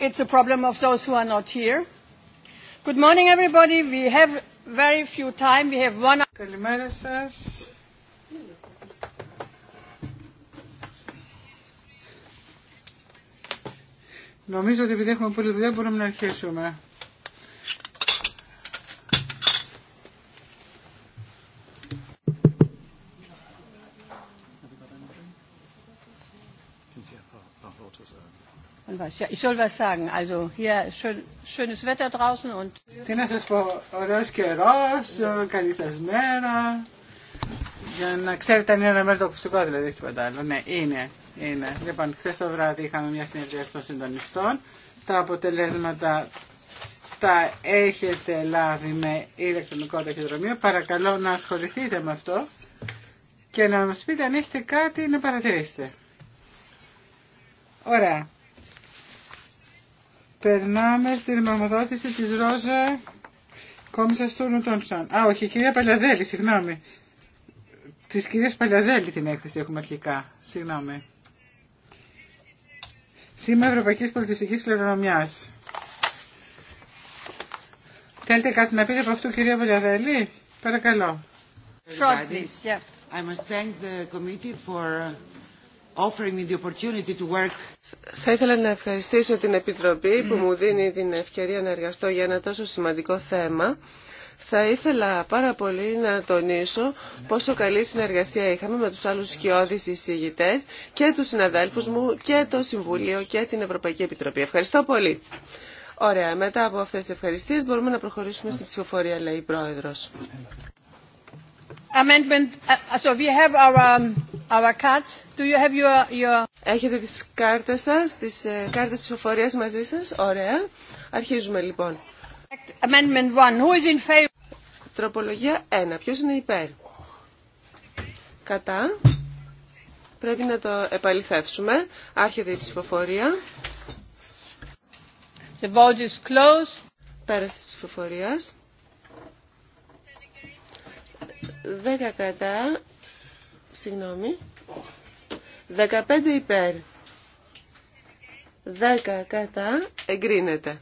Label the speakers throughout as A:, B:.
A: It's a problem of those who are not here. Good morning, everybody. We have very few time. We have one. Καλημέρα σας.
B: Νομίζω ότι επειδή έχουμε πολύ δουλειά μπορούμε να αρχίσουμε.
A: Τι να σα
B: πω, schön, καιρός, καλή σα μέρα. Για να ξέρετε αν είναι ένα μέρο το ακουστικό δηλαδή, έχει τίποτα άλλο. Ναι, είναι, είναι. Λοιπόν, χθε το βράδυ είχαμε μια συνεδρία των συντονιστών. Τα αποτελέσματα τα έχετε λάβει με ηλεκτρονικό ταχυδρομείο. Παρακαλώ να ασχοληθείτε με αυτό και να μας πείτε αν έχετε κάτι να παρατηρήσετε. Ωραία. Περνάμε στην μαρμοδότηση της Ρόζα Κόμισα του Τόντσαν. Α, όχι, κυρία Παλιαδέλη, συγγνώμη. Της κυρίας Παλιαδέλη την έκθεση έχουμε αρχικά. Συγγνώμη. Σήμα Ευρωπαϊκής Πολιτιστικής Κληρονομιάς. Θέλετε κάτι να πείτε από αυτού, κυρία Παλιαδέλη. Παρακαλώ.
C: Short, θα ήθελα να ευχαριστήσω την Επιτροπή που μου δίνει την ευκαιρία να εργαστώ για ένα τόσο σημαντικό θέμα. Θα ήθελα πάρα πολύ να τονίσω πόσο καλή συνεργασία είχαμε με τους άλλους σκιώδεις εισηγητές και τους συναδέλφους μου και το Συμβουλίο και την Ευρωπαϊκή Επιτροπή. Ευχαριστώ πολύ. Ωραία, μετά από αυτές τις ευχαριστίες μπορούμε να προχωρήσουμε στην ψηφοφορία, λέει η Πρόεδρος. Έχετε τις κάρτες σας, τις ε, κάρτες ψηφοφορίας μαζί σας. Ωραία. Αρχίζουμε λοιπόν. Τροπολογία 1. Ποιος είναι υπέρ. Κατά. Πρέπει να το επαληθεύσουμε. Άρχεται η ψηφοφορία. The vote is closed. της 10 κατά, συγγνώμη, 15 υπέρ, 10 κατά, εγκρίνεται.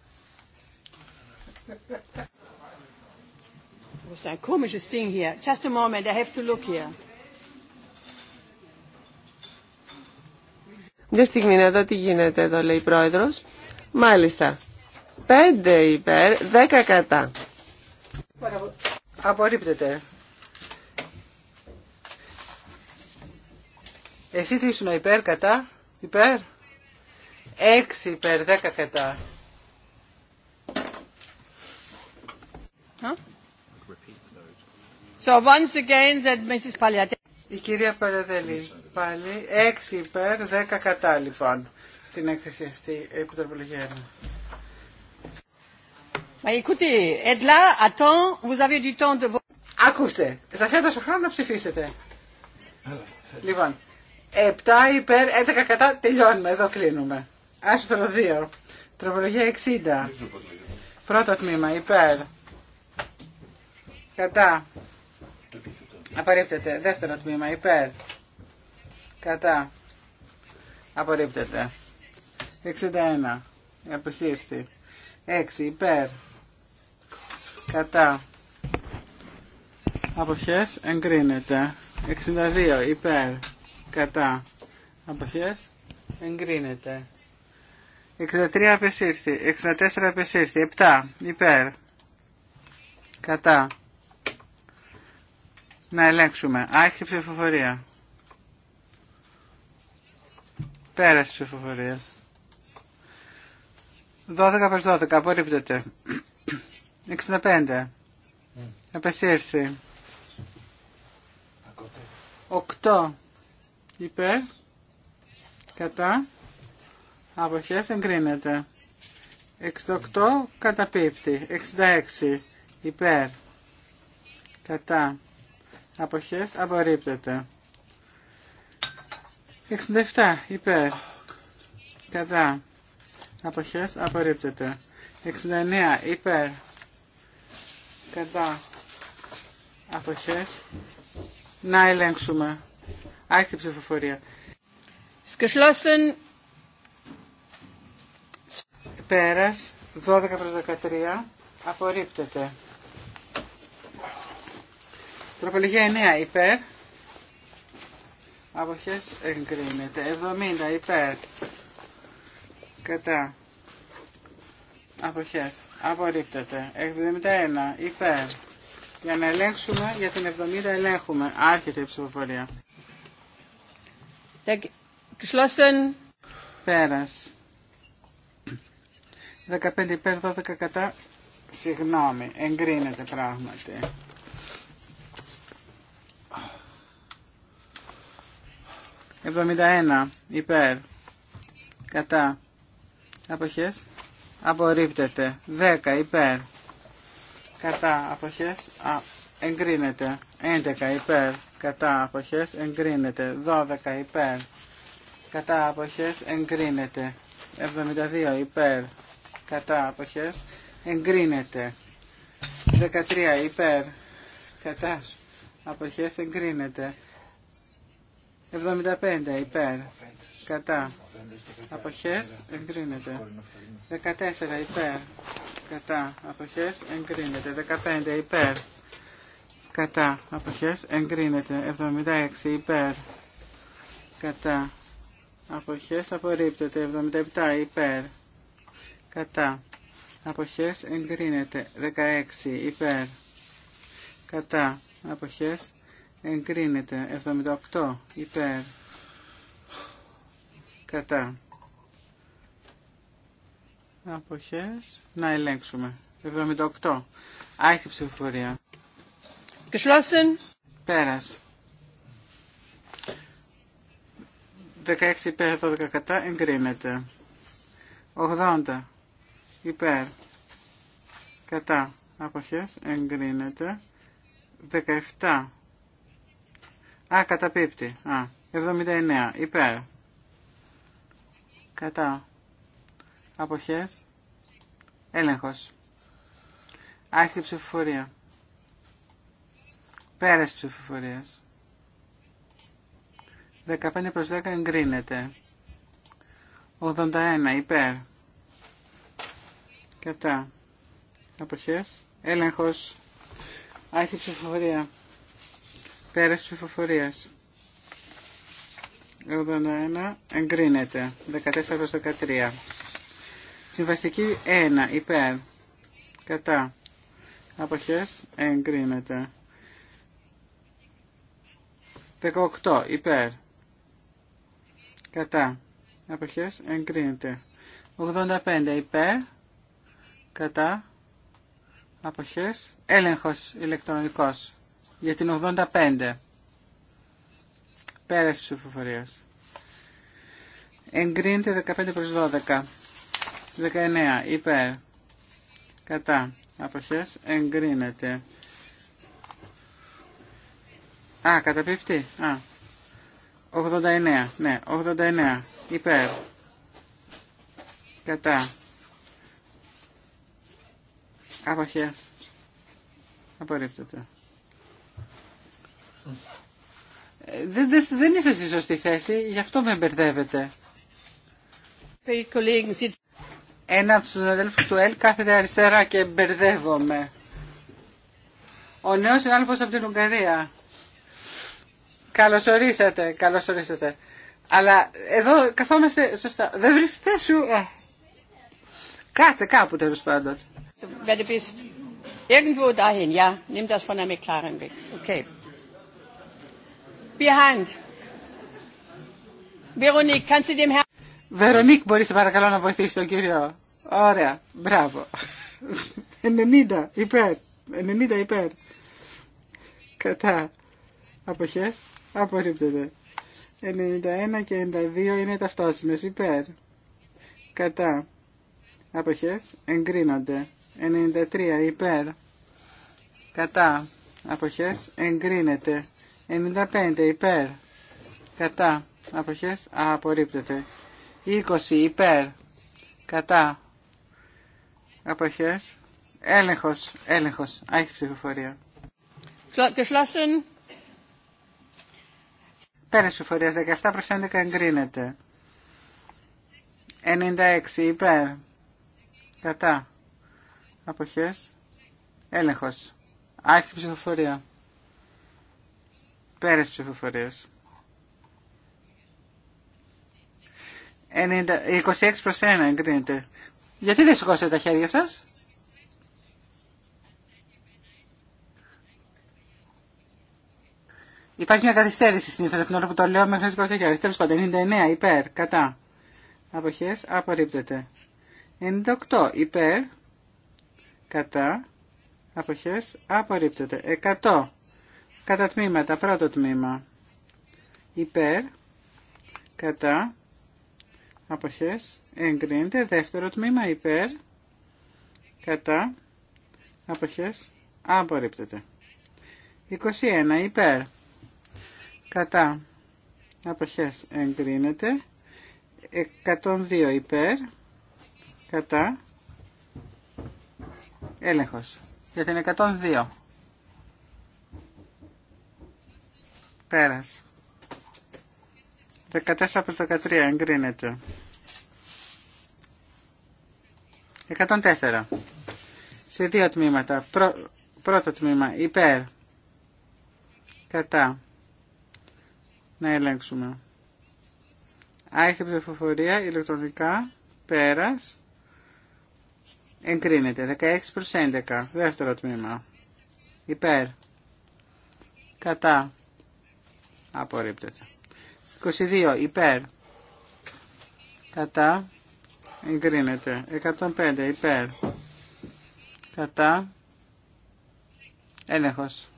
C: Das ist komisches Ding
A: Just a moment, I have to look here.
C: Μια στιγμή να δω τι γίνεται εδώ, λέει η πρόεδρος. Μάλιστα. 5 υπέρ, 10 κατά.
B: Απορρίπτεται. Εσύ τι ήσουν υπέρ κατά. Υπέρ. 6 υπέρ 10 κατά.
A: So once again that Mrs. Palliate... Η κυρία Παραδέλη πάλι 6 υπέρ
B: 10 κατά λοιπόν στην έκθεση αυτή επί των
A: Μα écoutez, êtes là, attends, vous avez du Ακούστε, σας έδωσα χρόνο να ψηφίσετε. Λοιπόν, 7 υπέρ
B: 11 κατά. Τελειώνουμε. Εδώ κλείνουμε. Άστρο 2. Τροπολογία 60. Πρώτο τμήμα υπέρ. Κατά. Απορρίπτεται. Δεύτερο τμήμα υπέρ. Κατά. Απορρίπτεται. 61. Αποσύρθη. 6 υπέρ. Κατά. Αποχές εγκρίνεται. 62 υπέρ κατά αποχές εγκρίνεται 63 απεσύρθη 64 απεσύρθη 7 υπέρ κατά να ελέγξουμε άρχη ψηφοφορία πέρας ψηφοφορίας 12 προς 12 απορρίπτεται 65 απεσύρθη 8 υπέρ, κατά, αποχές εγκρίνεται. 68 καταπίπτει. 66 υπέρ, κατά, αποχές απορρίπτεται. 67 υπέρ, κατά, αποχές απορρίπτεται. 69 υπέρ, κατά, αποχές να ελέγξουμε. Άρχισε ψηφοφορία. Σκεσλώσεν. Πέρας. 12 προς 13. Απορρίπτεται. Τροπολογία 9 υπέρ. Αποχές εγκρίνεται. 70 υπέρ. Κατά. Αποχές. Απορρίπτεται. 71 υπέρ. Για να ελέγξουμε, για την 70 ελέγχουμε. Άρχεται η ψηφοφορία. Geschlossen. Πέρας. 15 υπέρ 12 κατά. Συγγνώμη, εγκρίνεται πράγματι. Εβδομήντα ένα, υπέρ, κατά, αποχές, απορρίπτεται, δέκα, υπέρ, κατά, αποχές, α, εγκρίνεται, έντεκα, υπέρ, κατά αποχές εγκρίνεται 12 υπέρ κατά αποχές εγκρίνεται 72 υπέρ κατά αποχές εγκρίνεται 13 υπέρ κατά αποχές εγκρίνεται 75 υπέρ κατά αποχές εγκρίνεται 14 υπέρ κατά αποχές εγκρίνεται 15 υπέρ κατά αποχές εγκρίνεται 76 υπέρ κατά αποχές απορρίπτεται 77 υπέρ κατά αποχές εγκρίνεται 16 υπέρ κατά αποχές εγκρίνεται 78 υπέρ κατά
A: αποχές
B: να ελέγξουμε 78 Άχι ψηφοφορία
A: Geschlossen.
B: Πέρας. 16 υπέρ 12 κατά εγκρίνεται. 80 υπέρ κατά αποχές εγκρίνεται. 17. Α, καταπίπτει. Α, 79 υπέρ. Κατά. Αποχές. Έλεγχος. Άρχιτη ψηφοφορία. Πέρες ψηφοφορίας. 15 προς 10 εγκρίνεται. 81 υπέρ. Κατά. Αποχές. Έλεγχος. Άρχη ψηφοφορία. πέρες ψηφοφορίας. 81 εγκρίνεται. 14 προς 13. Συμβαστική 1 υπέρ. Κατά. Αποχές εγκρίνεται. 18 υπέρ. Κατά. Αποχές εγκρίνεται. 85 υπέρ. Κατά. Αποχές. Έλεγχος ηλεκτρονικός. Για την 85. Πέρας ψηφοφορίας. Εγκρίνεται 15 προς 12. 19 υπέρ. Κατά. Αποχές εγκρίνεται. Α, καταπίπτει. Α. 89. Ναι, 89. Υπέρ. Κατά. Αποχές. Απορρίπτεται. Δεν, δεν, δεν είσαι στη σωστή θέση, γι' αυτό με μπερδεύετε. Ένα από τους αδέλφους του ΕΛ κάθεται αριστερά και μπερδεύομαι. Ο νέος συνάδελφος από την Ουγγαρία. Καλωσορίσατε, ορίσατε. Αλλά εδώ καθόμαστε σωστά. Δεν βρεις θέση ε. Κάτσε κάπου τέλος πάντων.
A: πίστ. Irgendwo dahin, ja. Nimm das von
B: Βερονίκ, μπορείς παρακαλώ να βοηθήσεις τον κύριο. Ωραία. Μπράβο. 90 υπέρ. 90 υπέρ. Κατά. Αποχές. Απορρίπτεται. 91 και 92 είναι ταυτόσιμες. Υπέρ. Κατά. Αποχές. Εγκρίνονται. 93 υπέρ. Κατά. Αποχές. Εγκρίνεται. 95 υπέρ. Κατά. Αποχές. Απορρίπτεται. 20 υπέρ. Κατά. Αποχές. Έλεγχος. Έλεγχος. Άχι ψηφοφορία. Geschlossen. Πέρασε ψηφορίας 17 προς 11 εγκρίνεται. 96 υπέρ. Κατά. Αποχές. Έλεγχος. Άρχιτη ψηφοφορία. Πέρασε ψηφοφορίας. 26 προς 1 εγκρίνεται. Γιατί δεν σηκώσετε τα χέρια σας. Υπάρχει μια καθυστέρηση συνήθω από την ώρα που το λέω μέχρι τι και Τέλο πάντων, 99 υπέρ, κατά. Αποχέ, απορρίπτεται. 98 υπέρ, κατά. Αποχέ, απορρίπτεται. 100 κατά τμήματα, πρώτο τμήμα. Υπέρ, κατά. Αποχέ, εγκρίνεται. Δεύτερο τμήμα, υπέρ, κατά. Αποχέ, απορρίπτεται. 21 υπέρ κατά αποχές εγκρίνεται 102 υπέρ κατά έλεγχος για την 102 πέρας 14 προς 13 εγκρίνεται 104 σε δύο τμήματα πρώτο τμήμα υπέρ κατά να ελέγξουμε. Άρχεται ψηφοφορία ηλεκτρονικά, πέρας, εγκρίνεται. 16 προς 11, δεύτερο τμήμα. Υπέρ. Κατά. Απορρίπτεται. 22. Υπέρ. Κατά. Εγκρίνεται. 105. Υπέρ. Κατά. Έλεγχος.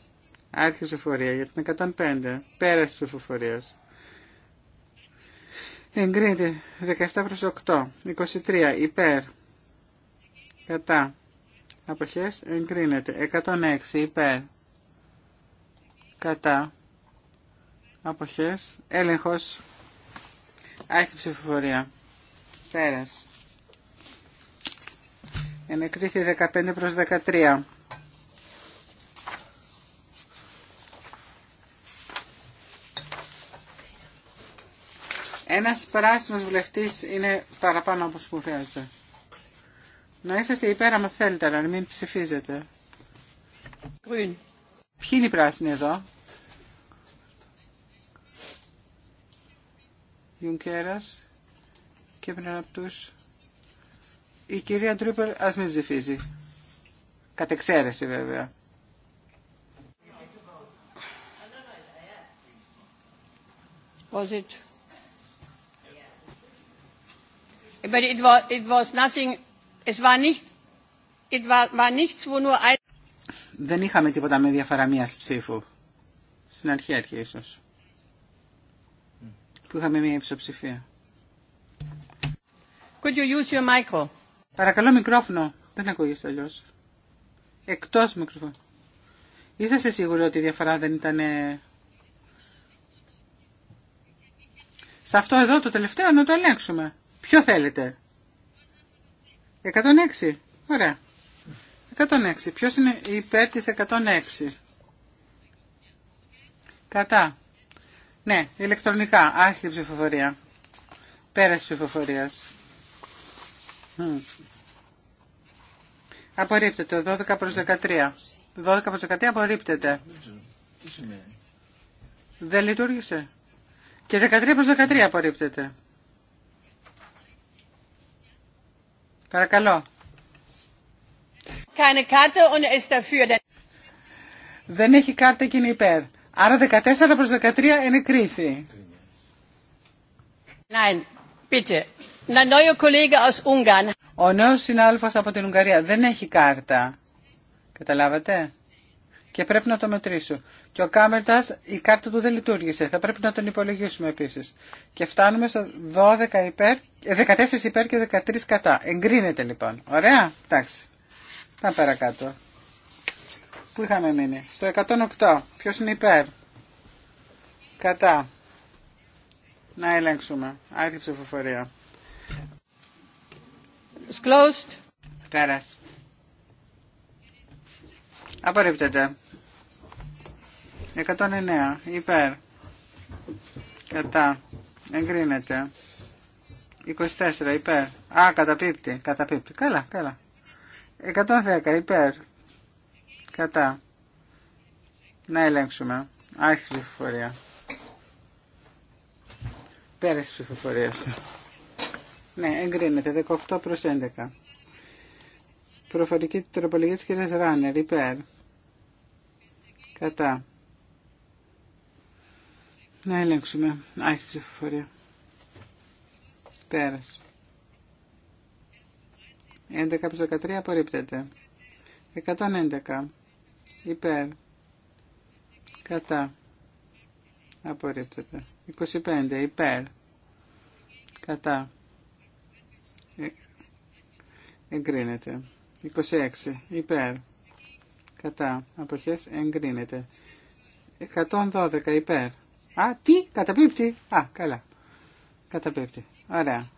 B: Άρχισε ψηφοφορία για την 105. Πέραση ψηφοφορία. Εγκρίνεται 17 προς 8. 23 υπέρ. Κατά. Αποχές εγκρίνεται. 106 υπέρ. Κατά. Αποχές. Έλεγχος. Άρχισε ψηφοφορία. Πέρας. Ενεκρίθη 15 προς 13. Ένας πράσινος βουλευτής είναι παραπάνω από που χρειάζεται. Να είσαστε υπέρα μα θέλετε, να μην ψηφίζετε. Green. Ποιοι είναι οι πράσινοι εδώ. Γιουνκέρας και πριν από Η κυρία Τρούπερ, ας μην ψηφίζει. Κατ' εξαίρεση βέβαια. Was Δεν είχαμε τίποτα με διαφορά μια ψήφου. Στην αρχή αρχή ίσως. Που είχαμε μία υψοψηφία. Could you use your micro? Παρακαλώ μικρόφωνο. Δεν ακούγει αλλιώ. Εκτός μικρόφωνο. Είσαστε σίγουροι ότι η διαφορά δεν ήταν... Σε αυτό εδώ το τελευταίο να το ελέγξουμε. Ποιο θέλετε. 106. Ωραία. 106. Ποιος είναι υπέρ της 106. Κατά. Ναι, ηλεκτρονικά. Άρχιτη ψηφοφορία. Πέρας ψηφοφορίας. Απορρίπτεται. 12 προς 13. 12 προς 13 απορρίπτεται. Δεν λειτουργήσε. Και 13 προς 13 απορρίπτεται. Παρακαλώ.
A: Er
B: δεν έχει κάρτα και είναι υπέρ. Άρα 14 προς 13 είναι κρίθη.
A: Nein, bitte.
B: Ο νέος συνάδελφος από την Ουγγαρία δεν έχει κάρτα. Καταλάβατε. Και πρέπει να το μετρήσω. Και ο Κάμερτας η κάρτα του δεν λειτουργήσε. Θα πρέπει να τον υπολογίσουμε επίσης. Και φτάνουμε στο 12 υπέρ 14 ε, υπέρ και 13 κατά. Εγκρίνεται λοιπόν. Ωραία. Εντάξει. Πάμε παρακάτω. Πού είχαμε μείνει. Στο 108. Ποιος είναι υπέρ. Κατά. Να ελέγξουμε. Άρχη ψηφοφορία. It's closed. Πέρας. Απορρίπτεται. 109. Υπέρ. Κατά. Εγκρίνεται. 24 υπέρ. Α, καταπίπτει, καταπίπτει. Καλά, καλά. 110 υπέρ. Κατά. Να ελέγξουμε. Άρχισε ψηφοφορία. Πέρασε ψηφοφορία σου. Ναι, εγκρίνεται. 18 προς 11. Προφορική τροπολογία της κυρίας Ράνερ. Υπέρ. Κατά. Να ελέγξουμε. Άρχισε ψηφοφορία. Πέρας. 11 προς 13 απορρίπτεται. 111. Υπέρ. Κατά. Απορρίπτεται. 25. Υπέρ. Κατά. Ε, εγκρίνεται. 26. Υπέρ. Κατά. Αποχές. Εγκρίνεται. 112. Υπέρ. Α, τι. Καταπίπτει. Α, καλά. Καταπίπτει. Ωραία.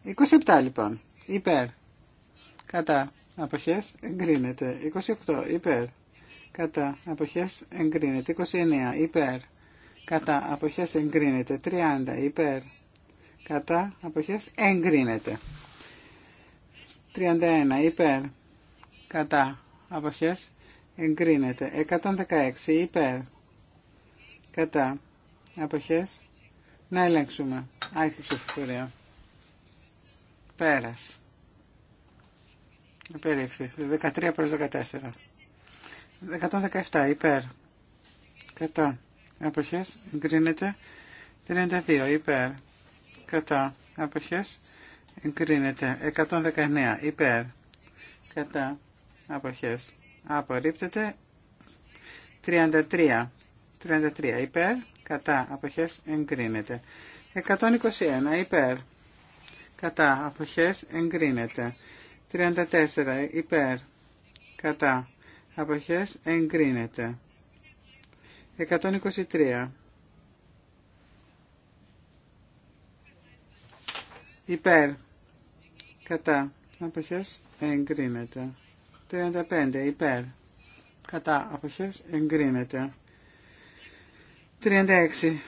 B: 27 λοιπόν. Υπέρ. Κατά. Αποχές εγκρίνεται. 28. Υπέρ. Κατά. Αποχές εγκρίνεται. 29. Υπέρ. Κατά. Αποχές εγκρίνεται. 30. Υπέρ. Κατά. Αποχές εγκρίνεται. 31. Υπέρ. Κατά. Αποχές εγκρίνεται. 116. Υπέρ. Κατά. Αποχές. Να ελέγξουμε. η Φορεία Πέρας. Απερίφθη. 13 προς 14. 117 υπέρ. Κατά. Αποχές. Εγκρίνεται. 32 υπέρ. Κατά. Αποχές. Εγκρίνεται. 119 υπέρ. Κατά. Αποχές. Απορρίπτεται. 33. 33 υπέρ. Κατά. Αποχές. Εγκρίνεται. 121 υπέρ κατά αποχές εγκρίνεται. 34 υπέρ κατά αποχές εγκρίνεται. 123 υπέρ κατά αποχές εγκρίνεται. 35 υπέρ κατά αποχές εγκρίνεται. 36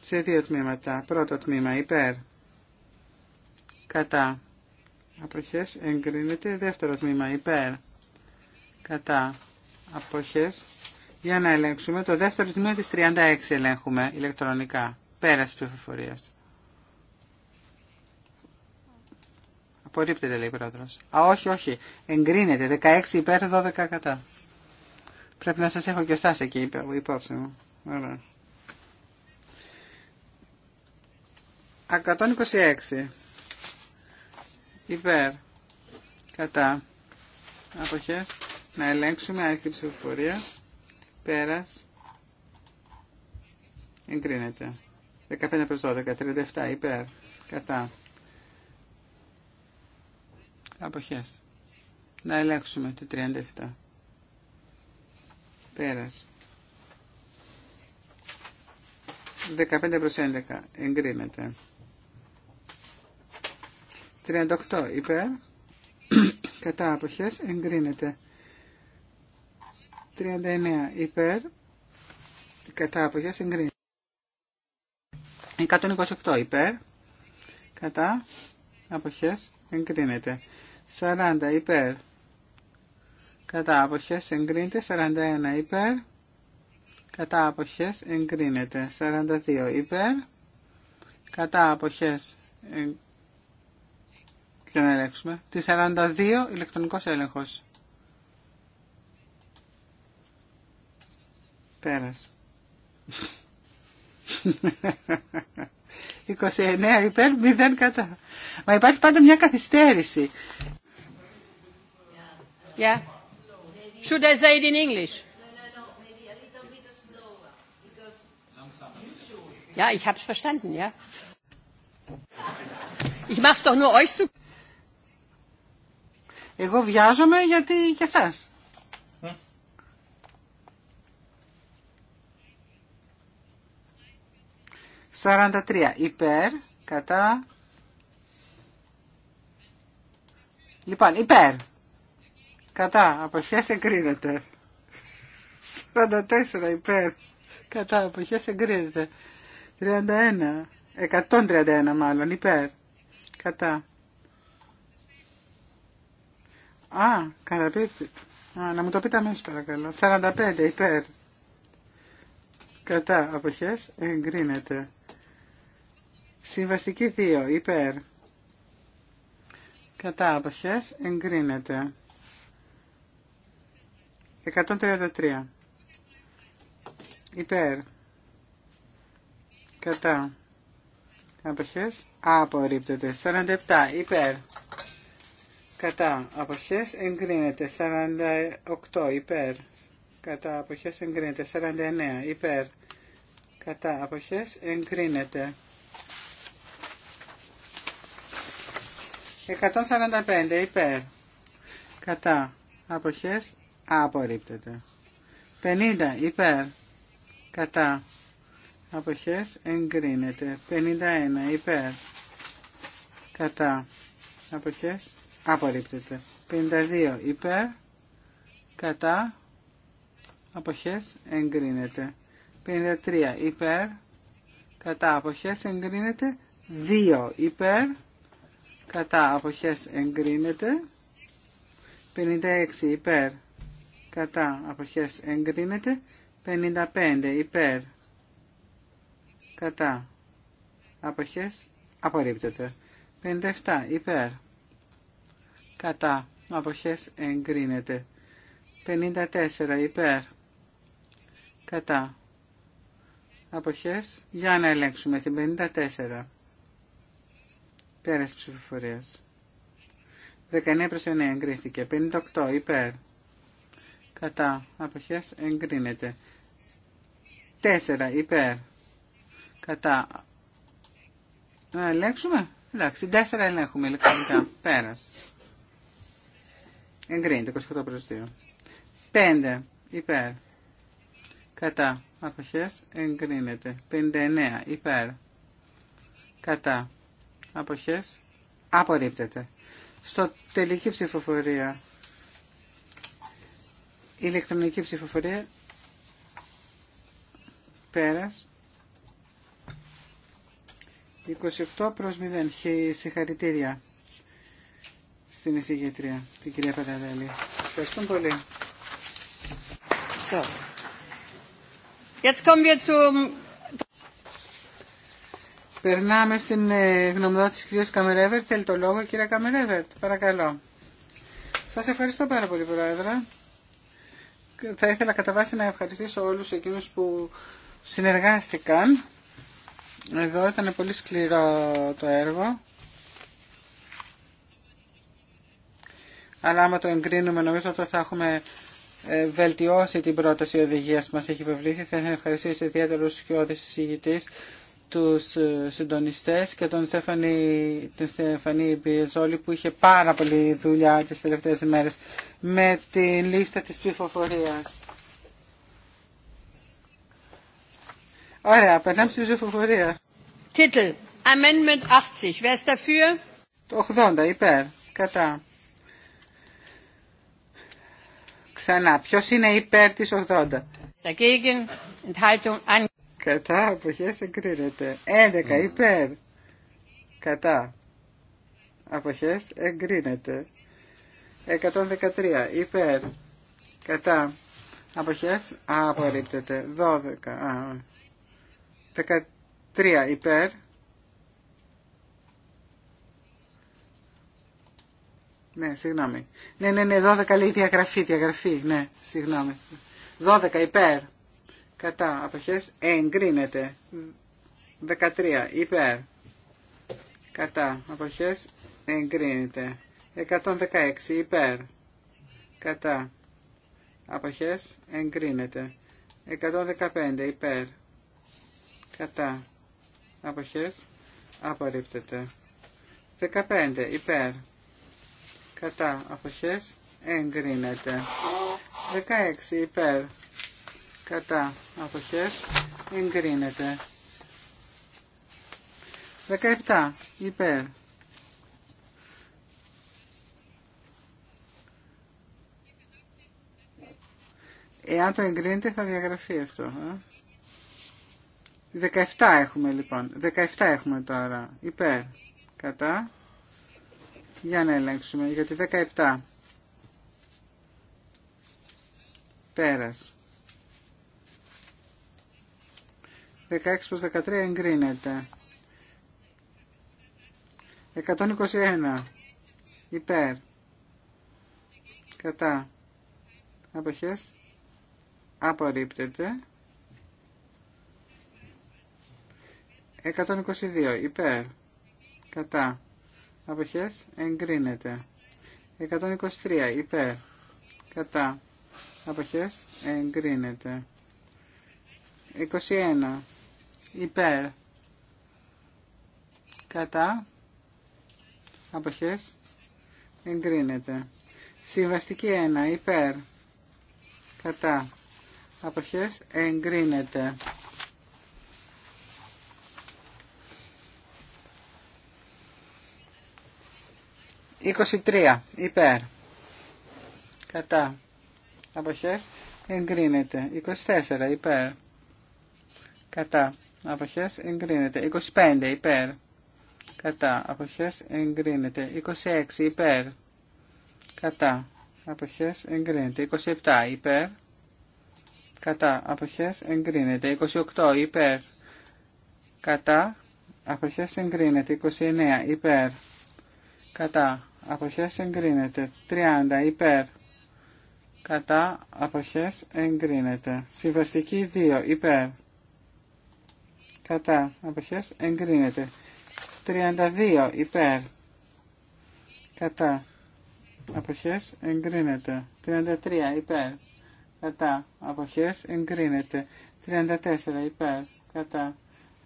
B: σε δύο τμήματα. Πρώτο τμήμα υπέρ κατά αποχές εγκρίνεται δεύτερο τμήμα υπέρ κατά αποχές για να ελέγξουμε το δεύτερο τμήμα της 36 ελέγχουμε ηλεκτρονικά πέρας πληροφορίας. απορρίπτεται λέει πρόεδρος α όχι όχι εγκρίνεται 16 υπέρ 12 κατά πρέπει να σας έχω και εσάς εκεί υπόψη μου Ωραία. 126 υπέρ κατά αποχές να ελέγξουμε άρχη ψηφοφορία πέρας εγκρίνεται 15 προς 12 37 υπέρ κατά αποχές να ελέγξουμε τη 37 πέρας 15 προς 11 εγκρίνεται 38 υπέρ κατά αποχές εγκρίνεται 39 υπέρ κατά αποχές εγκρίνεται 128 υπέρ κατά αποχές εγκρίνεται 40 υπέρ κατά αποχές εγκρίνεται 41 υπέρ κατά αποχές εγκρίνεται 42 υπέρ κατά αποχές εγκρίνεται Ποιο να ελέγξουμε. Τη 42 ηλεκτρονικό έλεγχο. Πέρασε. 29 υπέρ, 0 κατά. Μα υπάρχει πάντα μια καθυστέρηση.
A: Yeah. Should I say it in English? Ja, ich hab's verstanden, ja. Ich mach's doch nur euch zu. Εγώ βιάζομαι γιατί
B: και εσάς. 43. Υπέρ, κατά. Λοιπόν, υπέρ. Κατά, αποχές εγκρίνεται. 44 υπέρ. Κατά, αποχές εγκρίνεται. 31. 131 μάλλον, υπέρ. Κατά. Α, καταπίπτει. Α, να μου το πείτε αμέσως παρακαλώ. 45 υπέρ. Κατά αποχές εγκρίνεται. Συμβαστική 2 υπέρ. Κατά αποχές εγκρίνεται. 133 υπέρ. Κατά αποχές απορρίπτεται. 47 υπέρ κατά αποχές εγκρίνεται 48 υπέρ κατά αποχές εγκρίνεται 49 υπέρ κατά αποχές εγκρίνεται 145 υπέρ κατά αποχές απορρίπτεται 50 υπέρ κατά αποχές εγκρίνεται 51 υπέρ κατά αποχές απορρίπτεται. 52 υπέρ, κατά, αποχές, εγκρίνεται. 53 υπέρ, κατά, αποχές, εγκρίνεται. 2 υπέρ, κατά, αποχές, εγκρίνεται. 56 υπέρ, κατά, αποχές, εγκρίνεται. 55 υπέρ, κατά, αποχές, απορρίπτεται. 57 υπέρ, κατά αποχές εγκρίνεται 54 υπέρ κατά αποχές για να ελέγξουμε την 54 της ψηφοφορίας 19 προς 9 εγκρίθηκε 58 υπέρ κατά αποχές εγκρίνεται 4 υπέρ κατά να ελέγξουμε εντάξει 4 ελέγχουμε ηλεκτρονικά πέρας Εγκρίνεται 28 προς 2. 5 υπέρ. Κατά. Αποχές εγκρίνεται. 59 υπέρ. Κατά. Αποχές απορρίπτεται. Στο τελική ψηφοφορία. Ηλεκτρονική ψηφοφορία. Πέρας. 28 προς 0. Συγχαρητήρια στην εισηγήτρια, την κυρία Παταδέλη. Ευχαριστούμε πολύ. Περνάμε στην ε, γνωμοδότηση της κυρίας Καμερέβερτ. Θέλει το λόγο, κυρία Καμερέβερτ. Παρακαλώ. Σας ευχαριστώ πάρα πολύ, Πρόεδρε. Θα ήθελα κατά βάση να ευχαριστήσω όλους εκείνους που συνεργάστηκαν. Εδώ ήταν πολύ σκληρό το έργο. αλλά άμα το εγκρίνουμε νομίζω ότι θα έχουμε ε, βελτιώσει την πρόταση οδηγία που μα έχει υπευλήθει. Θα ήθελα ευχαριστήσω ιδιαίτερα σκιώδη σκιώδες του ε, συντονιστέ και τον Στέφανη, την Στεφανή Πιεζόλη που είχε πάρα πολύ δουλειά τι τελευταίε μέρε με τη λίστα τη ψηφοφορία. Ωραία, περνάμε στην ψηφοφορία. Τίτλ.
A: Amendment 80. Wer ist dafür?
B: Το 80, υπέρ. Κατά. Ξανά. Ποιο είναι υπέρ τη 80. Κατά. αποχέ εγκρίνεται. 11 υπέρ. Κατά. Αποχέ, εγκρίνεται. 113 υπέρ. Κατά. Αποχέ απορρίπτεται. 12. Α, 13 υπέρ. Ναι, συγγνώμη. Ναι, ναι, ναι, 12 λέει διαγραφή, διαγραφή. Ναι, συγγνώμη. 12 υπέρ. Κατά αποχές εγκρίνεται. 13 υπέρ. Κατά αποχές εγκρίνεται. 116 υπέρ. Κατά αποχές εγκρίνεται. 115 υπέρ. Κατά αποχές απορρίπτεται. 15 υπέρ κατά αποχές εγκρίνεται 16 υπέρ κατά αποχές εγκρίνεται 17 υπέρ Εάν το εγκρίνεται θα διαγραφεί αυτό. Ε. Α? 17 έχουμε λοιπόν. 17 έχουμε τώρα. Υπέρ. Κατά. Για να ελέγξουμε. Γιατί 17. Πέρας. 16 προς 13 εγκρίνεται. 121. Υπέρ. Κατά. Αποχές. Απορρίπτεται. 122. Υπέρ. Κατά αποχές εγκρίνεται 123 υπέρ κατά αποχές εγκρίνεται 21 υπέρ κατά αποχές εγκρίνεται συμβαστική 1 υπέρ κατά αποχές εγκρίνεται 23 υπέρ κατά αποχές εγκρίνεται 24 υπέρ κατά αποχές εγκρίνεται 25 υπέρ κατά αποχές εγκρίνεται 26 υπέρ κατά αποχές εγκρίνεται 27 υπέρ κατά αποχές εγκρίνεται 28 υπέρ κατά αποχές εγκρίνεται 29 υπέρ κατά αποχές εγκρίνεται. 30 υπέρ κατά αποχές εγκρίνεται. Συμβαστική 2 υπέρ κατά αποχές εγκρίνεται. 32 υπέρ κατά αποχές εγκρίνεται. 33 υπέρ κατά αποχές εγκρίνεται. 34 υπέρ κατά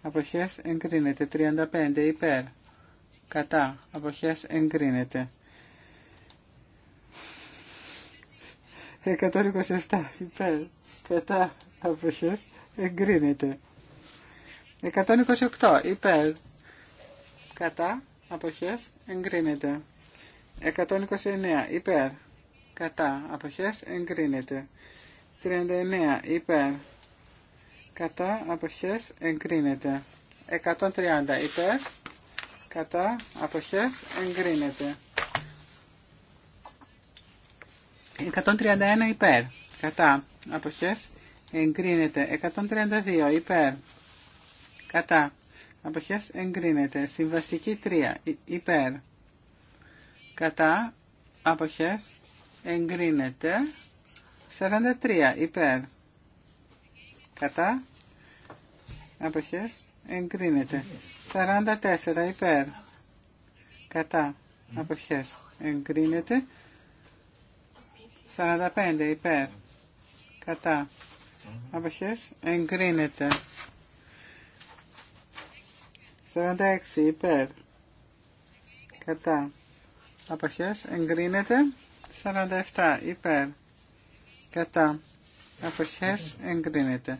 B: αποχές εγκρίνεται. 35 υπέρ κατά αποχές εγκρίνεται 127 υπέρ κατά αποχές εγκρίνεται 128 υπέρ κατά αποχές εγκρίνεται 129 υπέρ κατά αποχές εγκρίνεται 39 υπέρ κατά αποχές εγκρίνεται 130 υπέρ κατά αποχές εγκρίνεται. 131 υπέρ κατά αποχές εγκρίνεται. 132 υπέρ κατά αποχές εγκρίνεται. Συμβαστική 3 υπέρ κατά αποχές εγκρίνεται. 43 υπέρ κατά αποχές εγκρίνεται. 44 υπέρ κατά αποχές εγκρίνεται. 45 υπέρ κατά αποχές εγκρίνεται. 46 υπέρ κατά αποχές εγκρίνεται. 47 υπέρ κατά αποχές εγκρίνεται.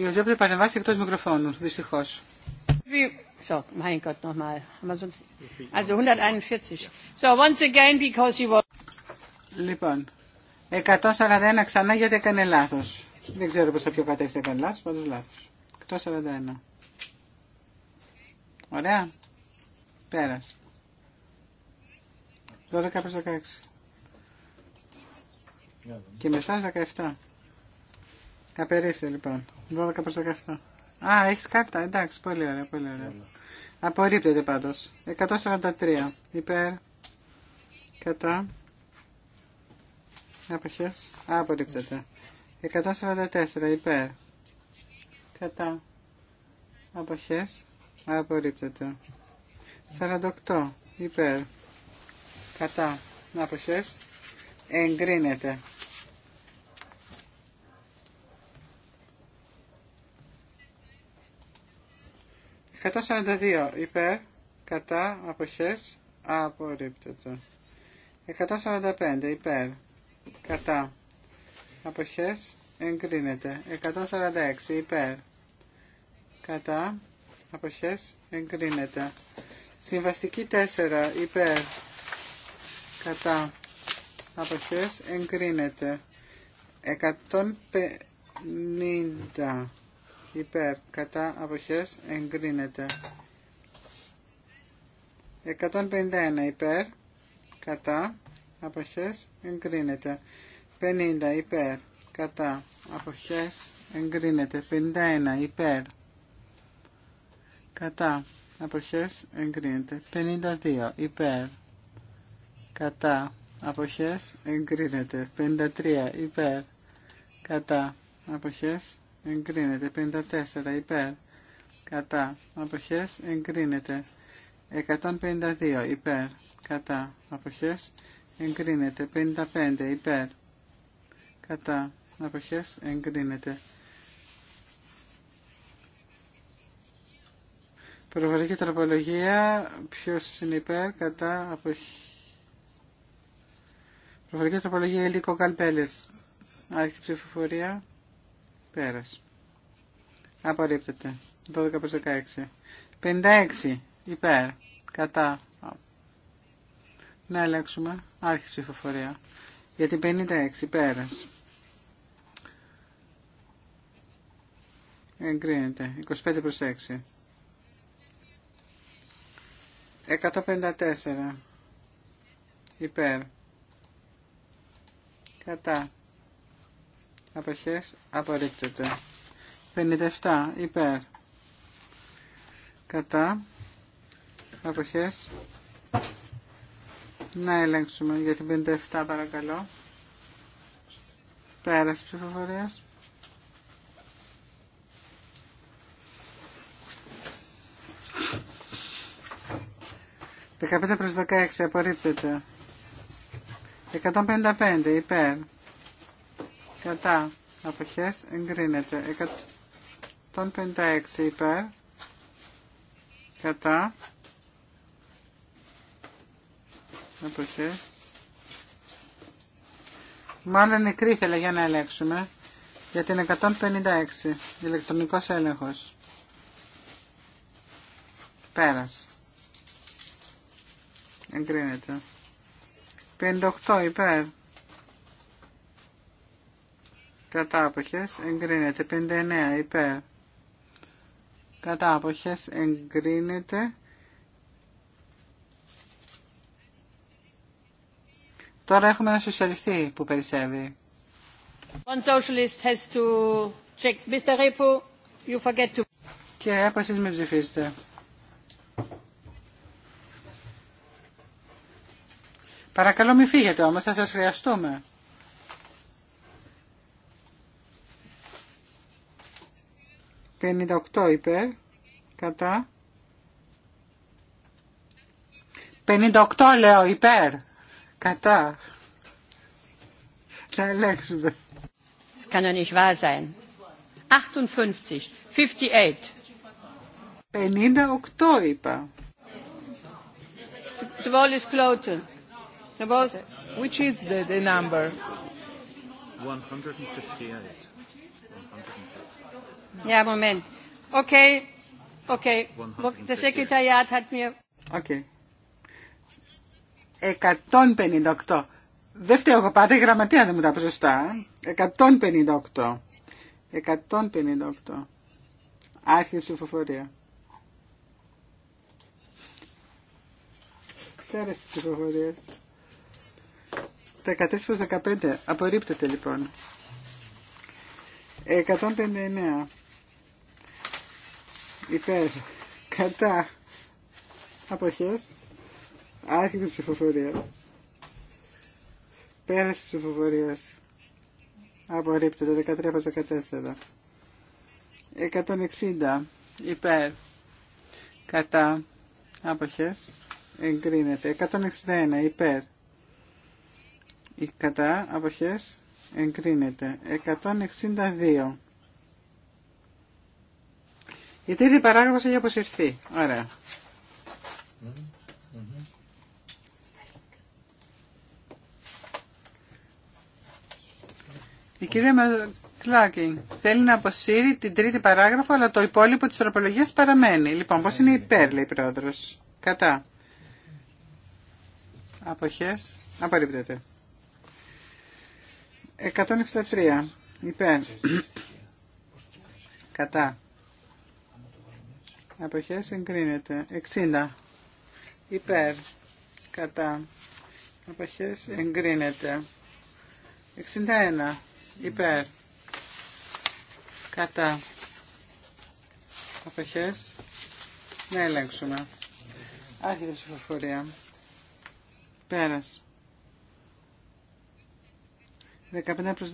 B: Η Οζέπλε παρεμβάσει εκτό μικροφώνου, δυστυχώ. So, mein Gott, nochmal. Also
A: 141. So, once again, because you were...
B: Λοιπόν, 141 ξανά γιατί έκανε λάθος. Δεν ξέρω προς τα ποιο κατεύθυνση έκανε λάθος, πάντως λάθος. 141. Ωραία. Πέρας. 12 προς 16. Και μεσάς 17. Απερίφθη λοιπόν. 12 προς 17. Α, έχεις κάρτα. Εντάξει, πολύ ωραία, πολύ ωραία. Απορρίπτεται πάντως. 143. Υπέρ. Κατά. Αποχές. Α, απορρίπτεται. 144. Υπέρ. Κατά. Αποχές. Α, απορρίπτεται. 48. Υπέρ. Κατά. Αποχές. Εγκρίνεται. 142 υπέρ, κατά, αποχές, απορρίπτωτο. 145 υπέρ, κατά, αποχές, εγκρίνεται. 146 υπέρ, κατά, αποχές, εγκρίνεται. Συμβαστική 4 υπέρ, κατά, αποχές, εγκρίνεται. 150 υπέρ κατά αποχές εγκρίνεται 151 υπέρ κατά αποχές εγκρίνεται 50 υπέρ κατά αποχές εγκρίνεται 51 υπέρ κατά αποχές εγκρίνεται 52 υπέρ κατά αποχές εγκρίνεται 53 υπέρ κατά αποχές εγκρίνεται. 54 υπέρ κατά αποχές εγκρίνεται. 152 υπέρ κατά αποχές εγκρίνεται. 55 υπέρ κατά αποχές εγκρίνεται. Προβολική τροπολογία, ποιος είναι υπέρ, κατά, αποχή. Προβολική τροπολογία, υλικό καλπέλες. Άρχιτη ψηφοφορία. Πέρας. Απορρίπτεται. 12 προς 16. 56 υπέρ. Κατά. Να ελέγξουμε. Άρχισε ψηφοφορία. Για την 56 πέρας. Εγκρίνεται. 25 προς 6. 154 υπέρ κατά αποχές απορρίπτεται 57 υπέρ κατά αποχές να ελέγξουμε για την 57 παρακαλώ Πέραση ψηφοφορίας Δεκαπέντε προς 16 απορρίπτεται 155 υπέρ κατά αποχές εγκρίνεται 156 υπέρ κατά αποχές μάλλον η ήθελα για να ελέγξουμε για την 156 ηλεκτρονικός έλεγχος πέρας εγκρίνεται 58 υπέρ κατά αποχές εγκρίνεται 59 υπέρ κατά αποχές εγκρίνεται Τώρα έχουμε ένα σοσιαλιστή που περισσεύει.
A: One socialist has to check. Mr. you forget to...
B: Και με ψηφίσετε. Παρακαλώ μη φύγετε όμως, θα σας χρειαστούμε. 58 υπέρ. Κατά. 58 λέω υπέρ. Κατά.
A: Θα ελέγξουμε. Das kann ja nicht wahr sein. 58. 58. 58 είπα. The wall is closed. The which is the, the number?
D: 158.
A: Ja, Moment. Okay, okay. Das Sekretariat hat mir...
B: Okay. 158. Δεν φταίω εγώ πάντα, η γραμματεία δεν μου τα σωστά 158. 158. Άρχιε ψηφοφορία. Πέρασε τη ψηφοφορία. 14 15. Απορρίπτεται λοιπόν. 159 υπέρ κατά αποχές άρχιτε ψηφοφορία πέραση ψηφοφορίας απορρίπτεται 13 από 14 160 υπέρ κατά αποχές εγκρίνεται 161 υπέρ κατά αποχές εγκρίνεται 162 η τρίτη παράγραφος έχει αποσυρθεί. Ωραία. Η κυρία Μακλάκιν θέλει να αποσύρει την τρίτη παράγραφο, αλλά το υπόλοιπο της τροπολογίας παραμένει. Λοιπόν, πώς είναι υπέρ, λέει η πρόεδρος. Κατά. Αποχές. Απορρίπτεται. 163. Υπέρ. Κατά αποχές εγκρίνεται 60 υπέρ κατά αποχές εγκρίνεται 61 υπέρ κατά αποχές να ελέγξουμε άρχιτε ψηφοφορία πέρας 14 προς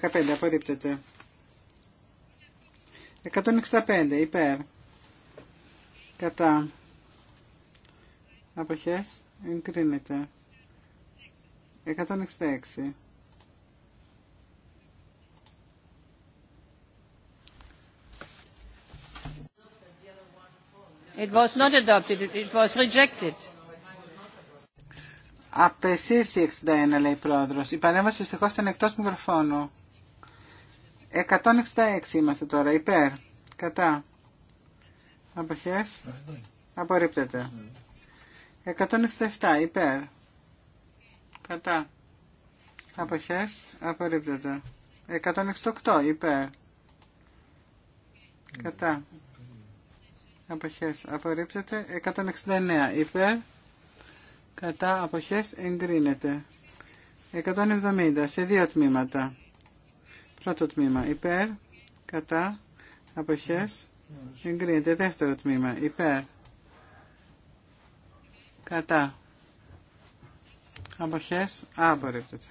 B: 15 απορρίπτεται 165 υπέρ κατά αποχές εγκρίνεται 166
A: It was not adopted, it was rejected. Απεσύρθη
B: 61 λέει η πρόεδρος. Η παρέμβαση δυστυχώ ήταν εκτός μικροφώνου. 166 είμαστε τώρα, υπέρ, κατά. Αποχές. Απορρίπτεται. 167 υπέρ. Κατά. Αποχές. Απορρίπτεται. 168 υπέρ. Κατά. Αποχές. Απορρίπτεται. 169 υπέρ. Κατά. Αποχές. Εγκρίνεται. 170 σε δύο τμήματα. Πρώτο τμήμα υπέρ. Κατά. Αποχές Εγκρίνεται δεύτερο τμήμα. Υπέρ. Κατά. Αποχές. Απορρίπτεται.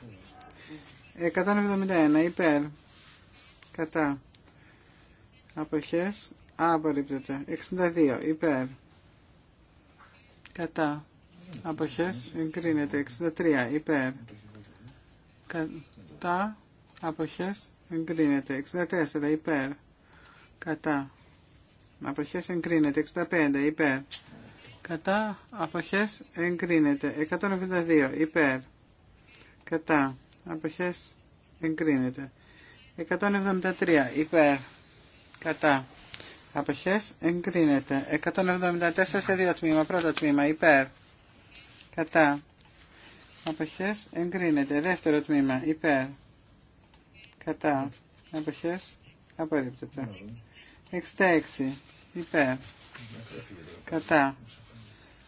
B: 171. Υπέρ. Κατά. Αποχές. Απορρίπτεται. 62. Υπέρ. Κατά. Αποχές. Εγκρίνεται. 63. Υπέρ. Κατά. Αποχές. Εγκρίνεται. 64. Υπέρ. Κατά αποχές εγκρίνεται 65 υπέρ κατά αποχές εγκρίνεται 172 υπέρ κατά αποχές εγκρίνεται 173 υπέρ κατά αποχές εγκρίνεται 174 σε δύο τμήμα πρώτο τμήμα υπέρ κατά αποχές εγκρίνεται δεύτερο τμήμα υπέρ κατά αποχές απορρίπτεται 66 υπέρ κατά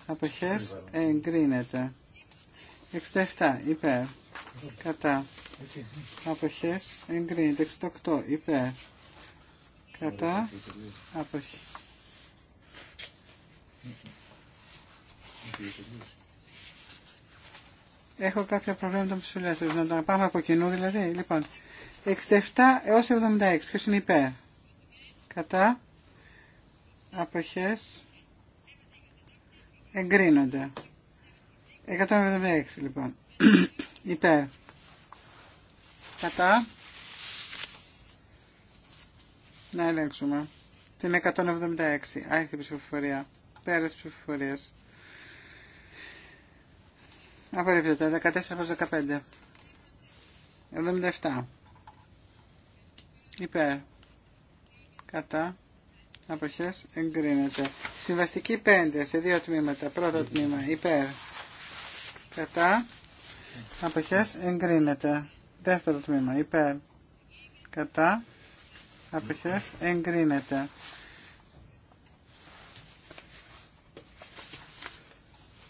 B: αποχές εγκρίνεται 67 υπέρ κατά αποχές εγκρίνεται 68 υπέρ κατά αποχές Έχω κάποια προβλήματα με τους φιλέτερους, να τα πάμε από κοινού δηλαδή. Λοιπόν, 67 έως 76, ποιος είναι υπέρ κατά αποχές εγκρίνονται 176 λοιπόν υπέρ κατά να ελέγξουμε την 176 άρχιτη ψηφοφορία πέρας ψηφοφορίας απορρίπτεται 14 προς 15 77 υπέρ κατά αποχές εγκρίνεται. Συμβαστική 5 σε δύο τμήματα. Πρώτο τμήμα υπέρ κατά αποχές εγκρίνεται. Δεύτερο τμήμα υπέρ κατά αποχές εγκρίνεται.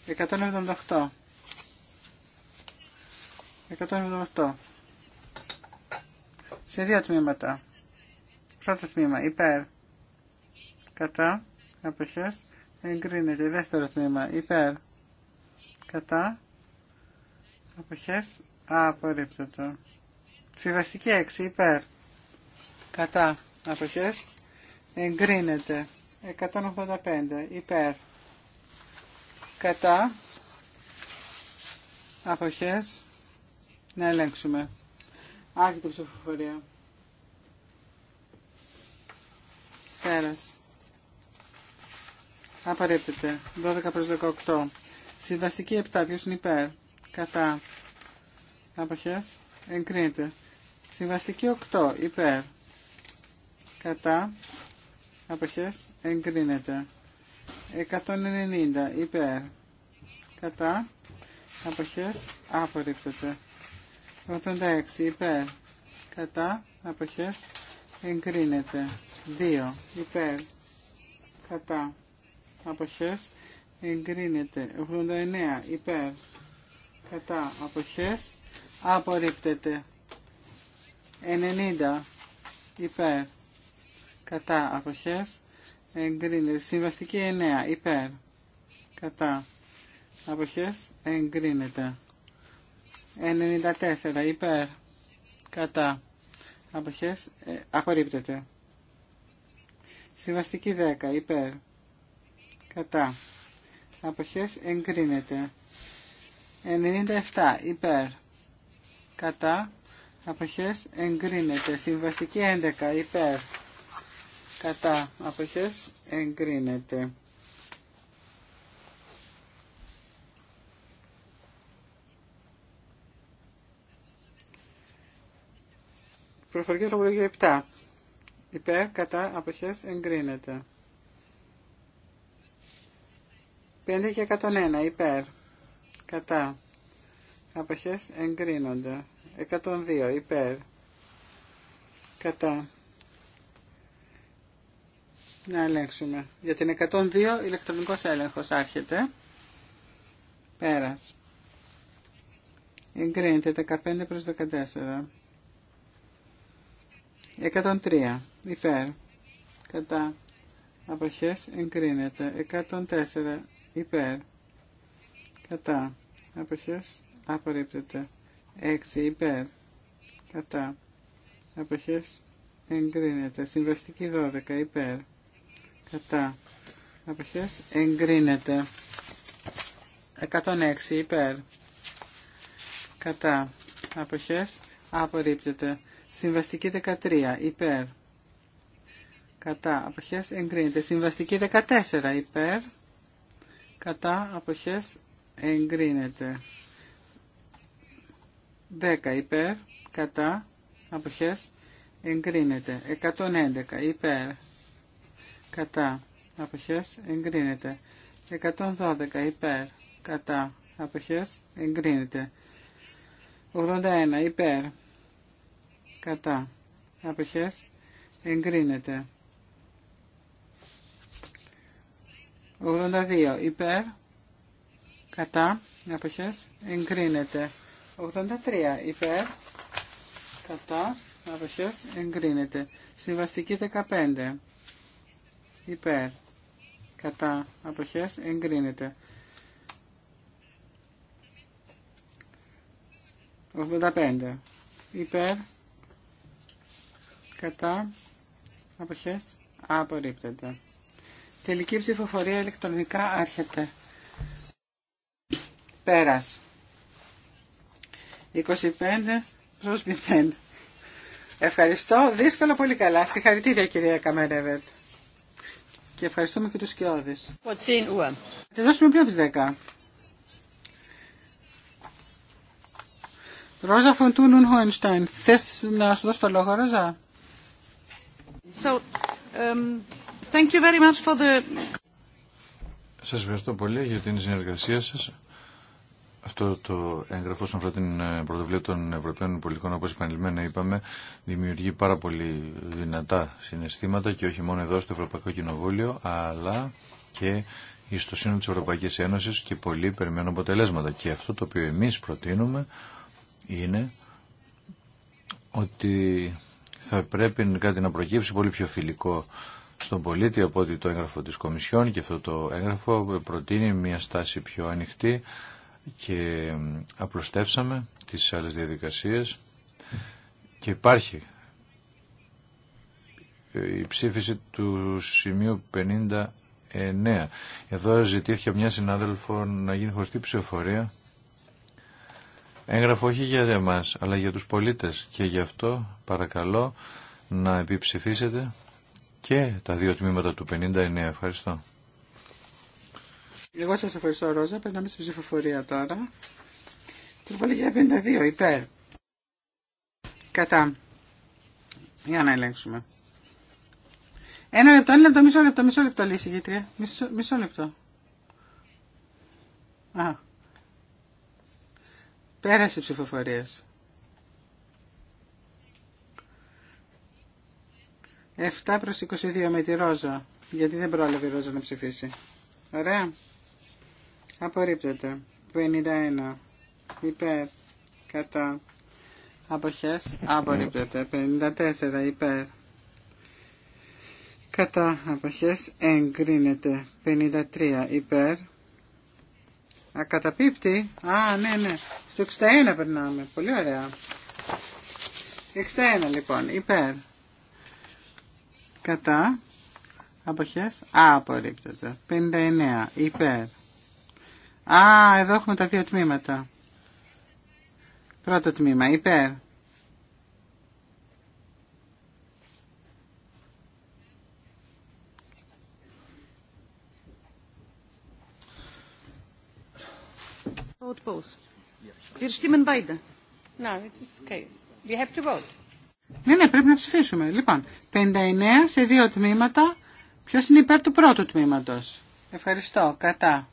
B: Εκατόν 178. Σε δύο τμήματα. Πρώτο τμήμα υπέρ κατά αποχές εγκρίνεται. Δεύτερο τμήμα υπέρ κατά αποχές απορρίπτωτο. Συμβαστική 6 υπέρ κατά αποχές εγκρίνεται. 185 υπέρ κατά αποχές να ελέγξουμε. Άρχεται ψηφοφορία. Πέρας. Απαραίτητε. 12 προς 18. Συμβαστική 7. Ποιος είναι υπέρ. Κατά. Αποχές. Εγκρίνεται. Συμβαστική 8. Υπέρ. Κατά. Αποχές. Εγκρίνεται. 190. Υπέρ. Κατά. Αποχές. Απορρίπτεται. 86. Υπέρ. Κατά. Αποχές. Εγκρίνεται. 2 υπέρ κατά αποχές εγκρίνεται 89 υπέρ κατά αποχές απορρίπτεται 90 υπέρ κατά αποχές εγκρίνεται συμβαστική 9 υπέρ κατά αποχές εγκρίνεται 94 υπέρ κατά αποχές ε, απορρίπτεται Συμβαστική 10 υπέρ. Κατά. Αποχές εγκρίνεται. 97 υπέρ. Κατά. Αποχές εγκρίνεται. Συμβαστική 11 υπέρ. Κατά. Αποχές εγκρίνεται. Προφορική 7 υπέρ κατά αποχές εγκρίνεται. 5 και 101 υπέρ κατά αποχές εγκρίνονται. 102 υπέρ κατά να ελέγξουμε. Για την 102 ηλεκτρονικός έλεγχος άρχεται. Πέρας. Εγκρίνεται 15 προς 14. 103 υπέρ κατά αποχές εγκρίνεται 104 υπέρ κατά αποχές απορρίπτεται 6 υπέρ κατά αποχές εγκρίνεται συμβαστική 12 υπέρ κατά αποχές εγκρίνεται 106 υπέρ κατά αποχές απορρίπτεται συμβαστική 13 υπέρ κατά αποχές εγκρίνεται. Συμβαστική 14 υπέρ κατά αποχές εγκρίνεται. 10 υπέρ κατά αποχές εγκρίνεται. 111 υπέρ κατά αποχές εγκρίνεται. 112 υπέρ κατά αποχές εγκρίνεται. 81 υπέρ κατά αποχές εγκρίνεται. 82 υπέρ κατά αποχές εγκρίνεται 83 υπέρ κατά αποχές εγκρίνεται συμβαστική 15 υπέρ κατά αποχές εγκρίνεται 85 υπέρ κατά αποχές απορρίπτεται Τελική ψηφοφορία ηλεκτρονικά άρχεται. Πέρας. 25 προς 0. Ευχαριστώ. Δύσκολα πολύ καλά. Συγχαρητήρια κυρία Καμερέβερτ. Και ευχαριστούμε και τους Κιώδης. Τελειώσουμε πριν από τις 10. Ρόζα Φοντούνουν Χοενστάιν. Θες να σου δώσω το λόγο, Ρόζα.
C: So, um... Thank you very much for the...
D: Σας ευχαριστώ πολύ για την συνεργασία σας. Αυτό το έγγραφο σε αυτή την ε, πρωτοβουλία των Ευρωπαίων Πολιτικών, όπως επανειλημμένα είπαμε, δημιουργεί πάρα πολύ δυνατά συναισθήματα και όχι μόνο εδώ στο Ευρωπαϊκό Κοινοβούλιο, αλλά και στο σύνολο της Ευρωπαϊκής Ένωσης και πολύ περιμένουν αποτελέσματα. Και αυτό το οποίο εμείς προτείνουμε είναι ότι θα πρέπει κάτι να προκύψει πολύ πιο φιλικό στον πολίτη από ότι το έγγραφο της Κομισιόν και αυτό το έγγραφο προτείνει μια στάση πιο ανοιχτή και απλουστεύσαμε τις άλλες διαδικασίες και υπάρχει η ψήφιση του σημείου 59. Εδώ ζητήθηκε μια συνάδελφο να γίνει χωριστή ψηφοφορία. Έγγραφο όχι για εμάς, αλλά για τους πολίτες και γι' αυτό παρακαλώ να επιψηφίσετε και τα δύο τμήματα του 59. Ευχαριστώ.
B: Εγώ σας ευχαριστώ Ρόζα. Περνάμε στην ψηφοφορία τώρα. Τροπολογία 52. Υπέρ. Κατά. Για να ελέγξουμε. Ένα λεπτό, ένα λεπτό, μισό λεπτό, μισό λεπτό λύση, γητρία. Μισό, μισό λεπτό. Α. Πέρασε ψηφοφορία. 7 προς 22 με τη Ρόζα, γιατί δεν πρόλαβε η Ρόζα να ψηφίσει. Ωραία. Απορρίπτεται. 51. Υπέρ. Κατά. Αποχές. Απορρίπτεται. 54. Υπέρ. Κατά. Αποχές. Εγκρίνεται. 53. Υπέρ. Ακαταπίπτει. Α, ναι, ναι. Στο 61 περνάμε. Πολύ ωραία. 61 λοιπόν. Υπέρ κατά αποχές απορρίπτεται 59 υπέρ Α, εδώ έχουμε τα δύο τμήματα Πρώτο τμήμα υπέρ
C: vote both. Wir stimmen beide.
A: No, it's okay. We have to vote.
B: Ναι, ναι, πρέπει να ψηφίσουμε. Λοιπόν, 59 σε δύο τμήματα. Ποιος είναι υπέρ του πρώτου τμήματος. Ευχαριστώ. Κατά.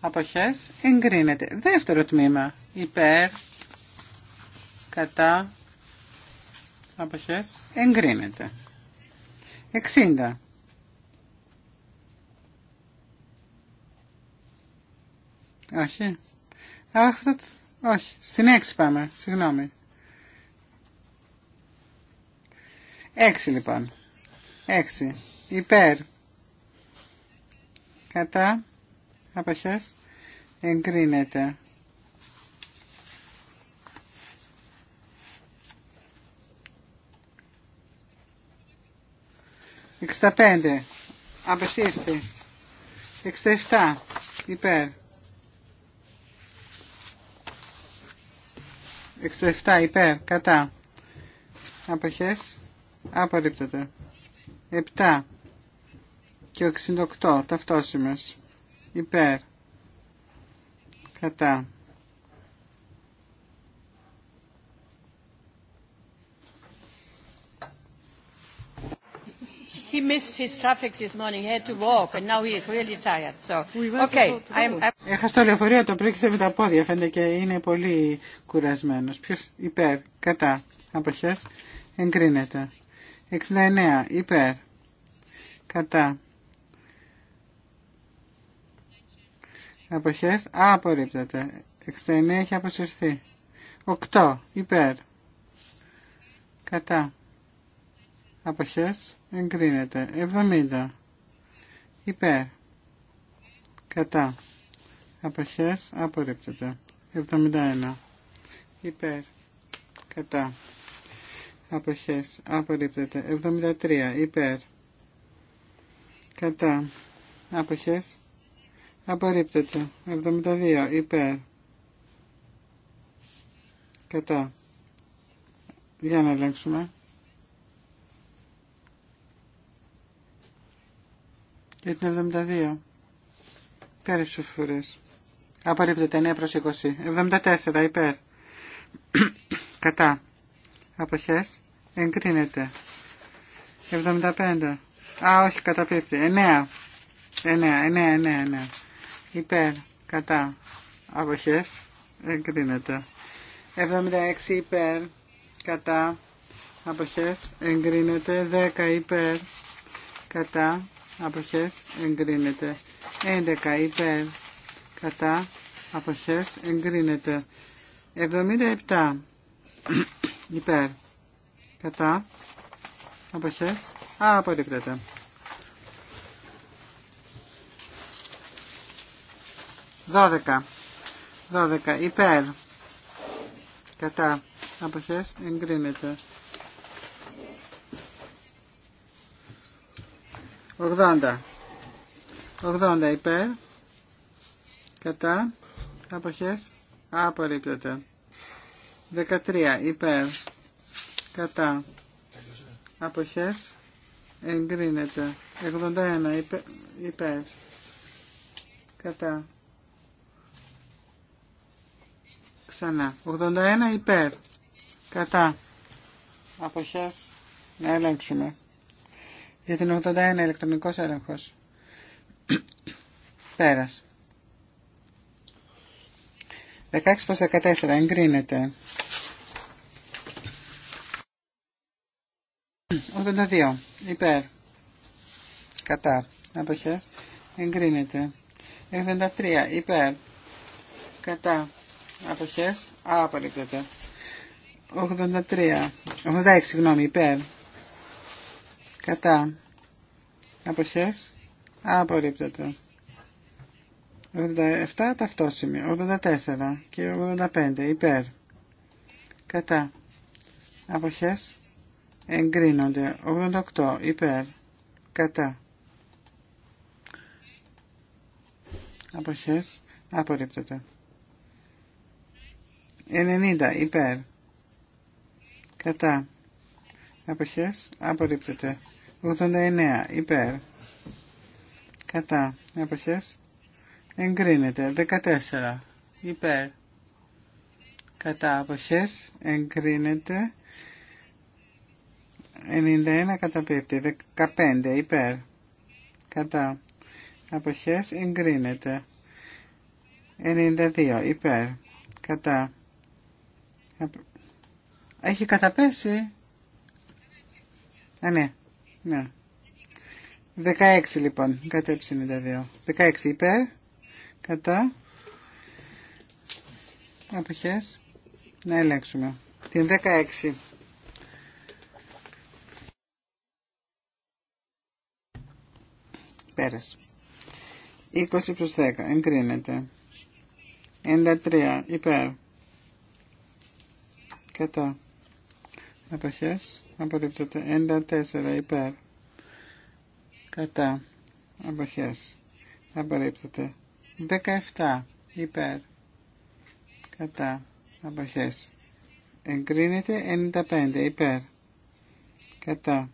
B: Αποχές. Εγκρίνεται. Δεύτερο τμήμα. Υπέρ. Κατά. Αποχές. Εγκρίνεται. 60. Όχι. Αχ, όχι. Στην έξι πάμε. Συγγνώμη. Έξι λοιπόν. Έξι. Υπέρ. Κατά. Απαχές. Εγκρίνεται. Εξταπέντε. πέντε. Απεσύρθη. Εξτεφτά. εφτά. Υπέρ. Εξτεφτά. εφτά. Υπέρ. Κατά. Αποχές. Απορρίπτεται. 7 και 68 ταυτόσημες. Υπέρ. Κατά.
A: He missed his traffic this morning. He had to walk, and now he is really tired. So, okay. I'm. Έχασε
B: το λεωφορείο, το πρίξε με τα πόδια, φαίνεται και είναι πολύ κουρασμένος. Ποιος υπέρ, κατά, αποχές, εγκρίνεται. 69 υπέρ κατά αποχές απορρίπτεται 69 έχει αποσυρθεί 8 υπέρ κατά αποχές εγκρίνεται 70 υπέρ κατά αποχές απορρίπτεται 71 υπέρ κατά αποχές απορρίπτεται 73 υπέρ κατά αποχές απορρίπτεται 72 υπέρ κατά για να ελέγξουμε για την 72 πέρα ψηφοφορίες απορρίπτεται 9 προς 20 74 υπέρ κατά αποχές εγκρίνεται 75 α όχι καταπίπτει 9 9 9 9 9 υπέρ κατά αποχές εγκρίνεται 76 υπέρ κατά αποχές εγκρίνεται 10 υπέρ κατά αποχές εγκρίνεται 11 υπέρ κατά αποχές εγκρίνεται 77 υπέρ κατά αποχές α, απορρίπτεται δώδεκα δώδεκα υπέρ κατά αποχές εγκρίνεται Ογδόντα, ογδόντα, υπέρ κατά αποχές απορρίπτεται 13 υπέρ κατά αποχές εγκρίνεται 81 υπέρ, κατά ξανά 81 υπέρ κατά αποχές να ελέγξουμε για την 81 ηλεκτρονικός έλεγχος πέρας 16 προς 14 εγκρίνεται. 82 υπέρ. Κατά. Αποχές. Εγκρίνεται. 83 υπέρ. Κατά. Αποχές. Απορρίπτεται. 83. 86 γνώμη υπέρ. Κατά. Αποχές. Απορρίπτεται. 87 ταυτόσημη. 84 και 85 υπέρ. Κατά. Αποχές εγκρίνονται. 88 υπέρ. Κατά. Αποχές απορρίπτεται. 90 υπέρ. Κατά. Αποχές απορρίπτεται. 89 υπέρ. Κατά. Αποχές εγκρίνεται. 14 υπέρ κατά αποχές εγκρίνεται. 91 καταπίπτει. 15 υπέρ κατά αποχές εγκρίνεται. 92 υπέρ κατά έχει καταπέσει α ναι ναι 16 λοιπόν κατέψει 92 16 υπέρ κατά αποχές να ελέγξουμε την 16 πέρας 20 προς 10 εγκρίνεται 93 υπέρ κατά αποχές απορρίπτωται. 94 υπέρ κατά αποχές απορρίπτεται 17 υπέρ κατά αποχές εγκρίνεται 95 υπέρ κατά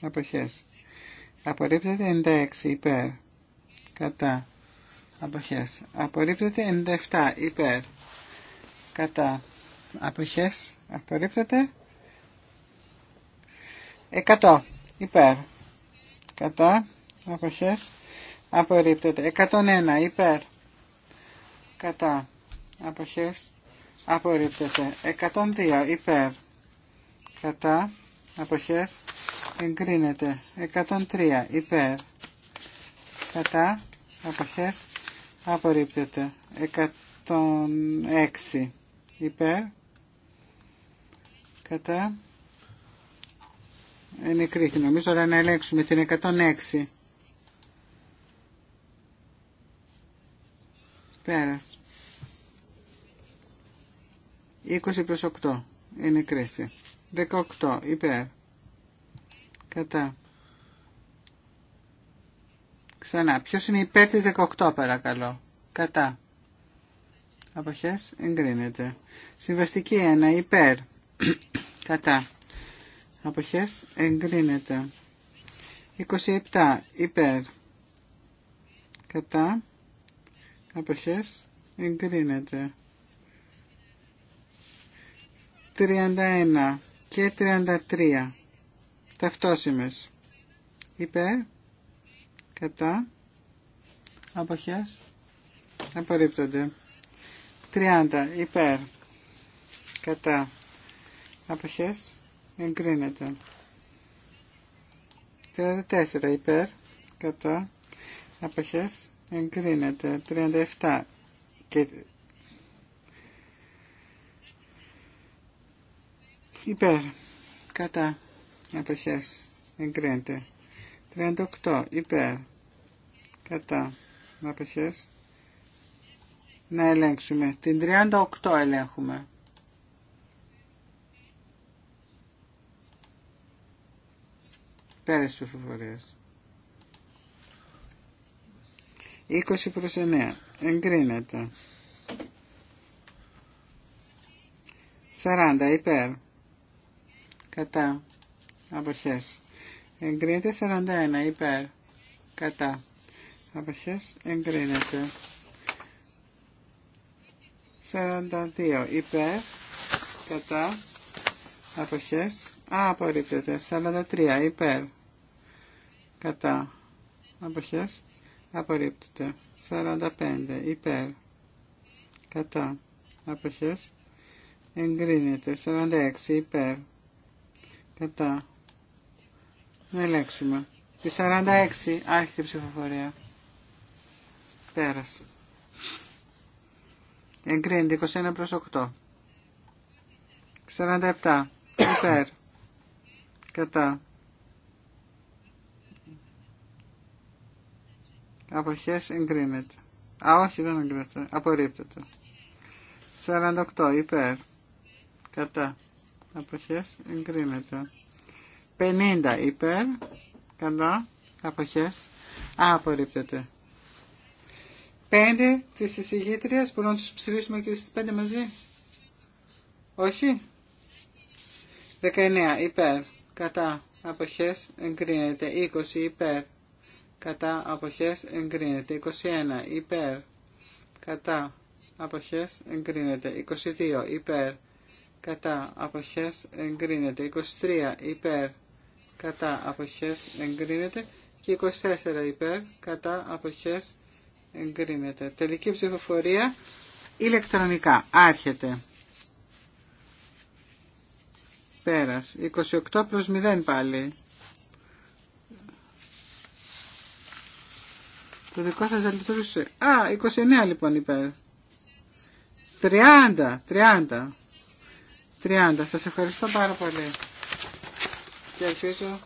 B: αποχές απορρίπτεται 96 υπέρ κατά αποχές απορρίπτεται 97 υπέρ κατά αποχές απορρίπτεται 100 υπέρ κατά αποχές απορρίπτεται. 101 υπέρ κατά αποχές απορρίπτεται. 102 υπέρ κατά αποχές εγκρίνεται. 103 υπέρ κατά αποχές απορρίπτεται. 106 υπέρ κατά είναι νομίζω να ελέγξουμε την 106 Πέρας. 20 προς 8 είναι κρίση. 18 υπέρ. Κατά. Ξανά. Ποιος είναι υπέρ της 18 παρακαλώ. Κατά. Αποχές εγκρίνεται. Συμβαστική 1 υπέρ. Κατά. Αποχές εγκρίνεται. 27 υπέρ. Κατά αποχές εγκρίνεται 31 και 33 ταυτόσιμες υπέρ κατά αποχές απορρίπτονται 30 υπέρ κατά αποχές εγκρίνεται 34 υπέρ κατά αποχές εγκρίνεται 37 και υπέρ κατά αποχές εγκρίνεται 38 υπέρ κατά αποχές να ελέγξουμε την 38 ελέγχουμε πέρας ψηφοφορίας 20 προς 9. Εγκρίνεται. 40 υπέρ. Κατά. Αποχές. Εγκρίνεται 41 υπέρ. Κατά. Αποχές. Εγκρίνεται. 42 υπέρ. Κατά. Αποχές. Α, απορρίπτεται. 43 υπέρ. Κατά. Αποχές απορρίπτεται 45 υπέρ κατά αποχές εγκρίνεται 46 υπέρ κατά να ελέγξουμε τη 46 η ψηφοφορία πέρασε εγκρίνεται 21 προς 8 47 υπέρ κατά Αποχές εγκρίνεται. Α, όχι, δεν εγκρίνεται. Απορρίπτεται. 48 υπέρ. Κατά. Αποχές εγκρίνεται. 50 υπέρ. Κατά. Αποχές. Α, απορρίπτεται. 5 της εισηγήτριας. Μπορούμε να τους ψηφίσουμε και στις 5 μαζί. Όχι. 19 υπέρ. Κατά. Αποχές εγκρίνεται. 20 υπέρ κατά αποχές εγκρίνεται 21 υπέρ κατά αποχές εγκρίνεται 22 υπέρ κατά αποχές εγκρίνεται 23 υπέρ κατά αποχές εγκρίνεται και 24 υπέρ κατά αποχές εγκρίνεται τελική ψηφοφορία ηλεκτρονικά άρχεται πέρας 28 προς 0 πάλι Το δικό σας δεν Α, 29 λοιπόν υπέρ. 30, 30. 30. Σας ευχαριστώ πάρα πολύ. Και ελπίζω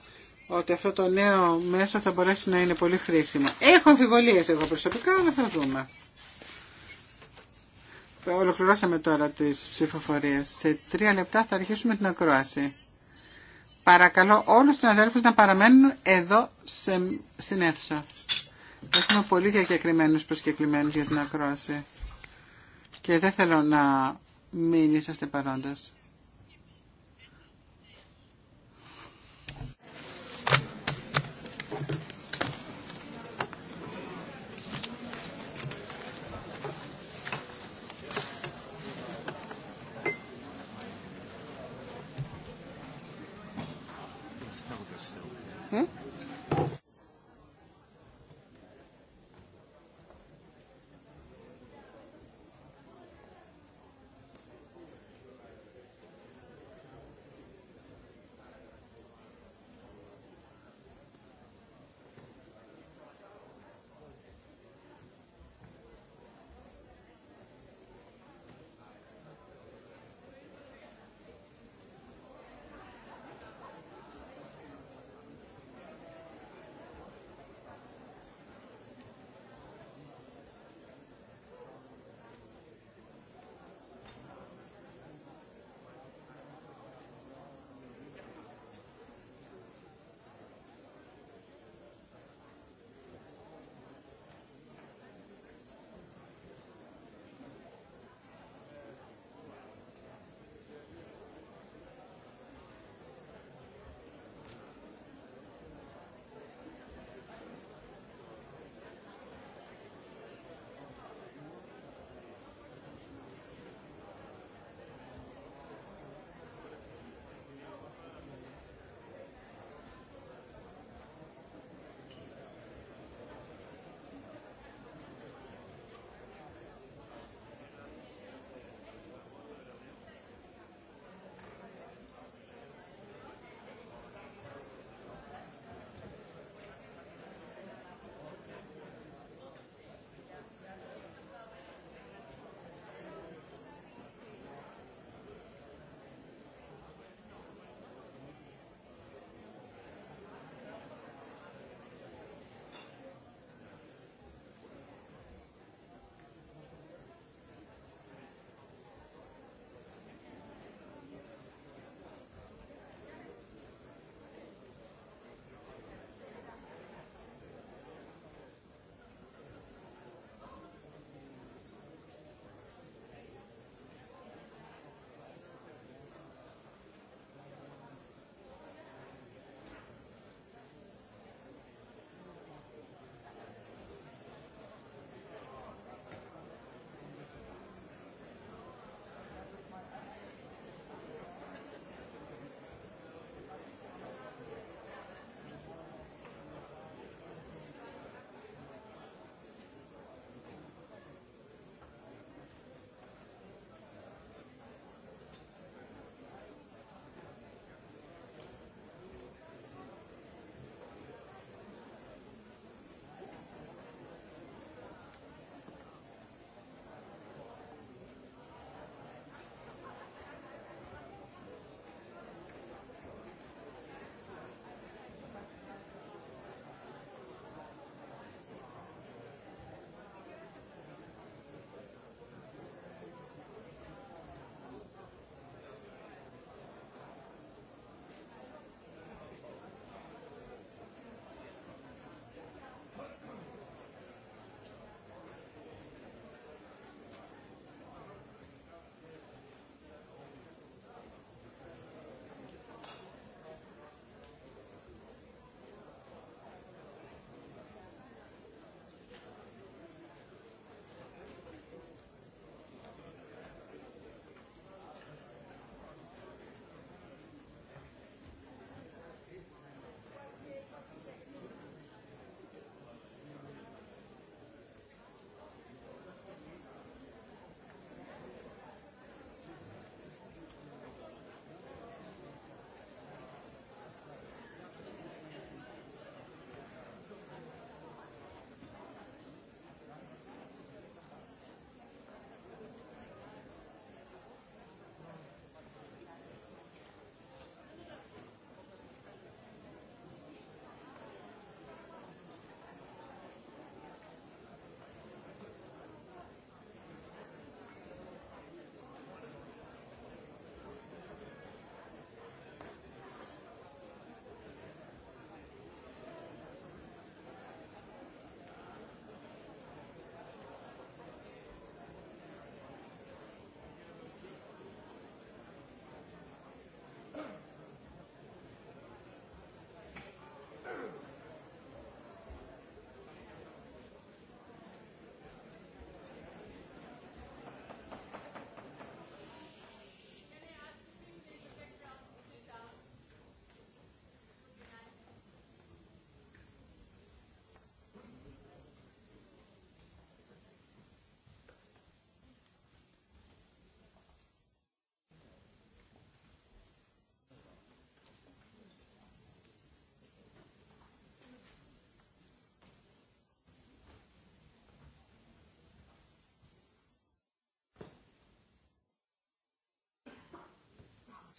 B: ότι αυτό το νέο μέσο θα μπορέσει να είναι πολύ χρήσιμο. Έχω αμφιβολίες εγώ προσωπικά, αλλά θα δούμε. Ολοκληρώσαμε τώρα τις ψηφοφορίες. Σε τρία λεπτά θα αρχίσουμε την ακρόαση. Παρακαλώ όλους τους αδέλφους να παραμένουν εδώ σε, στην αίθουσα. Έχουμε πολύ διακεκριμένους προσκεκλημένους για την ακρόαση. Και δεν θέλω να μην είσαστε παρόντες.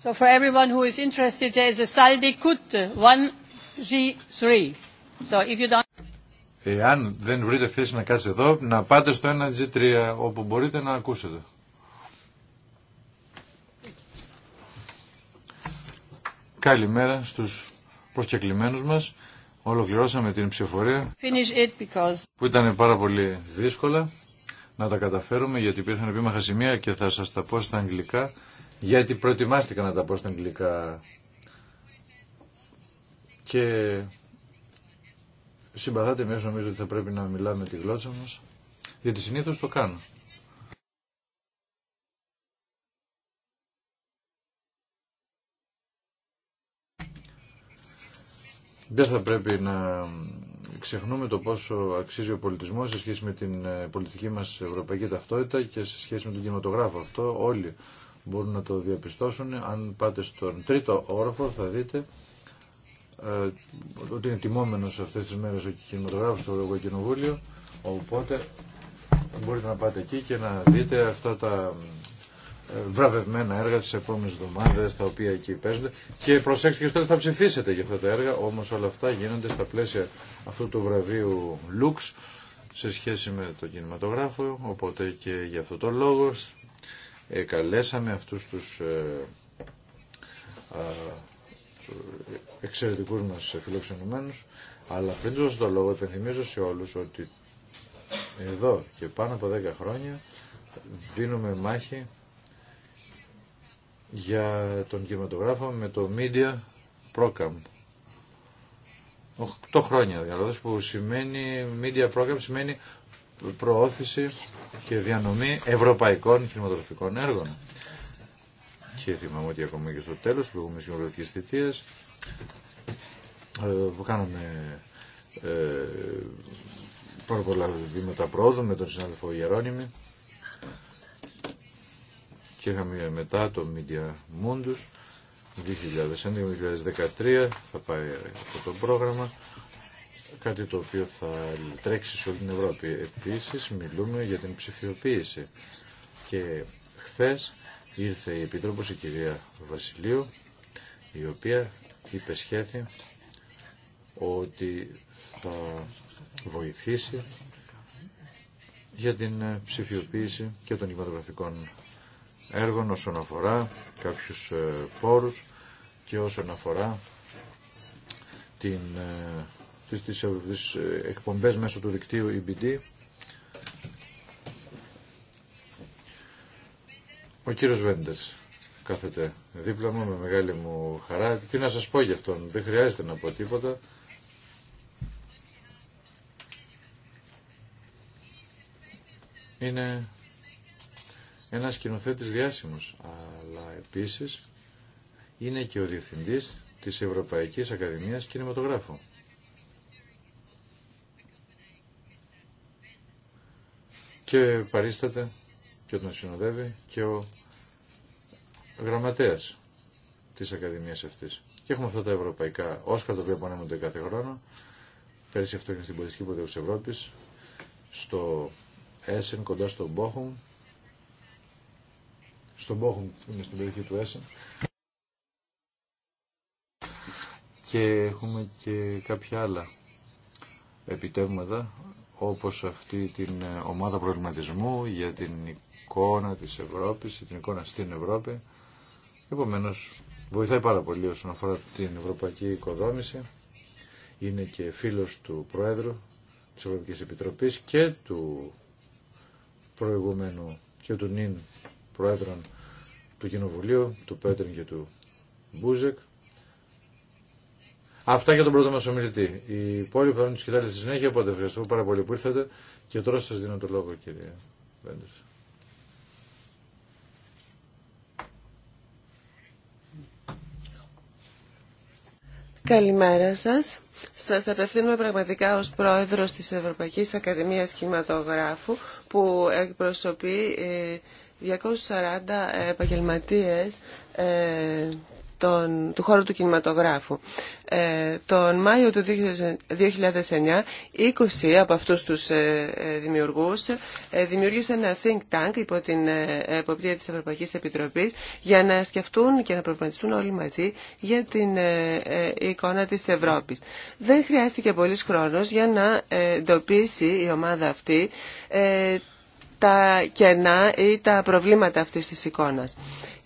A: So for everyone who is interested, there is a 1G3. So if you don't...
D: Εάν δεν βρείτε θέση να κάτσετε εδώ, να πάτε στο 1G3 όπου μπορείτε να ακούσετε. Καλημέρα στους προσκεκλημένους μας. Ολοκληρώσαμε την ψηφορία because... που ήταν πάρα πολύ δύσκολα να τα καταφέρουμε γιατί υπήρχαν επίμαχα σημεία και θα σας τα πω στα αγγλικά γιατί προετοιμάστηκα να τα πω στα αγγλικά και συμπαθάτε μέσα νομίζω ότι θα πρέπει να μιλάμε τη γλώσσα μας γιατί συνήθως το κάνω. Δεν θα πρέπει να ξεχνούμε το πόσο αξίζει ο πολιτισμός σε σχέση με την ε, πολιτική μας ευρωπαϊκή ταυτότητα και σε σχέση με τον κινηματογράφο. Αυτό όλοι μπορούν να το διαπιστώσουν. Αν πάτε στον τρίτο όροφο θα δείτε ε, ότι είναι τιμόμενος αυτές τις μέρες ο κινηματογράφος στο Ευρωπαϊκό Κοινοβούλιο, οπότε μπορείτε να πάτε εκεί και να δείτε αυτά τα ε, βραβευμένα έργα τις επόμενες εβδομάδες τα οποία εκεί παίζονται και προσέξτε και στο θα ψηφίσετε για αυτά τα έργα όμως όλα αυτά γίνονται στα πλαίσια αυτού του βραβείου Lux σε σχέση με το κινηματογράφο οπότε και για αυτό το λόγο καλέσαμε αυτούς ε, τους εξαιρετικούς μας φιλοξενουμένους, αλλά πριν τους το λόγο επενθυμίζω σε όλους ότι εδώ και πάνω από 10 χρόνια δίνουμε μάχη για τον κινηματογράφο με το Media Procam. 8 χρόνια δηλαδή, που σημαίνει Media Program σημαίνει προώθηση και διανομή ευρωπαϊκών κινηματογραφικών έργων. Και θυμάμαι ότι ακόμα και στο τέλος του προηγούμενης κοινοβουλευτικής θητείας ε, που κάναμε ε, πάρα πολλά βήματα πρόοδου με τον συνάδελφο Γερόνιμη και είχαμε μετά το Media Mundus 2011-2013 θα πάει αυτό το πρόγραμμα κάτι το οποίο θα τρέξει σε όλη την Ευρώπη. Επίσης μιλούμε για την ψηφιοποίηση και χθες ήρθε η Επίτροπος η κυρία Βασιλείου η οποία είπε σχέθη ότι θα βοηθήσει για την ψηφιοποίηση και των κινηματογραφικών έργων όσον αφορά κάποιους ε, πόρους και όσον αφορά την ε, αυτές τις ε, ε, εκπομπές μέσω του δικτύου EBD. Ο κύριος Βέντες κάθεται δίπλα μου με μεγάλη μου χαρά. Τι να σας πω για αυτόν, δεν χρειάζεται να πω τίποτα. Είναι ένα σκηνοθέτης διάσημος, αλλά επίσης είναι και ο διευθυντής της Ευρωπαϊκής Ακαδημίας Κινηματογράφου. και παρίσταται και τον συνοδεύει και ο γραμματέας της Ακαδημίας αυτής. Και έχουμε αυτά τα ευρωπαϊκά Όσκαρ, τα οποία πανέμονται κάθε χρόνο. Πέρσι αυτό έγινε στην Πολιτική της Ευρώπης, στο Έσεν, κοντά στο Μπόχουμ. Στο Μπόχουμ, είναι στην περιοχή του Έσεν. Και έχουμε και κάποια άλλα επιτεύγματα όπως αυτή την ε, ομάδα προβληματισμού για την εικόνα της Ευρώπης, την εικόνα στην Ευρώπη. Επομένως, βοηθάει πάρα πολύ όσον αφορά την ευρωπαϊκή οικοδόμηση. Είναι και φίλος του Πρόεδρου της Ευρωπαϊκής Επιτροπής και του προηγούμενου και του νυν Πρόεδρων του Κοινοβουλίου, του Πέτριν και του Μπούζεκ. Αυτά για τον πρώτο μας ομιλητή. Οι υπόλοιποι θα είναι σκητάλη στη συνέχεια, οπότε ευχαριστώ πάρα πολύ που ήρθατε και τώρα σας δίνω το λόγο κύριε Βέντερ.
C: Καλημέρα σας. Σας απευθύνουμε πραγματικά ως πρόεδρος της Ευρωπαϊκής Ακαδημίας Κινηματογράφου, που εκπροσωπεί 240 ε, επαγγελματίες ε, του χώρου του κινηματογράφου. Ε, τον Μάιο του 2009, 20 από αυτούς τους ε, ε δημιουργούς ε, δημιούργησαν ένα think tank υπό την ε, εποπτεία της Ευρωπαϊκής Επιτροπής για να σκεφτούν και να προβληματιστούν όλοι μαζί για την εικόνα της Ευρώπης. Δεν χρειάστηκε πολύς χρόνος για να εντοπίσει η ομάδα αυτή τα κενά ή τα προβλήματα αυτής της εικόνας.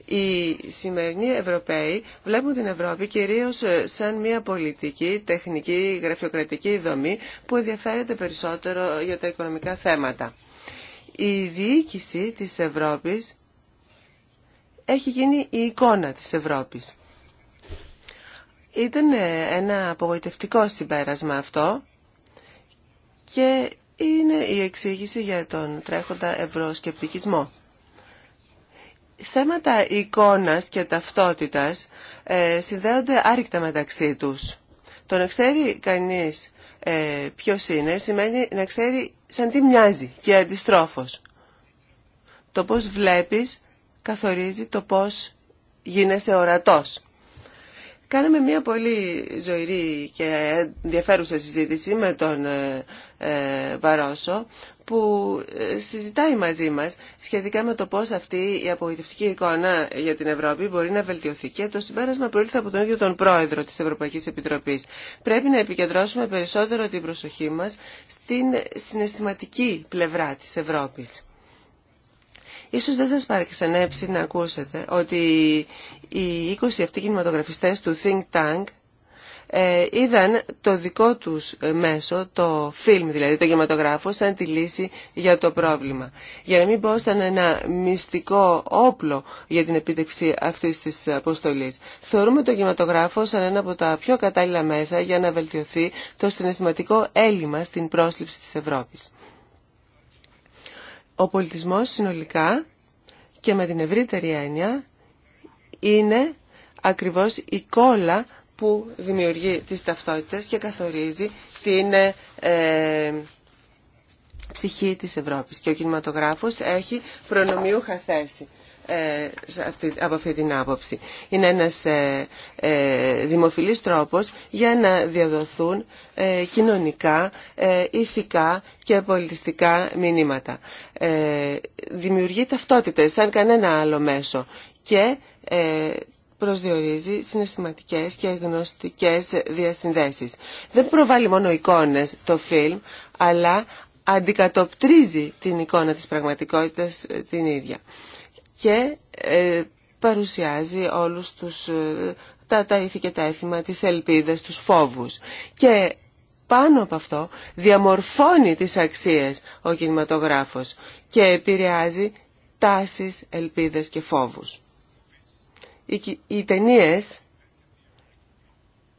C: Οι σημερινοί Ευρωπαίοι βλέπουν την Ευρώπη κυρίως ε, σαν μια πολιτική, τεχνική, γραφειοκρατική δομή που ενδιαφέρεται περισσότερο για τα οικονομικά θέματα. Η διοίκηση της Ευρώπης έχει γίνει η εικόνα της Ευρώπης. Ήταν ε, ένα απογοητευτικό συμπέρασμα αυτό και είναι η εξήγηση για τον τρέχοντα ευρωσκεπτικισμό θέματα εικόνας και ταυτότητας ε, συνδέονται άρρηκτα μεταξύ τους. Το να ξέρει κανείς ε, ποιος είναι σημαίνει να ξέρει σαν τι μοιάζει και αντιστρόφως. Το πώς βλέπεις καθορίζει το πώς γίνεσαι ορατός. Κάναμε μια πολύ ζωηρή και ενδιαφέρουσα συζήτηση με τον ε, ε, Βαρόσο που ε, συζητάει μαζί μας σχετικά με το πώς αυτή η απογοητευτική εικόνα για την Ευρώπη μπορεί να βελτιωθεί και το συμπέρασμα προήλθε από τον ίδιο τον πρόεδρο της Ευρωπαϊκής Επιτροπής. Πρέπει να επικεντρώσουμε περισσότερο την προσοχή μας στην συναισθηματική πλευρά της Ευρώπης. Ίσως δεν σας πάρει έψη να ακούσετε ότι οι 20 αυτοί κινηματογραφιστές του Think Tank ε, είδαν το δικό τους ε, μέσο, το φιλμ δηλαδή, το κινηματογράφο, σαν τη λύση για το πρόβλημα. Για να μην πω σαν ένα μυστικό όπλο για την επίτευξη αυτής της αποστολής. Θεωρούμε το κινηματογράφο σαν ένα από τα πιο κατάλληλα μέσα για να βελτιωθεί το συναισθηματικό έλλειμμα στην πρόσληψη της Ευρώπης. Ο πολιτισμός συνολικά και με την ευρύτερη έννοια είναι ακριβώς η κόλλα που δημιουργεί τις ταυτότητες και καθορίζει την ε, ε ψυχή της Ευρώπης. Και ο κινηματογράφος έχει προνομιούχα θέση ε, από αυτή την άποψη. Είναι ένας ε, δημοφιλής τρόπος για να διαδοθούν ε, κοινωνικά, ε, ηθικά και πολιτιστικά μηνύματα. Ε, δημιουργεί ταυτότητες σαν κανένα άλλο μέσο και προσδιορίζει συναισθηματικές και γνωστικές διασυνδέσεις. Δεν προβάλλει μόνο εικόνες το φιλμ, αλλά αντικατοπτρίζει την εικόνα της πραγματικότητας την ίδια και παρουσιάζει όλους τους τα, τα ήθη και τα έθιμα, τις ελπίδες, τους φόβους. Και πάνω από αυτό διαμορφώνει τις αξίες ο κινηματογράφος και επηρεάζει τάσεις, ελπίδες και φόβους. Οι, οι ταινίε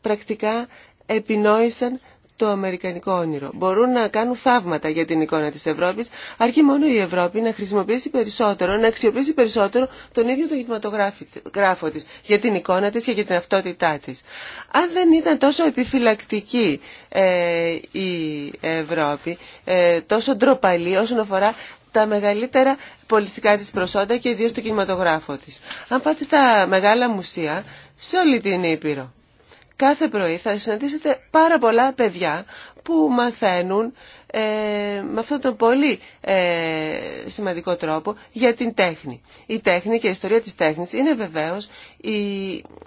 C: πρακτικά επινόησαν το αμερικανικό όνειρο. Μπορούν να κάνουν θαύματα για την εικόνα τη Ευρώπη, αρκεί μόνο η Ευρώπη να χρησιμοποιήσει περισσότερο, να αξιοποιήσει περισσότερο τον ίδιο τον κινηματογράφο της, για την εικόνα τη και για την αυτότητά τη. Αν δεν ήταν τόσο επιφυλακτική ε, η Ευρώπη, ε, τόσο ντροπαλή όσον αφορά τα μεγαλύτερα πολιτιστικά της προσόντα και ιδίως το κινηματογράφο της. Αν πάτε στα μεγάλα μουσεία, σε όλη την Ήπειρο, Κάθε πρωί θα συναντήσετε πάρα πολλά παιδιά που μαθαίνουν ε, με αυτόν τον πολύ ε, σημαντικό τρόπο για την τέχνη. Η τέχνη και η ιστορία της τέχνης είναι βεβαίως η,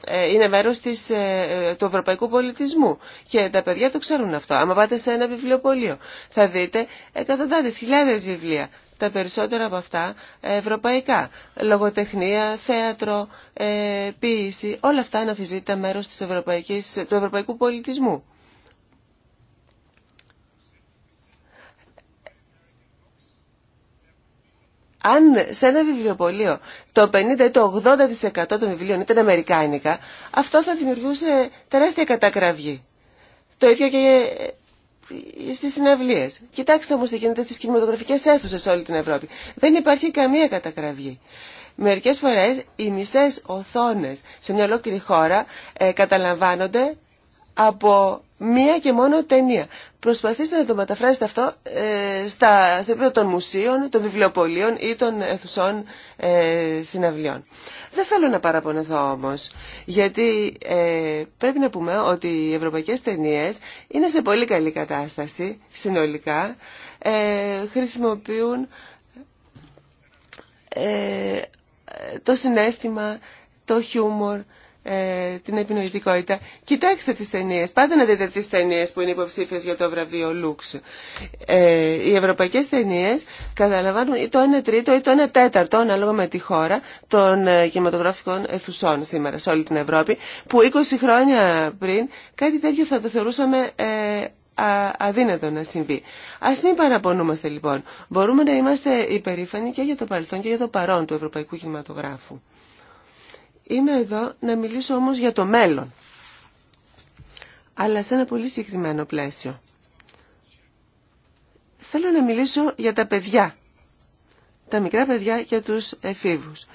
C: ε, είναι μέρος της, ε, του ευρωπαϊκού πολιτισμού και τα παιδιά το ξέρουν αυτό. Άμα πάτε σε ένα βιβλιοπωλείο θα δείτε εκατοντάδες χιλιάδες βιβλία τα περισσότερα από αυτά ευρωπαϊκά. Λογοτεχνία, θέατρο, ε, ποίηση, όλα αυτά είναι αφιζήτητα μέρος της ευρωπαϊκής, του ευρωπαϊκού πολιτισμού. αν σε ένα βιβλιοπωλείο το 50 ή το 80% των βιβλίων ήταν αμερικάνικα, αυτό θα δημιουργούσε τεράστια κατακραυγή. Το ίδιο και Στι συναυλίε. Κοιτάξτε όμω τι γίνεται κινηματογραφικέ αίθουσε σε όλη την Ευρώπη. Δεν υπάρχει καμία κατακραυγή. Μερικές φορές οι μισέ οθόνες σε μια ολόκληρη χώρα ε, καταλαμβάνονται από μία και μόνο ταινία. Προσπαθήστε να το μεταφράσετε αυτό ε, στα, στο επίπεδο των μουσείων, των βιβλιοπολίων ή των αιθουσών ε, συναυλιών. Δεν θέλω να παραπονεθώ όμως, γιατί ε, πρέπει να πούμε ότι οι ευρωπαϊκές ταινίε είναι σε πολύ καλή κατάσταση συνολικά, ε, χρησιμοποιούν ε, το συνέστημα, το χιούμορ, ε, την επινοητικότητα. Κοιτάξτε τις ταινίε. Πάντα να δείτε τις ταινίε που είναι υποψήφιες για το βραβείο Λουξ. Ε, οι ευρωπαϊκές ταινίε καταλαμβάνουν ή το 1 τρίτο ή το 1 τέταρτο, ανάλογα με τη χώρα, των ε, κινηματογραφικών αιθουσών σήμερα σε όλη την Ευρώπη, που 20 χρόνια πριν κάτι τέτοιο θα το θεωρούσαμε ε, α, αδύνατο να συμβεί. Α μην παραπονούμαστε λοιπόν. Μπορούμε να είμαστε υπερήφανοι και για το παρελθόν και για το παρόν του ευρωπαϊκού κινηματογράφου. Είμαι εδώ να μιλήσω όμως για το μέλλον, αλλά σε ένα πολύ συγκεκριμένο πλαίσιο. Θέλω να μιλήσω για τα παιδιά, τα μικρά παιδιά και τους εφήβους.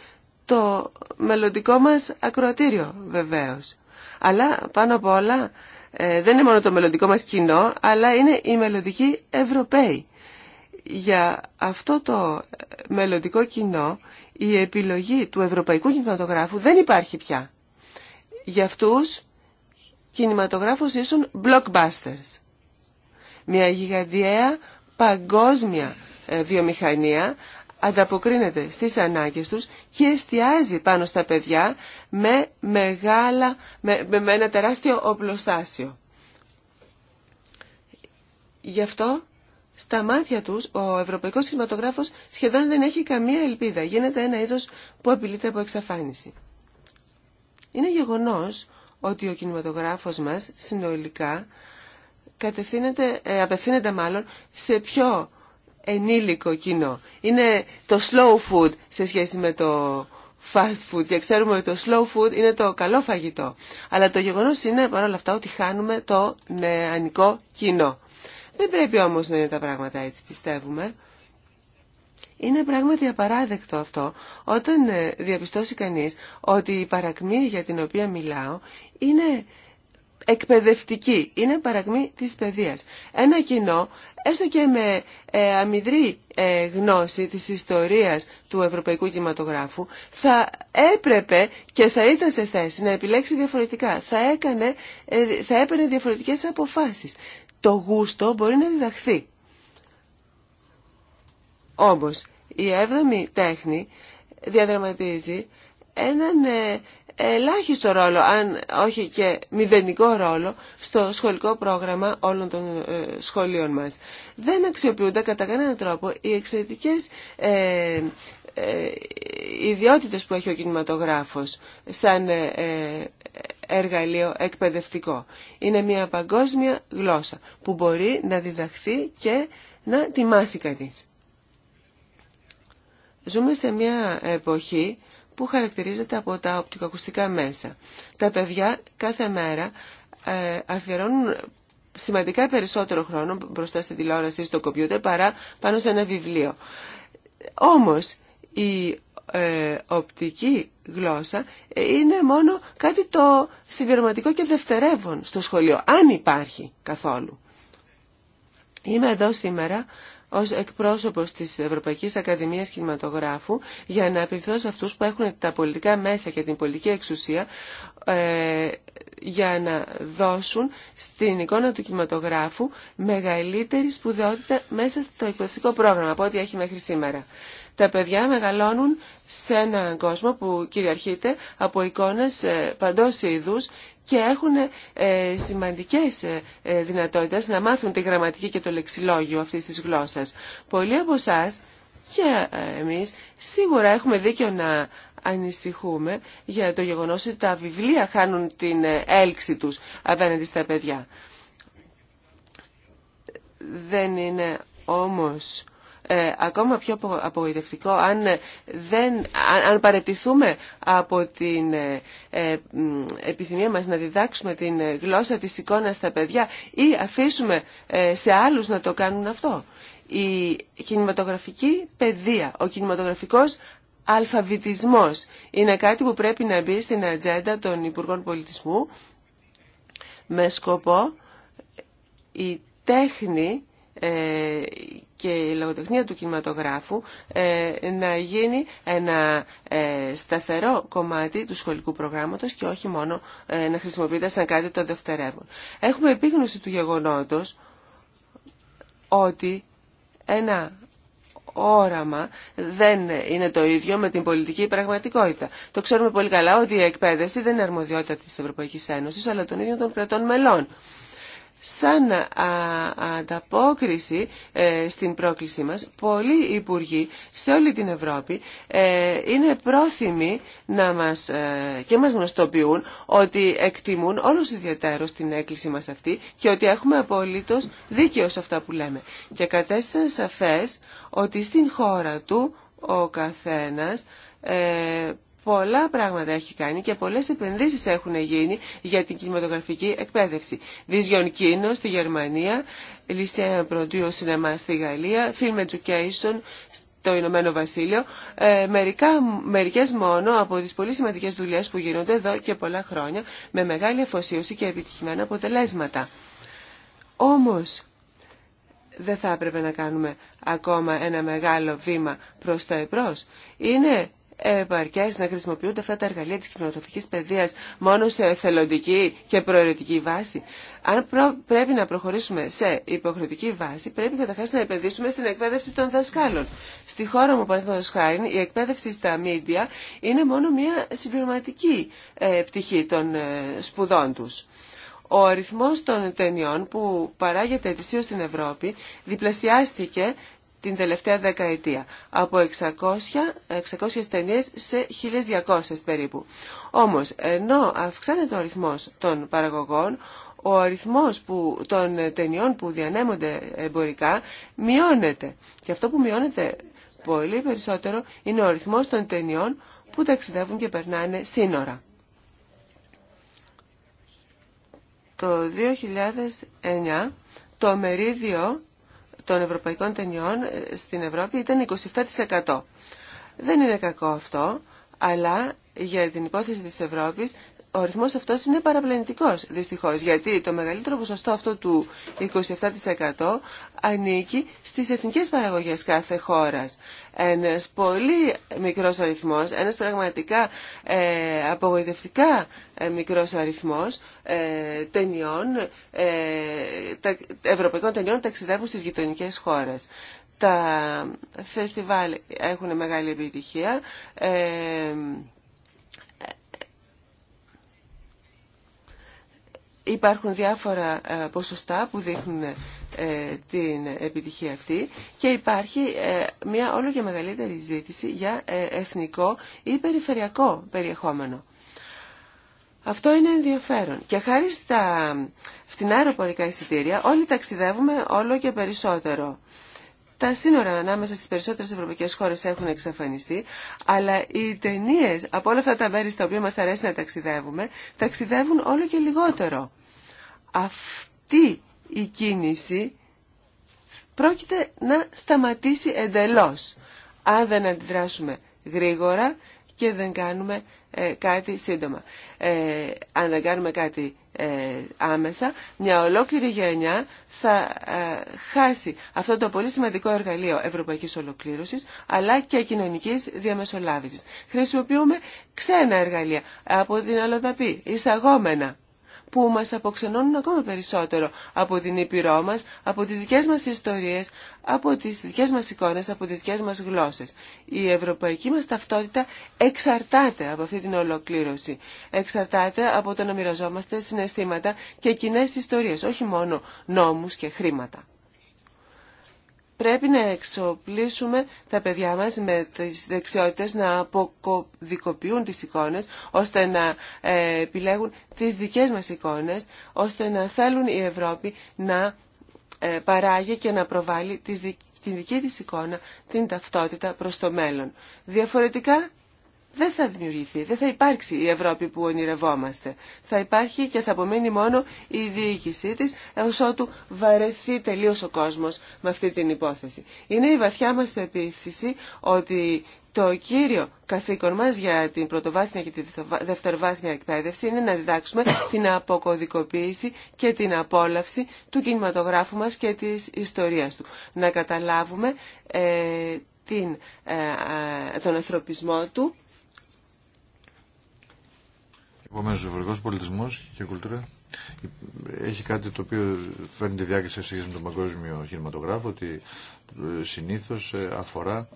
C: Το μελλοντικό μας ακροατήριο βεβαίως. Αλλά πάνω απ' όλα ε, δεν είναι μόνο το μελλοντικό μας κοινό, αλλά είναι οι μελλοντικοί Ευρωπαίοι. Για αυτό το μελλοντικό κοινό η επιλογή του ευρωπαϊκού κινηματογράφου δεν υπάρχει πια. Για αυτούς κινηματογράφος ήσουν blockbusters. Μια γιγαντιαία παγκόσμια ε, βιομηχανία ανταποκρίνεται στις ανάγκες τους και εστιάζει πάνω στα παιδιά με, μεγάλα, με, με ένα τεράστιο οπλοστάσιο. Γι' αυτό στα μάτια τους ο ευρωπαϊκός κινηματογράφος σχεδόν δεν έχει καμία ελπίδα. Γίνεται ένα είδος που απειλείται από εξαφάνιση. Είναι γεγονός ότι ο κινηματογράφος μας συνολικά κατευθύνεται, ε, απευθύνεται μάλλον σε πιο ενήλικο κοινό. Είναι το slow food σε σχέση με το fast food και ξέρουμε ότι το slow food είναι το καλό φαγητό. Αλλά το γεγονός είναι παρόλα αυτά ότι χάνουμε το νεανικό κοινό. Δεν πρέπει όμως να είναι τα πράγματα έτσι, πιστεύουμε. Είναι πράγματι απαράδεκτο αυτό όταν ε, διαπιστώσει κανείς ότι η παρακμή για την οποία μιλάω είναι εκπαιδευτική, είναι παρακμή της παιδείας. Ένα κοινό, έστω και με ε, αμυδρή ε, γνώση της ιστορίας του ευρωπαϊκού κινηματογράφου, θα έπρεπε και θα ήταν σε θέση να επιλέξει διαφορετικά, θα, έκανε, θα έπαιρνε διαφορετικές αποφάσεις το γούστο μπορεί να διδαχθεί. Όμως, η έβδομη τέχνη διαδραματίζει έναν ε, ελάχιστο ρόλο, αν όχι και μηδενικό ρόλο, στο σχολικό πρόγραμμα όλων των ε, σχολείων μας. Δεν αξιοποιούνται κατά κανέναν τρόπο οι εξαιρετικές ε, ε ιδιότητες που έχει ο κινηματογράφος σαν εργαλείο εκπαιδευτικό. Είναι μια παγκόσμια γλώσσα που μπορεί να διδαχθεί και να τη μάθει κανείς. Ζούμε σε μια εποχή που χαρακτηρίζεται από τα οπτικοακουστικά μέσα. Τα παιδιά κάθε μέρα ε, αφιερώνουν σημαντικά περισσότερο χρόνο μπροστά στην τηλεόραση ή στο κομπιούτερ παρά πάνω σε ένα βιβλίο. Όμως η ε, οπτική γλώσσα ε, είναι μόνο κάτι το συμπληρωματικό και δευτερεύον στο σχολείο, αν υπάρχει καθόλου. Είμαι εδώ σήμερα ως εκπρόσωπος της Ευρωπαϊκής Ακαδημίας Κινηματογράφου για να επιβεβαιώσω σε αυτούς που έχουν τα πολιτικά μέσα και την πολιτική εξουσία ε, για να δώσουν στην εικόνα του κινηματογράφου μεγαλύτερη σπουδαιότητα μέσα στο εκπαιδευτικό πρόγραμμα από ό,τι έχει μέχρι σήμερα. Τα παιδιά μεγαλώνουν σε έναν κόσμο που κυριαρχείται από εικόνες ε, παντός είδους και έχουν ε, σημαντικές ε, δυνατότητες να μάθουν τη γραμματική και το λεξιλόγιο αυτής της γλώσσας. Πολλοί από εσά και εμείς σίγουρα έχουμε δίκιο να ανησυχούμε για το γεγονός ότι τα βιβλία χάνουν την έλξη τους απέναντι στα παιδιά. Δεν είναι όμως ε, ακόμα πιο απογοητευτικό αν, ε, δεν, αν, παρετηθούμε από την ε, επιθυμία μας να διδάξουμε την γλώσσα της εικόνας στα παιδιά ή αφήσουμε σε άλλους να το κάνουν αυτό. Η κινηματογραφική παιδεία, ο κινηματογραφικός αλφαβητισμός είναι κάτι που πρέπει να μπει στην ατζέντα των Υπουργών Πολιτισμού με σκοπό η τέχνη ε, και η λογοτεχνία του κινηματογράφου ε, να γίνει ένα ε, σταθερό κομμάτι του σχολικού προγράμματος και όχι μόνο να χρησιμοποιείται σαν κάτι το δευτερεύον. Έχουμε επίγνωση του γεγονότος ότι ένα όραμα δεν είναι το ίδιο με την πολιτική πραγματικότητα. Το ξέρουμε πολύ καλά ότι η εκπαίδευση δεν είναι αρμοδιότητα της Ευρωπαϊκής Ένωσης αλλά των ίδιων των κρατών μελών σαν ανταπόκριση ε, στην πρόκλησή μας, πολλοί υπουργοί σε όλη την Ευρώπη ε, είναι πρόθυμοι να μας, ε, και μας γνωστοποιούν ότι εκτιμούν όλους ιδιαίτερος την έκκληση μας αυτή και ότι έχουμε απολύτως δίκαιο σε αυτά που λέμε. Και κατέστησαν σαφές ότι στην χώρα του ο καθένας πολλά πράγματα έχει κάνει και πολλές επενδύσεις έχουν γίνει για την κινηματογραφική εκπαίδευση. Vision Kino στη Γερμανία, Lyceum Produce Cinema στη Γαλλία, Film Education στο Ηνωμένο Βασίλειο, ε, μερικά, μερικές μόνο από τις πολύ σημαντικές δουλειές που γίνονται εδώ και πολλά χρόνια με μεγάλη αφοσίωση και επιτυχημένα αποτελέσματα. Όμως, δεν θα έπρεπε να κάνουμε ακόμα ένα μεγάλο βήμα προς τα εμπρός. Είναι να χρησιμοποιούνται αυτά τα εργαλεία της κοινοτροφική παιδείας μόνο σε εθελοντική και προαιρετική βάση. Αν πρέπει να προχωρήσουμε σε υποχρεωτική βάση, πρέπει καταρχά να επενδύσουμε στην εκπαίδευση των δασκάλων. Στη χώρα μου, παραδείγματο χάρη, η εκπαίδευση στα μίντια είναι μόνο μια συμπληρωματική ε, πτυχή των ε, σπουδών του. Ο αριθμός των ταινιών που παράγεται ετησίως στην Ευρώπη διπλασιάστηκε την τελευταία δεκαετία. Από 600, 600 ταινίε σε 1200 περίπου. Όμως, ενώ αυξάνεται ο αριθμό των παραγωγών, ο αριθμός που, των ταινιών που διανέμονται εμπορικά μειώνεται. Και αυτό που μειώνεται πολύ περισσότερο είναι ο αριθμός των ταινιών που ταξιδεύουν και περνάνε σύνορα. Το 2009 το μερίδιο των ευρωπαϊκών ταινιών ε, στην Ευρώπη ήταν 27%. Δεν είναι κακό αυτό, αλλά για την υπόθεση της Ευρώπης ο αριθμός αυτός είναι παραπλανητικός δυστυχώς γιατί το μεγαλύτερο ποσοστό αυτό του 27% ανήκει στις εθνικές παραγωγές κάθε χώρας. Ένας πολύ μικρός αριθμός, ένας πραγματικά ε, απογοητευτικά ε, μικρός αριθμός ε, ταινιών, ε, ευρωπαϊκών ταινιών ταξιδεύουν στις γειτονικές χώρες. Τα φεστιβάλ έχουν μεγάλη επιτυχία. Ε, Υπάρχουν διάφορα ε, ποσοστά που δείχνουν ε, την επιτυχία αυτή και υπάρχει ε, μια όλο και μεγαλύτερη ζήτηση για εθνικό ή περιφερειακό περιεχόμενο. Αυτό είναι ενδιαφέρον. Και χάρη στα φτηνά αεροπορικά εισιτήρια όλοι ταξιδεύουμε όλο και περισσότερο. Τα σύνορα ανάμεσα στις περισσότερες ευρωπαϊκές χώρες έχουν εξαφανιστεί, αλλά οι ταινίε από όλα αυτά τα μέρη στα οποία μας αρέσει να ταξιδεύουμε, ταξιδεύουν όλο και λιγότερο. Αυτή η κίνηση πρόκειται να σταματήσει εντελώς, αν δεν αντιδράσουμε γρήγορα και δεν κάνουμε ε, κάτι σύντομα. Ε, αν δεν κάνουμε κάτι ε, άμεσα, μια ολόκληρη γενιά θα ε, χάσει αυτό το πολύ σημαντικό εργαλείο ευρωπαϊκής ολοκλήρωσης αλλά και κοινωνικής διαμεσολάβησης. Χρησιμοποιούμε ξένα εργαλεία από την αλλοδαπή, εισαγόμενα που μας αποξενώνουν ακόμα περισσότερο από την Ήπειρό μας, από τις δικές μας ιστορίες, από τις δικές μας εικόνες, από τις δικές μας γλώσσες. Η ευρωπαϊκή μας ταυτότητα εξαρτάται από αυτή την ολοκλήρωση. Εξαρτάται από το να μοιραζόμαστε συναισθήματα και κοινέ ιστορίες, όχι μόνο νόμους και χρήματα πρέπει να εξοπλίσουμε τα παιδιά μας με τις δεξιότητες να αποκωδικοποιούν τις εικόνες, ώστε να ε, επιλέγουν τις δικές μας εικόνες, ώστε να θέλουν η Ευρώπη να ε, παράγει και να προβάλλει την δική της εικόνα, την ταυτότητα προς το μέλλον. Διαφορετικά δεν θα δημιουργηθεί, δεν θα υπάρξει η Ευρώπη που ονειρευόμαστε. Θα υπάρχει και θα απομείνει μόνο η διοίκησή της, έως ότου βαρεθεί τελείως ο κόσμος με αυτή την υπόθεση. Είναι η βαθιά μας πεποίθηση ότι το κύριο καθήκον μας για την πρωτοβάθμια και τη δευτεροβάθμια εκπαίδευση είναι να διδάξουμε την αποκωδικοποίηση και την απόλαυση του κινηματογράφου μας και της ιστορίας του. Να καταλάβουμε ε, ε τον ανθρωπισμό του
D: Επομένω, ο ευρωπαϊκό πολιτισμό και η κουλτούρα έχει κάτι το οποίο φέρνει τη διάκριση σε σχέση με τον παγκόσμιο κινηματογράφο ότι ε, συνήθω ε, αφορά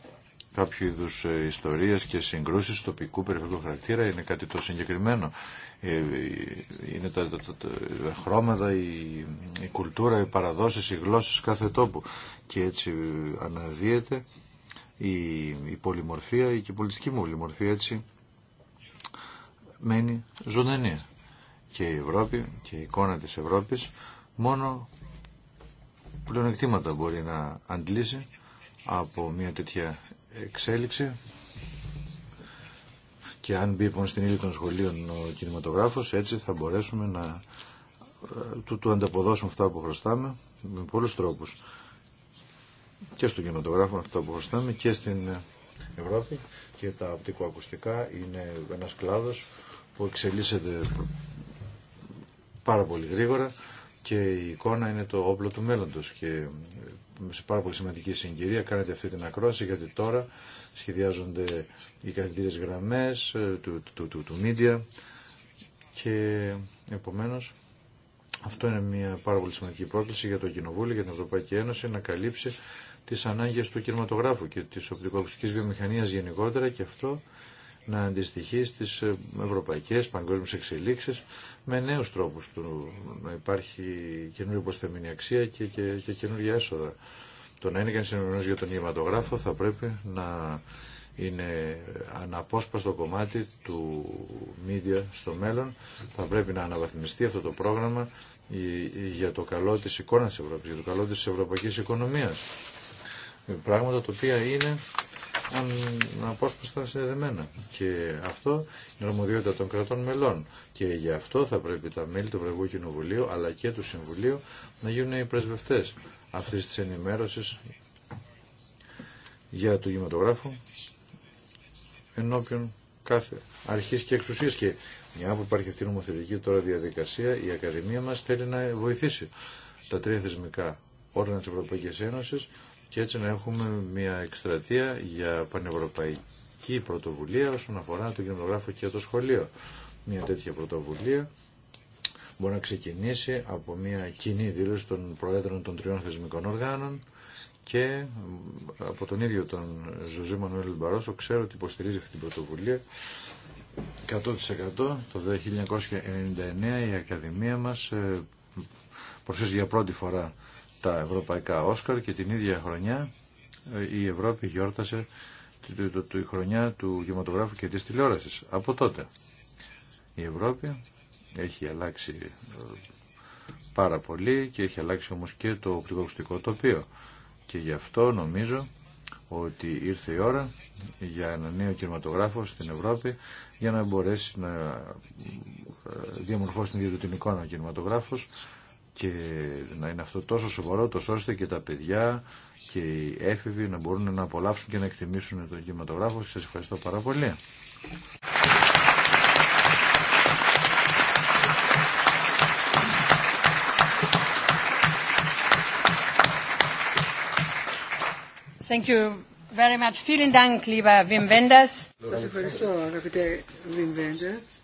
D: κάποιο είδου ε, ιστορίε και συγκρούσει τοπικού περιφερειακού χαρακτήρα είναι κάτι το συγκεκριμένο. Είναι τα, χρώματα, η, κουλτούρα, οι παραδόσει, οι γλώσσε κάθε τόπου. Και έτσι αναδύεται η, πολυμορφία και η πολιτική μου πολυμορφία έτσι μένει ζωντανή. Και η Ευρώπη και η εικόνα της Ευρώπης μόνο πλεονεκτήματα μπορεί να αντλήσει από μια τέτοια εξέλιξη και αν μπει λοιπόν στην ύλη των σχολείων ο κινηματογράφος έτσι θα μπορέσουμε να ε, του, του ανταποδώσουμε αυτά που χρωστάμε με πολλούς τρόπους και στον κινηματογράφο αυτά που χρωστάμε και στην Ευρώπη και τα οπτικοακουστικά είναι ένας κλάδος που εξελίσσεται πάρα πολύ γρήγορα και η εικόνα είναι το όπλο του μέλλοντος και σε πάρα πολύ σημαντική συγκυρία κάνετε αυτή την ακρόαση γιατί τώρα σχεδιάζονται οι καθητήρες γραμμές ε, του, του, του, του media και επομένως αυτό είναι μια πάρα πολύ σημαντική πρόκληση για το Κοινοβούλιο, για την Ευρωπαϊκή Ένωση να καλύψει τις ανάγκες του κινηματογράφου και της οπτικοοπτικής βιομηχανίας γενικότερα και αυτό να αντιστοιχεί στις ευρωπαϊκές παγκόσμιες εξελίξεις με νέους τρόπους του να υπάρχει καινούργια προσθεμένη αξία και, και, και καινούργια έσοδα. Το να είναι κανείς για τον κινηματογράφο θα πρέπει να είναι αναπόσπαστο κομμάτι του media στο μέλλον. Θα πρέπει να αναβαθμιστεί αυτό το πρόγραμμα για το καλό της εικόνας της Ευρώπης, για το καλό της ευρωπαϊκής οικονομίας πράγματα τα οποία είναι απόσπαστα συνδεδεμένα. Και αυτό είναι αρμοδιότητα των κρατών μελών. Και γι' αυτό θα πρέπει τα μέλη του Πρεβού Κοινοβουλίου αλλά και του Συμβουλίου να γίνουν οι πρεσβευτέ αυτή τη ενημέρωση για του γηματογράφου ενώπιον κάθε αρχή και εξουσία. και μια που υπάρχει αυτή η νομοθετική τώρα διαδικασία η Ακαδημία μα θέλει να βοηθήσει τα τρία θεσμικά όργανα τη Ευρωπαϊκή Ένωση και έτσι να έχουμε μια εκστρατεία για πανευρωπαϊκή πρωτοβουλία όσον αφορά το κινηματογράφο και το σχολείο. Μια τέτοια πρωτοβουλία μπορεί να ξεκινήσει από μια κοινή δήλωση των Προέδρων των Τριών Θεσμικών Οργάνων και από τον ίδιο τον Ζωζή Μανουέλ Μπαρόσο ξέρω ότι υποστηρίζει αυτή την πρωτοβουλία 100% το 1999 η Ακαδημία μας ε, προσθέσει για πρώτη φορά τα ευρωπαϊκά Όσκαρ και την ίδια χρονιά ε, η Ευρώπη γιόρτασε τη χρονιά του κινηματογράφου και της τηλεόρασης. Από τότε η Ευρώπη έχει αλλάξει ε, πάρα πολύ και έχει αλλάξει όμως και το οπτικοακουστικό τοπίο. Και γι' αυτό νομίζω ότι ήρθε η ώρα για ένα νέο κινηματογράφο στην Ευρώπη για να μπορέσει να ε, διαμορφώσει την ίδια του την εικόνα ο κινηματογράφος και να είναι αυτό τόσο σοβαρό, τόσο ώστε και τα παιδιά και οι έφηβοι να μπορούν να απολαύσουν και να εκτιμήσουν τον κινηματογράφο. Σας ευχαριστώ πάρα πολύ.
A: Thank you very much. Vielen Dank, lieber Wim Wenders.
B: Σας ευχαριστώ, αγαπητέ Wim Wenders.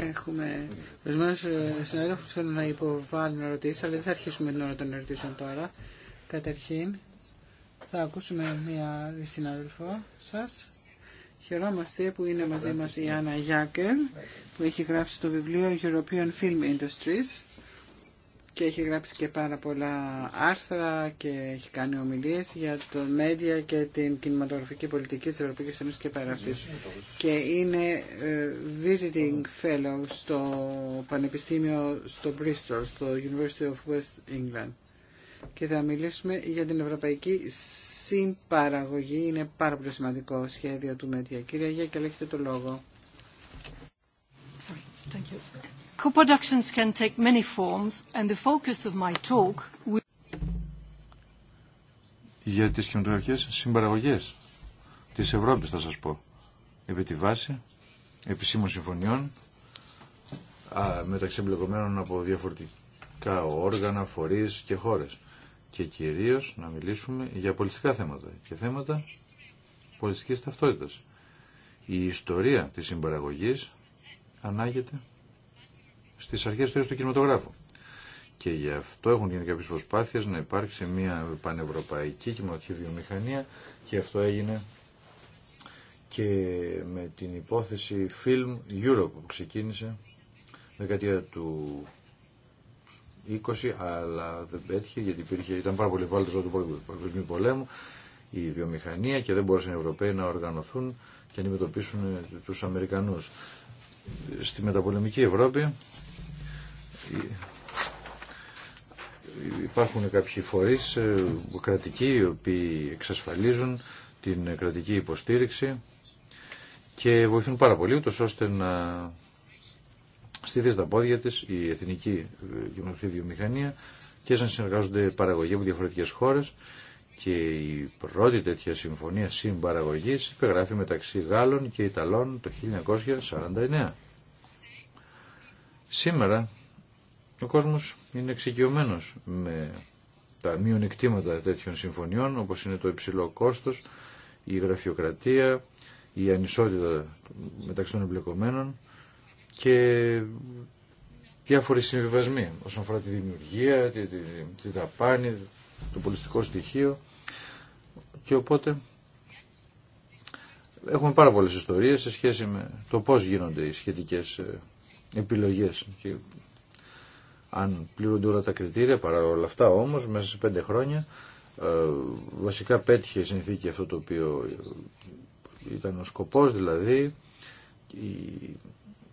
B: Έχουμε ορισμένου ε, συναδέλφου που θέλουν να υποβάλουν ερωτήσει, αλλά δεν θα αρχίσουμε την ώρα των ερωτήσεων τώρα. Καταρχήν, θα ακούσουμε μία συνάδελφο σας. Χαιρόμαστε που είναι μαζί μας η Άννα Γιάκερ, που έχει γράψει το βιβλίο European Film Industries και έχει γράψει και πάρα πολλά άρθρα και έχει κάνει ομιλίες για το ΜΕΔΙΑ και την κινηματογραφική πολιτική της Ευρωπαϊκή Ένωση και πέρα Και είναι ε, visiting fellow στο Πανεπιστήμιο στο Bristol, στο University of West England. Και θα μιλήσουμε για την ευρωπαϊκή συμπαραγωγή. Είναι πάρα πολύ σημαντικό σχέδιο του Μέντια. Κυρία και έχετε το λόγο.
D: Sorry. Thank you.
A: Co-productions can take many forms and the focus of my talk
D: Για τις κοινωνικές συμπαραγωγές της Ευρώπης θα σας πω. Επί τη βάση επισήμων συμφωνιών α, μεταξύ εμπλεκομένων από διαφορετικά όργανα, φορείς και χώρες. Και κυρίως να μιλήσουμε για πολιτικά θέματα και θέματα πολιτικής ταυτότητας. Η ιστορία της συμπαραγωγής ανάγεται στις αρχές του του κινηματογράφου. Και γι' αυτό έχουν γίνει κάποιε προσπάθειε να υπάρξει μια πανευρωπαϊκή κινηματογραφική βιομηχανία και αυτό έγινε και με την υπόθεση Film Europe που ξεκίνησε δεκαετία του 20 αλλά δεν πέτυχε γιατί υπήρχε, ήταν πάρα πολύ βάλτος του Παγκοσμίου Πολέμου η βιομηχανία και δεν μπορούσαν οι Ευρωπαίοι να οργανωθούν και να αντιμετωπίσουν τους Αμερικανούς. Στη μεταπολεμική Ευρώπη υπάρχουν κάποιοι φορείς ε, κρατικοί οι οποίοι εξασφαλίζουν την κρατική υποστήριξη και βοηθούν πάρα πολύ ούτως ώστε να στήθει στα πόδια της η Εθνική Γυμναστική ε, Βιομηχανία και να συνεργάζονται παραγωγή από διαφορετικές χώρες και η πρώτη τέτοια συμφωνία συμπαραγωγής υπεγράφει μεταξύ Γάλλων και Ιταλών το 1949. Σήμερα ο κόσμος είναι εξοικειωμένος με τα μειονεκτήματα τέτοιων συμφωνιών, όπως είναι το υψηλό κόστος, η γραφειοκρατία, η ανισότητα μεταξύ των εμπλεκομένων και διάφοροι συμβιβασμοί όσον αφορά τη δημιουργία, τη, τη, τη δαπάνη, το στοιχείο και οπότε έχουμε πάρα πολλές ιστορίες σε σχέση με το πώς γίνονται οι σχετικές ε, επιλογές και αν πληρούνται όλα τα κριτήρια, παρά όλα αυτά όμως μέσα σε πέντε χρόνια ε, βασικά πέτυχε η συνθήκη αυτό το οποίο ήταν ο σκοπός δηλαδή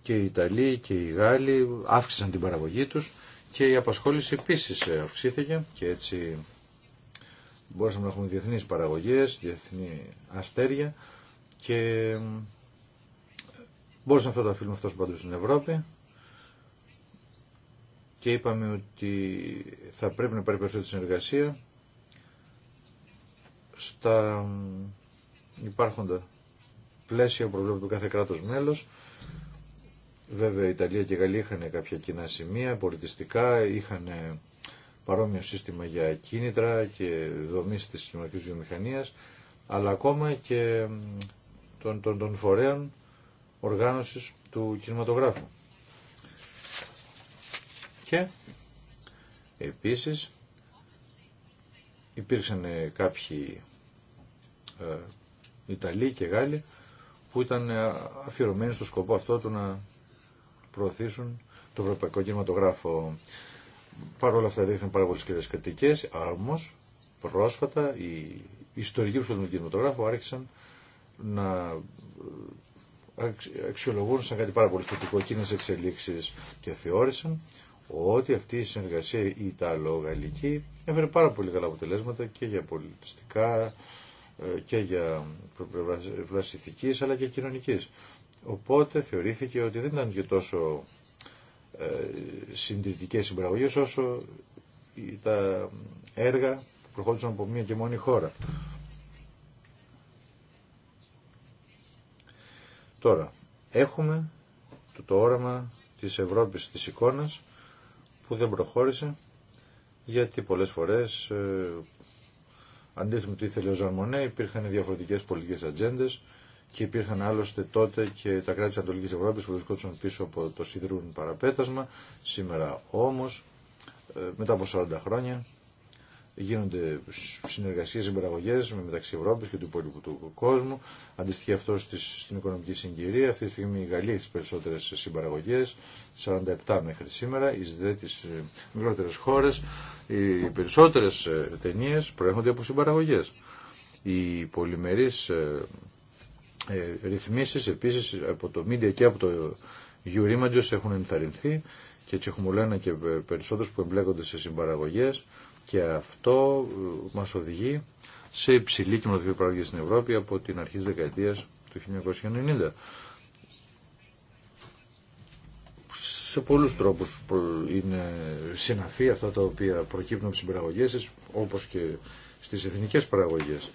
D: και οι Ιταλοί και οι Γάλλοι αύξησαν την παραγωγή τους και η απασχόληση επίσης αυξήθηκε και έτσι μπορούσαμε να έχουμε διεθνείς παραγωγές, διεθνή αστέρια και μπορούσαμε αυτά το φιλμ αυτός παντού στην Ευρώπη και είπαμε ότι θα πρέπει να υπάρχει περισσότερη συνεργασία στα υπάρχοντα πλαίσια που προβλέπει κάθε κράτος μέλος. Βέβαια η Ιταλία και η Γαλλία είχαν κάποια κοινά σημεία, πολιτιστικά, είχαν παρόμοιο σύστημα για κίνητρα και δομή της κοινωνικής βιομηχανίας, αλλά ακόμα και των, των, των φορέων οργάνωσης του κινηματογράφου. Και επίσης υπήρξαν κάποιοι ε, Ιταλοί και Γάλλοι που ήταν ε, αφιερωμένοι στο σκοπό αυτό του να προωθήσουν το ευρωπαϊκό κινηματογράφο. Παρ' όλα αυτά δείχνουν πάρα πολλές κυρίες κριτικέ, όμω πρόσφατα οι ιστορικοί του του κινηματογράφου άρχισαν να ε, αξιολογούν σαν κάτι πάρα πολύ θετικό εκείνε εξελίξεις και θεώρησαν ότι αυτή η συνεργασία η Ιταλο-Γαλλική έφερε πάρα πολύ καλά αποτελέσματα και για πολιτιστικά ε, και για πλευράς αλλά και κοινωνικής. Οπότε θεωρήθηκε ότι δεν ήταν και τόσο ε, συντηρητικέ συμπραγωγέ όσο τα έργα που προχώρησαν από μία και μόνη χώρα. Τώρα, έχουμε το, το όραμα της Ευρώπης της εικόνας που δεν προχώρησε γιατί πολλές φορές ε, αντίθετα με το ήθελε ο Ζαρμονέ υπήρχαν διαφορετικές πολιτικές ατζέντε και υπήρχαν άλλωστε τότε και τα κράτη της Ανατολικής Ευρώπης που βρισκόντουσαν πίσω από το σιδρούν παραπέτασμα. Σήμερα όμως, ε, μετά από 40 χρόνια, γίνονται συνεργασίες, συμπαραγωγές μεταξύ Ευρώπης και του υπόλοιπου του κόσμου. Αντιστοιχεί αυτό στην οικονομική συγκυρία. Αυτή τη στιγμή η Γαλλία έχει περισσότερες συμπαραγωγές, 47 μέχρι σήμερα, οι δε τις ε, μικρότερες χώρες. Οι περισσότερες ε, ταινίε προέρχονται από συμπαραγωγές. Οι πολυμερείς ε, ρυθμίσεις επίσης από το Media και από το Eurimages έχουν ενθαρρυνθεί και έτσι έχουμε λένε και περισσότερους που εμπλέκονται σε συμπαραγωγές και αυτό ε, μας οδηγεί σε υψηλή κοινοτική παραγωγή στην Ευρώπη από την αρχή της δεκαετίας του 1990. Σε πολλούς τρόπους είναι συναφή αυτά τα οποία προκύπτουν από τις συμπαραγωγές όπως και στις εθνικές παραγωγές.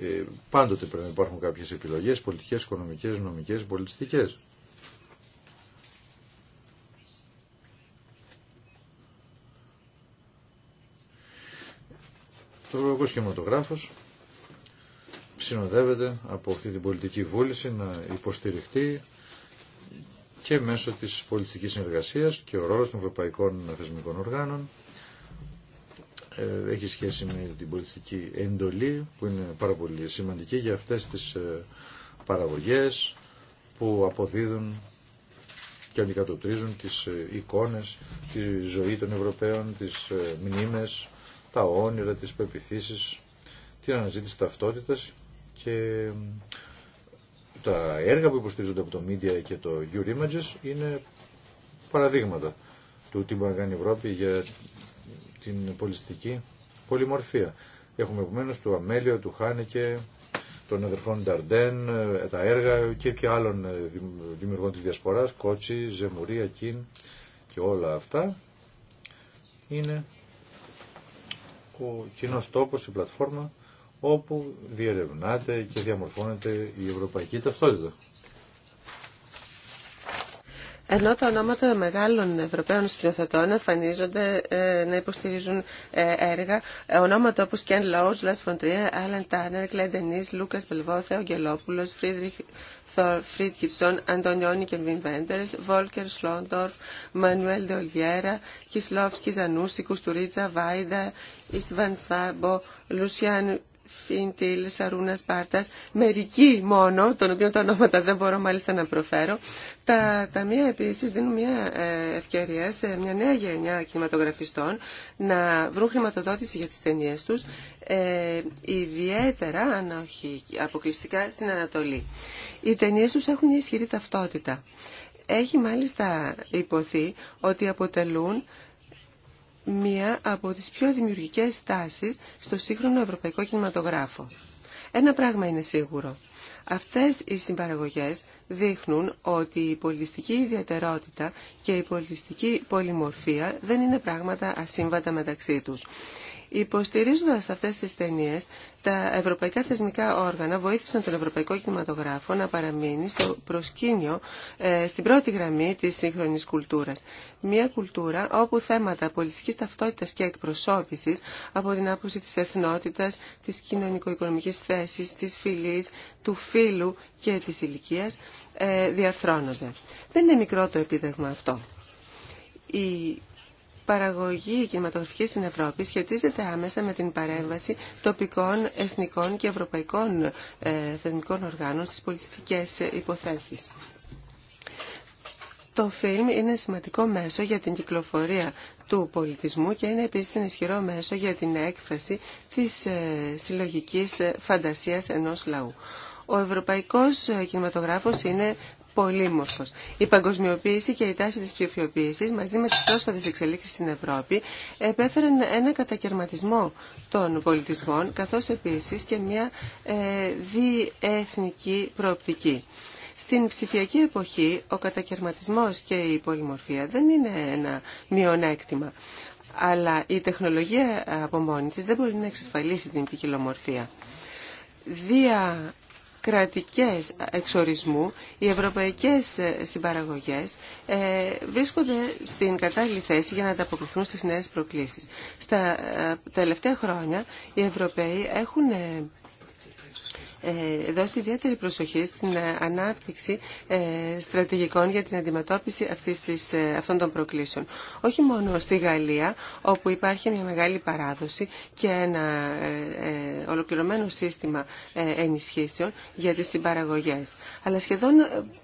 D: Ε, πάντοτε πρέπει να υπάρχουν κάποιες επιλογές πολιτικές, οικονομικές, νομικές, πολιτιστικές. το Ευρωπαϊκός σχηματογράφο συνοδεύεται από αυτή την πολιτική βούληση να υποστηριχτεί και μέσω της πολιτικής συνεργασίας και ο ρόλος των ευρωπαϊκών θεσμικών οργάνων ε, έχει σχέση με την πολιτική εντολή που είναι πάρα πολύ σημαντική για αυτές τις ε, παραγωγές που αποδίδουν και αντικατοπτρίζουν τις ε, εικόνες, τη ζωή των Ευρωπαίων, τις μνήμες τα όνειρα, τις πεπιθήσεις, την αναζήτηση ταυτότητας και τα έργα που υποστηρίζονται από το Media και το Your Images είναι παραδείγματα του τι μπορεί να κάνει η Ευρώπη για την πολιστική πολυμορφία. Έχουμε επομένως του Αμέλιο, του Χάνεκε, των αδερφών Νταρντέν, ε, τα έργα και και άλλων ε, δημιουργών της Διασποράς, Κότσι, Ζεμουρία, Κίν και όλα αυτά είναι ο κοινό τόπο η πλατφόρμα όπου διερευνάται και διαμορφώνεται η ευρωπαϊκή ταυτότητα
C: ενώ τα ονόματα μεγάλων Ευρωπαίων σκηνοθετών εμφανίζονται ε, να υποστηρίζουν ε, έργα, ε, ονόματα όπως Κεν Λόου, Λας Φοντρία, Άλεν Τάνερ, Κλέντε Λούκα, Λούκας Μπελβόθε, Αγγελόπουλος, Φρίντριχ Θορ, Αντωνιόνι και Βιν Βέντερς, Βόλκερ Σλόντορφ, Μανουέλ Ντεολιέρα, Κισλόφσκι Ζανούσικου, Κουστουρίτσα, Βάιντα, Ιστβαν Σβάμπο, Λουσιάν Φίντιλ, Σαρούνα Σπάρτα, μερικοί μόνο, των οποίων τα ονόματα δεν μπορώ μάλιστα να προφέρω. Τα ταμεία επίση δίνουν μια ε, ευκαιρία σε μια νέα γενιά κινηματογραφιστών να βρουν χρηματοδότηση για τι ταινίε του, ε, ιδιαίτερα, αν όχι αποκλειστικά, στην Ανατολή. Οι ταινίε του έχουν μια ισχυρή ταυτότητα. Έχει μάλιστα υποθεί ότι αποτελούν μία από τις πιο δημιουργικές τάσεις στο σύγχρονο ευρωπαϊκό κινηματογράφο. Ένα πράγμα είναι σίγουρο. Αυτές οι συμπαραγωγές δείχνουν ότι η πολιτιστική ιδιαιτερότητα και η πολιτιστική πολυμορφία δεν είναι πράγματα ασύμβατα μεταξύ τους. Υποστηρίζοντας αυτές τις ταινίες, τα ευρωπαϊκά θεσμικά όργανα βοήθησαν τον ευρωπαϊκό κινηματογράφο να παραμείνει στο προσκήνιο, ε, στην πρώτη γραμμή της σύγχρονης κουλτούρας. Μια κουλτούρα όπου θέματα πολιτικής ταυτότητας και εκπροσώπησης από την άποψη της εθνότητας, της κοινωνικο-οικονομικής θέσης, της φυλής, του φίλου και της ηλικίας ε, διαρθρώνονται. Δεν είναι μικρό το επίδεγμα αυτό παραγωγή κινηματογραφική στην Ευρώπη σχετίζεται άμεσα με την παρέμβαση τοπικών, εθνικών και ευρωπαϊκών ε, θεσμικών οργάνων στις πολιτιστικές υποθέσεις. Το φιλμ είναι σημαντικό μέσο για την κυκλοφορία του πολιτισμού και είναι επίσης ένα ισχυρό μέσο για την έκφραση της ε, συλλογικής ε, φαντασίας ενός λαού. Ο ευρωπαϊκός κινηματογράφος είναι πολύμορφο. Η παγκοσμιοποίηση και η τάση τη ψηφιοποίηση μαζί με τι πρόσφατε εξελίξει στην Ευρώπη επέφεραν ένα κατακαιρματισμό των πολιτισμών καθώ επίση και μια ε, διεθνική προοπτική. Στην ψηφιακή εποχή ο κατακαιρματισμός και η πολυμορφία δεν είναι ένα μειονέκτημα, αλλά η τεχνολογία από μόνη της δεν μπορεί να εξασφαλίσει την ποικιλομορφία. Δια κρατικές εξορισμού, οι ευρωπαϊκές συμπαραγωγές ε, βρίσκονται στην κατάλληλη θέση για να ανταποκριθούν στις νέες προκλήσεις. Στα ε, τελευταία χρόνια οι Ευρωπαίοι έχουν ε, ε, δώσει ιδιαίτερη προσοχή στην ε, ανάπτυξη ε, στρατηγικών για την αντιμετώπιση αυτής της, αυτών των προκλήσεων. Όχι μόνο στη Γαλλία, όπου υπάρχει μια μεγάλη παράδοση και ένα ολοκληρωμένο σύστημα ενισχύσεων για τις συμπαραγωγές. Αλλά σχεδόν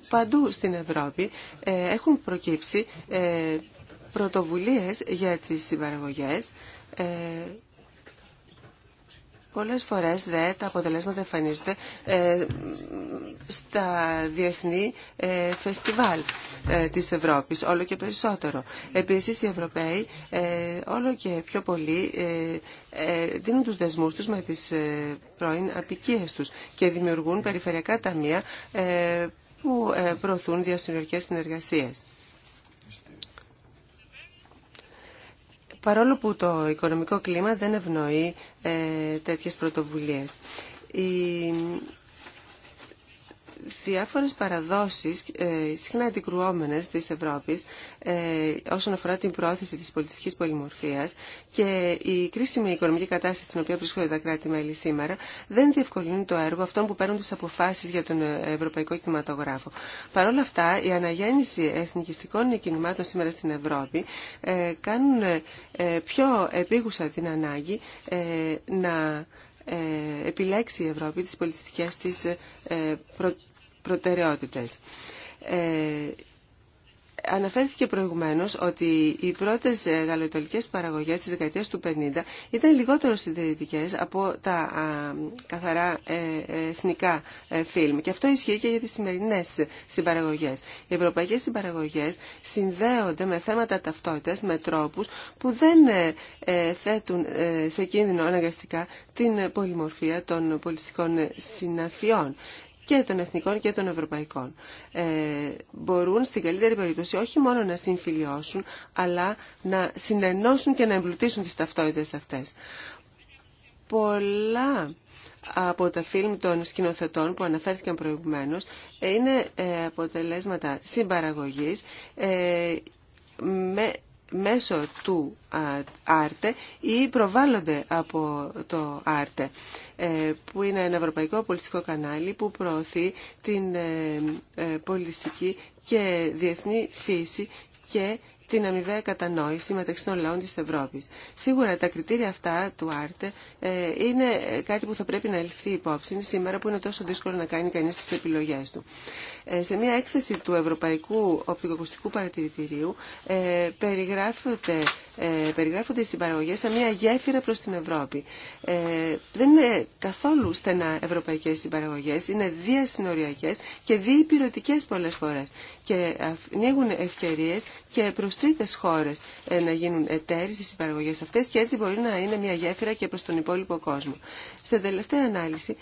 C: παντού στην Ευρώπη έχουν προκύψει πρωτοβουλίες για τις συμπαραγωγές Πολλές φορές δε, τα αποτελέσματα εμφανίζονται ε, στα διεθνή ε, φεστιβάλ ε, της Ευρώπης, όλο και περισσότερο. Επίσης οι Ευρωπαίοι ε, όλο και πιο πολύ δίνουν τους δεσμούς τους με τις πρώην απικίες τους και δημιουργούν περιφερειακά ταμεία που προωθούν διασυνοριακές συνεργασίες. παρόλο που το οικονομικό κλίμα δεν ευνοεί ε, τέτοιες πρωτοβουλίες διάφορες παραδόσεις ε, συχνά αντικρουόμενες της Ευρώπης ε, όσον αφορά την πρόθεση της πολιτικής πολυμορφίας και η κρίσιμη οικονομική κατάσταση στην οποία βρίσκονται τα κράτη-μέλη σήμερα δεν διευκολύνει το έργο αυτών που παίρνουν τις αποφάσεις για τον ε, ευρωπαϊκό κινηματογράφο. Παρ' όλα αυτά, η αναγέννηση εθνικιστικών κινημάτων σήμερα στην Ευρώπη κάνουν πιο επίγουσα την ανάγκη να ε, επιλέξει η Ευρώπη τις πολιτιστικές της ε, προτεραιότητες. Ε, αναφέρθηκε προηγουμένως ότι οι πρώτες ε, γαλλοϊτολικές παραγωγές της δεκαετίας του 50 ήταν λιγότερο συντηρητικέ από τα καθαρά ε, εθνικά ε, φιλμ. Και αυτό ισχύει και για τις σημερινές συμπαραγωγές. Οι ευρωπαϊκές συμπαραγωγές συνδέονται με θέματα ταυτότητας, με τρόπους που δεν θέτουν σε κίνδυνο αναγκαστικά την πολυμορφία των πολιτιστικών συναφιών και των εθνικών και των ευρωπαϊκών. Ε, μπορούν στην καλύτερη περίπτωση όχι μόνο να συμφιλιώσουν, αλλά να συνενώσουν και να εμπλουτίσουν τις ταυτότητες αυτές. Πολλά από τα φιλμ των σκηνοθετών που αναφέρθηκαν προηγουμένως είναι ε, αποτελέσματα συμπαραγωγής ε, με μέσω του ΆΡΤΕ ή προβάλλονται από το ΆΡΤΕ, που είναι ένα ευρωπαϊκό πολιτιστικό κανάλι που προωθεί την ε, ε, πολιτιστική και διεθνή φύση και την αμοιβαία κατανόηση μεταξύ των λαών της Ευρώπης. Σίγουρα τα κριτήρια αυτά του Άρτε είναι κάτι που θα πρέπει να ληφθεί υπόψη σήμερα που είναι τόσο δύσκολο να κάνει κανείς τις επιλογές του. Ε, σε μια έκθεση του Ευρωπαϊκού Οπτικοκουστικού Παρατηρητηρίου ε, περιγράφονται, ε, περιγράφονται οι συμπαραγωγές σαν μια γέφυρα προς την Ευρώπη. δεν είναι καθόλου στενά ευρωπαϊκές συμπαραγωγές, είναι διασυνοριακές και διυπηρωτικές πολλές φορές και ανοίγουν ευκαιρίες και προς τρίτες χώρες να γίνουν εταίρες οι συμπαραγωγές αυτές και έτσι μπορεί να είναι μια γέφυρα και προς τον υπόλοιπο κόσμο. Σε τελευταία ανάλυση,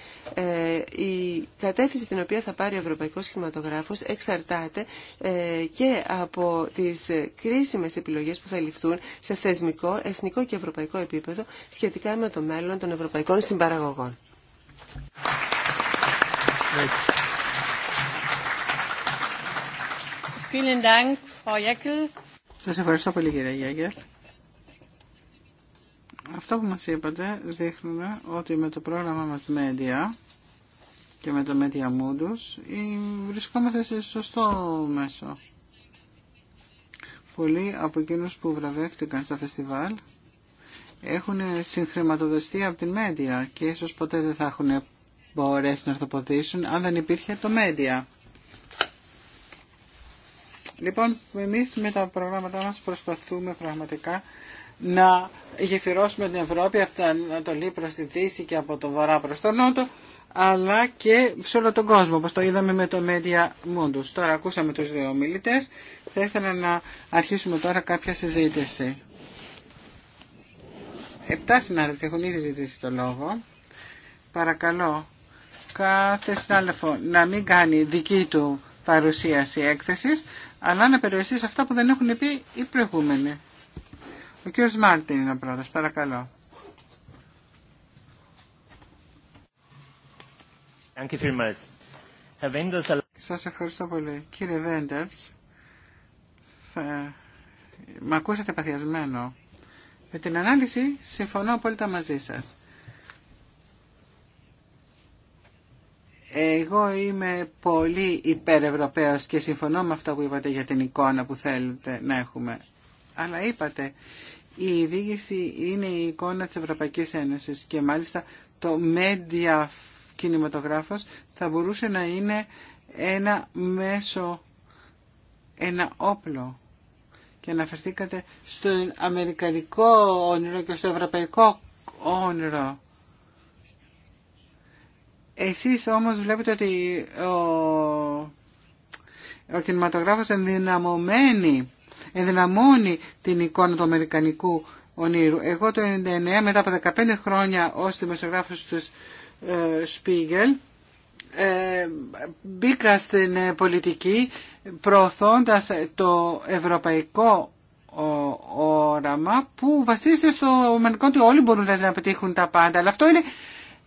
C: η κατεύθυνση την οποία θα πάρει ο Ευρωπαϊκός κινηματογράφος εξαρτάται ε, και από τις κρίσιμες επιλογές που θα ληφθούν σε θεσμικό, εθνικό και ευρωπαϊκό επίπεδο σχετικά με το μέλλον των ευρωπαϊκών συμπαραγωγών.
B: Σας ευχαριστώ πολύ κύριε Γιάγκερ. Αυτό που μας είπατε δείχνουμε ότι με το πρόγραμμα μας Media και με το Μέτια Μούντος βρισκόμαστε σε σωστό μέσο. Πολλοί από εκείνους που βραβεύτηκαν στα φεστιβάλ έχουν συγχρηματοδοστεί από την Media και ίσως ποτέ δεν θα έχουν μπορέσει να αρθοποδήσουν αν δεν υπήρχε το Media. Λοιπόν, εμείς με τα προγράμματά μας προσπαθούμε πραγματικά να γεφυρώσουμε την Ευρώπη από την Ανατολή προς τη Δύση και από το Βορρά προς τον Νότο αλλά και σε όλο τον κόσμο, όπως το είδαμε με το Media Mundus. Τώρα ακούσαμε τους δύο ομιλητές, θα ήθελα να αρχίσουμε τώρα κάποια συζήτηση. Επτά συνάδελφοι έχουν ήδη ζητήσει το λόγο. Παρακαλώ κάθε συνάδελφο να μην κάνει δική του παρουσίαση έκθεσης, αλλά να περιοριστεί σε αυτά που δεν έχουν πει οι προηγούμενοι. Ο κ. Μάρτιν είναι ο πρώτος, παρακαλώ. Uh, σας ευχαριστώ πολύ. Κύριε Βέντερς, θα... με ακούσατε παθιασμένο. Με την ανάλυση συμφωνώ απόλυτα μαζί σας. Εγώ είμαι πολύ υπερευρωπαίος και συμφωνώ με αυτό που είπατε για την εικόνα που θέλετε να έχουμε. Αλλά είπατε, η δίγηση είναι η εικόνα της Ευρωπαϊκής Ένωσης και μάλιστα το media κινηματογράφος θα μπορούσε να είναι ένα μέσο, ένα όπλο. Και αναφερθήκατε στο αμερικανικό όνειρο και στο ευρωπαϊκό όνειρο. Εσείς όμως βλέπετε ότι ο, ο κινηματογράφος ενδυναμώνει την εικόνα του αμερικανικού ονείρου. Εγώ το 1999, μετά από 15 χρόνια ως δημοσιογράφος στους Σπίγελ μπήκα στην πολιτική προωθώντας το ευρωπαϊκό όραμα που βασίζεται στο μενικό ότι όλοι μπορούν δηλαδή, να πετύχουν τα πάντα. Αλλά αυτό είναι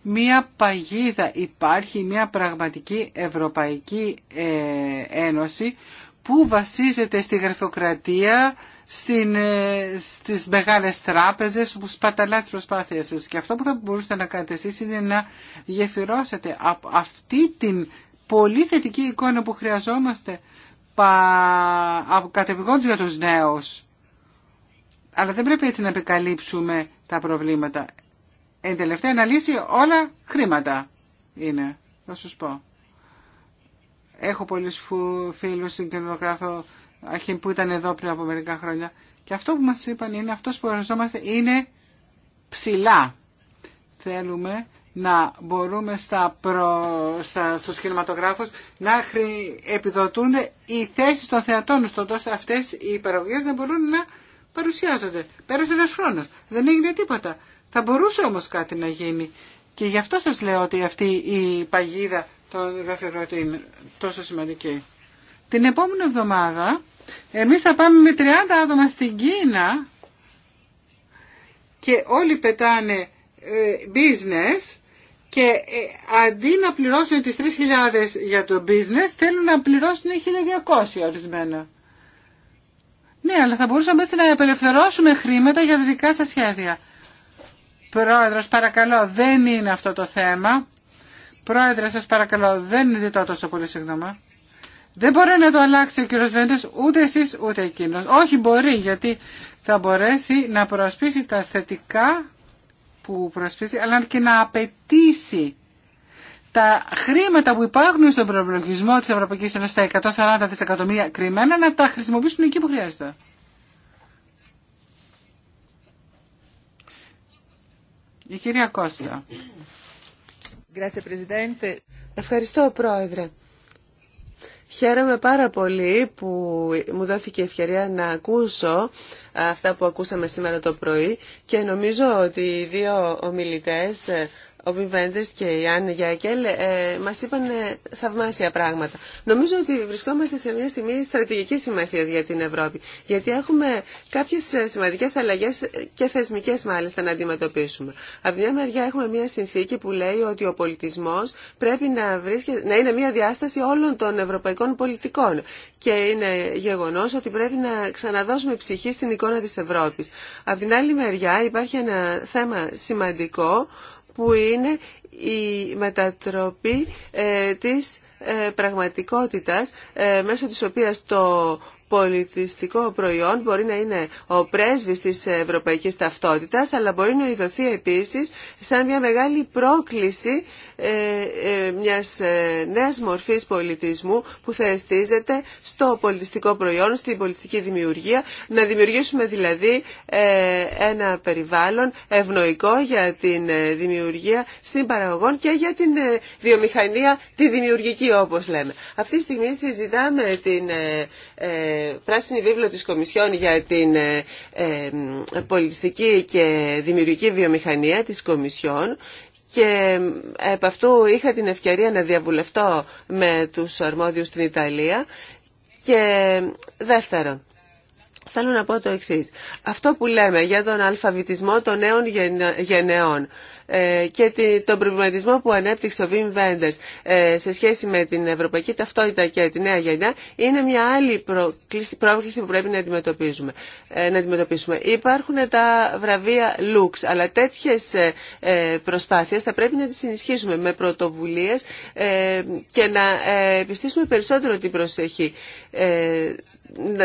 B: μια παγίδα. Υπάρχει μια πραγματική Ευρωπαϊκή ε, Ένωση που βασίζεται στη γραφειοκρατία, στην, ε, στις μεγάλες τράπεζες που σπαταλά τις προσπάθειες σας. Και αυτό που θα μπορούσατε να κάνετε εσείς είναι να γεφυρώσετε από αυτή την πολύ θετική εικόνα που χρειαζόμαστε από κατεπηγόντως για τους νέους. Αλλά δεν πρέπει έτσι να επικαλύψουμε τα προβλήματα. Εν τελευταία αναλύση όλα χρήματα είναι, θα σου πω. Έχω πολλούς φίλους στην κοινογράφο που ήταν εδώ πριν από μερικά χρόνια. Και αυτό που μας είπαν είναι, αυτός που οριζόμαστε είναι ψηλά. Θέλουμε να μπορούμε στα προ, στα, στους κινηματογράφους να χρη, επιδοτούν οι θέσει των θεατών, στον τόσο αυτές οι υπεροβιές να μπορούν να παρουσιάζονται. Πέρασε ένας χρόνος, δεν έγινε τίποτα. Θα μπορούσε όμως κάτι να γίνει. Και γι' αυτό σας λέω ότι αυτή η παγίδα των γραφειοκρατών είναι τόσο σημαντική. Την επόμενη εβδομάδα εμείς θα πάμε με 30 άτομα στην Κίνα και όλοι πετάνε ε, business και ε, αντί να πληρώσουν τις 3.000 για το business θέλουν να πληρώσουν 1.200 ορισμένα. Ναι, αλλά θα μπορούσαμε έτσι να απελευθερώσουμε χρήματα για δικά σας σχέδια. Πρόεδρος, παρακαλώ, δεν είναι αυτό το θέμα. Πρόεδρε, σας παρακαλώ, δεν ζητώ τόσο πολύ συγγνώμα. Δεν μπορεί να το αλλάξει ο κύριο Βέντε, ούτε εσεί ούτε εκείνο. Όχι μπορεί γιατί θα μπορέσει να προσπίσει τα θετικά που προσπίσει αλλά και να απαιτήσει τα χρήματα που υπάρχουν στον προπολογισμό τη Ευρωπαϊκή Ένωση τα 140 δισεκατομμύρια κρυμμένα να τα χρησιμοποιήσουν εκεί που χρειάζεται. Η κυρία Κώστα.
C: Ευχαριστώ πρόεδρε. Χαίρομαι πάρα πολύ που μου δόθηκε η ευκαιρία να ακούσω αυτά που ακούσαμε σήμερα το πρωί και νομίζω ότι οι δύο ομιλητές ο Βιμβέντες και η Άννη Γιάκελ ε, μας είπαν ε, θαυμάσια πράγματα. Νομίζω ότι βρισκόμαστε σε μια στιγμή στρατηγική σημασία για την Ευρώπη, γιατί έχουμε κάποιε σημαντικέ αλλαγέ και θεσμικέ μάλιστα να αντιμετωπίσουμε. Από την μια μεριά έχουμε μια συνθήκη που λέει ότι ο πολιτισμό πρέπει να, βρίσκε, να είναι μια διάσταση όλων των ευρωπαϊκών πολιτικών και είναι γεγονό ότι πρέπει να ξαναδώσουμε ψυχή στην εικόνα τη Ευρώπη. Από την άλλη μεριά υπάρχει ένα θέμα σημαντικό που είναι η μετατροπή ε, της ε, πραγματικότητας ε, μέσω της οποίας το πολιτιστικό προϊόν μπορεί να είναι ο πρέσβης της ευρωπαϊκής ταυτότητας, αλλά μπορεί να ειδωθεί επίσης σαν μια μεγάλη πρόκληση ε, ε, μιας ε, νέας μορφής πολιτισμού που θα εστίζεται στο πολιτιστικό προϊόν, στην πολιτιστική δημιουργία, να δημιουργήσουμε δηλαδή ένα περιβάλλον ευνοϊκό για την δημιουργία συμπαραγωγών και για την βιομηχανία τη δημιουργική όπως λέμε. Αυτή τη στιγμή συζητάμε την πράσινη βίβλο της Κομισιόν για την ε, ε, πολιτιστική και δημιουργική βιομηχανία της Κομισιόν και ε, επ' αυτού είχα την ευκαιρία να διαβουλευτώ με τους αρμόδιους στην Ιταλία και δεύτερον, Θέλω να πω το εξή. Αυτό που λέμε για τον αλφαβητισμό των νέων γενεών ε, και τον προβληματισμό που ανέπτυξε ο Βιμ Βέντερ ε, σε σχέση με την ευρωπαϊκή ταυτότητα και τη νέα γενιά είναι μια άλλη πρόκληση που πρέπει να αντιμετωπίσουμε. Ε, να αντιμετωπίσουμε. Υπάρχουν τα βραβεία Lux, αλλά τέτοιε προσπάθειε θα πρέπει να τι ενισχύσουμε με πρωτοβουλίε και να επιστήσουμε περισσότερο την προσοχή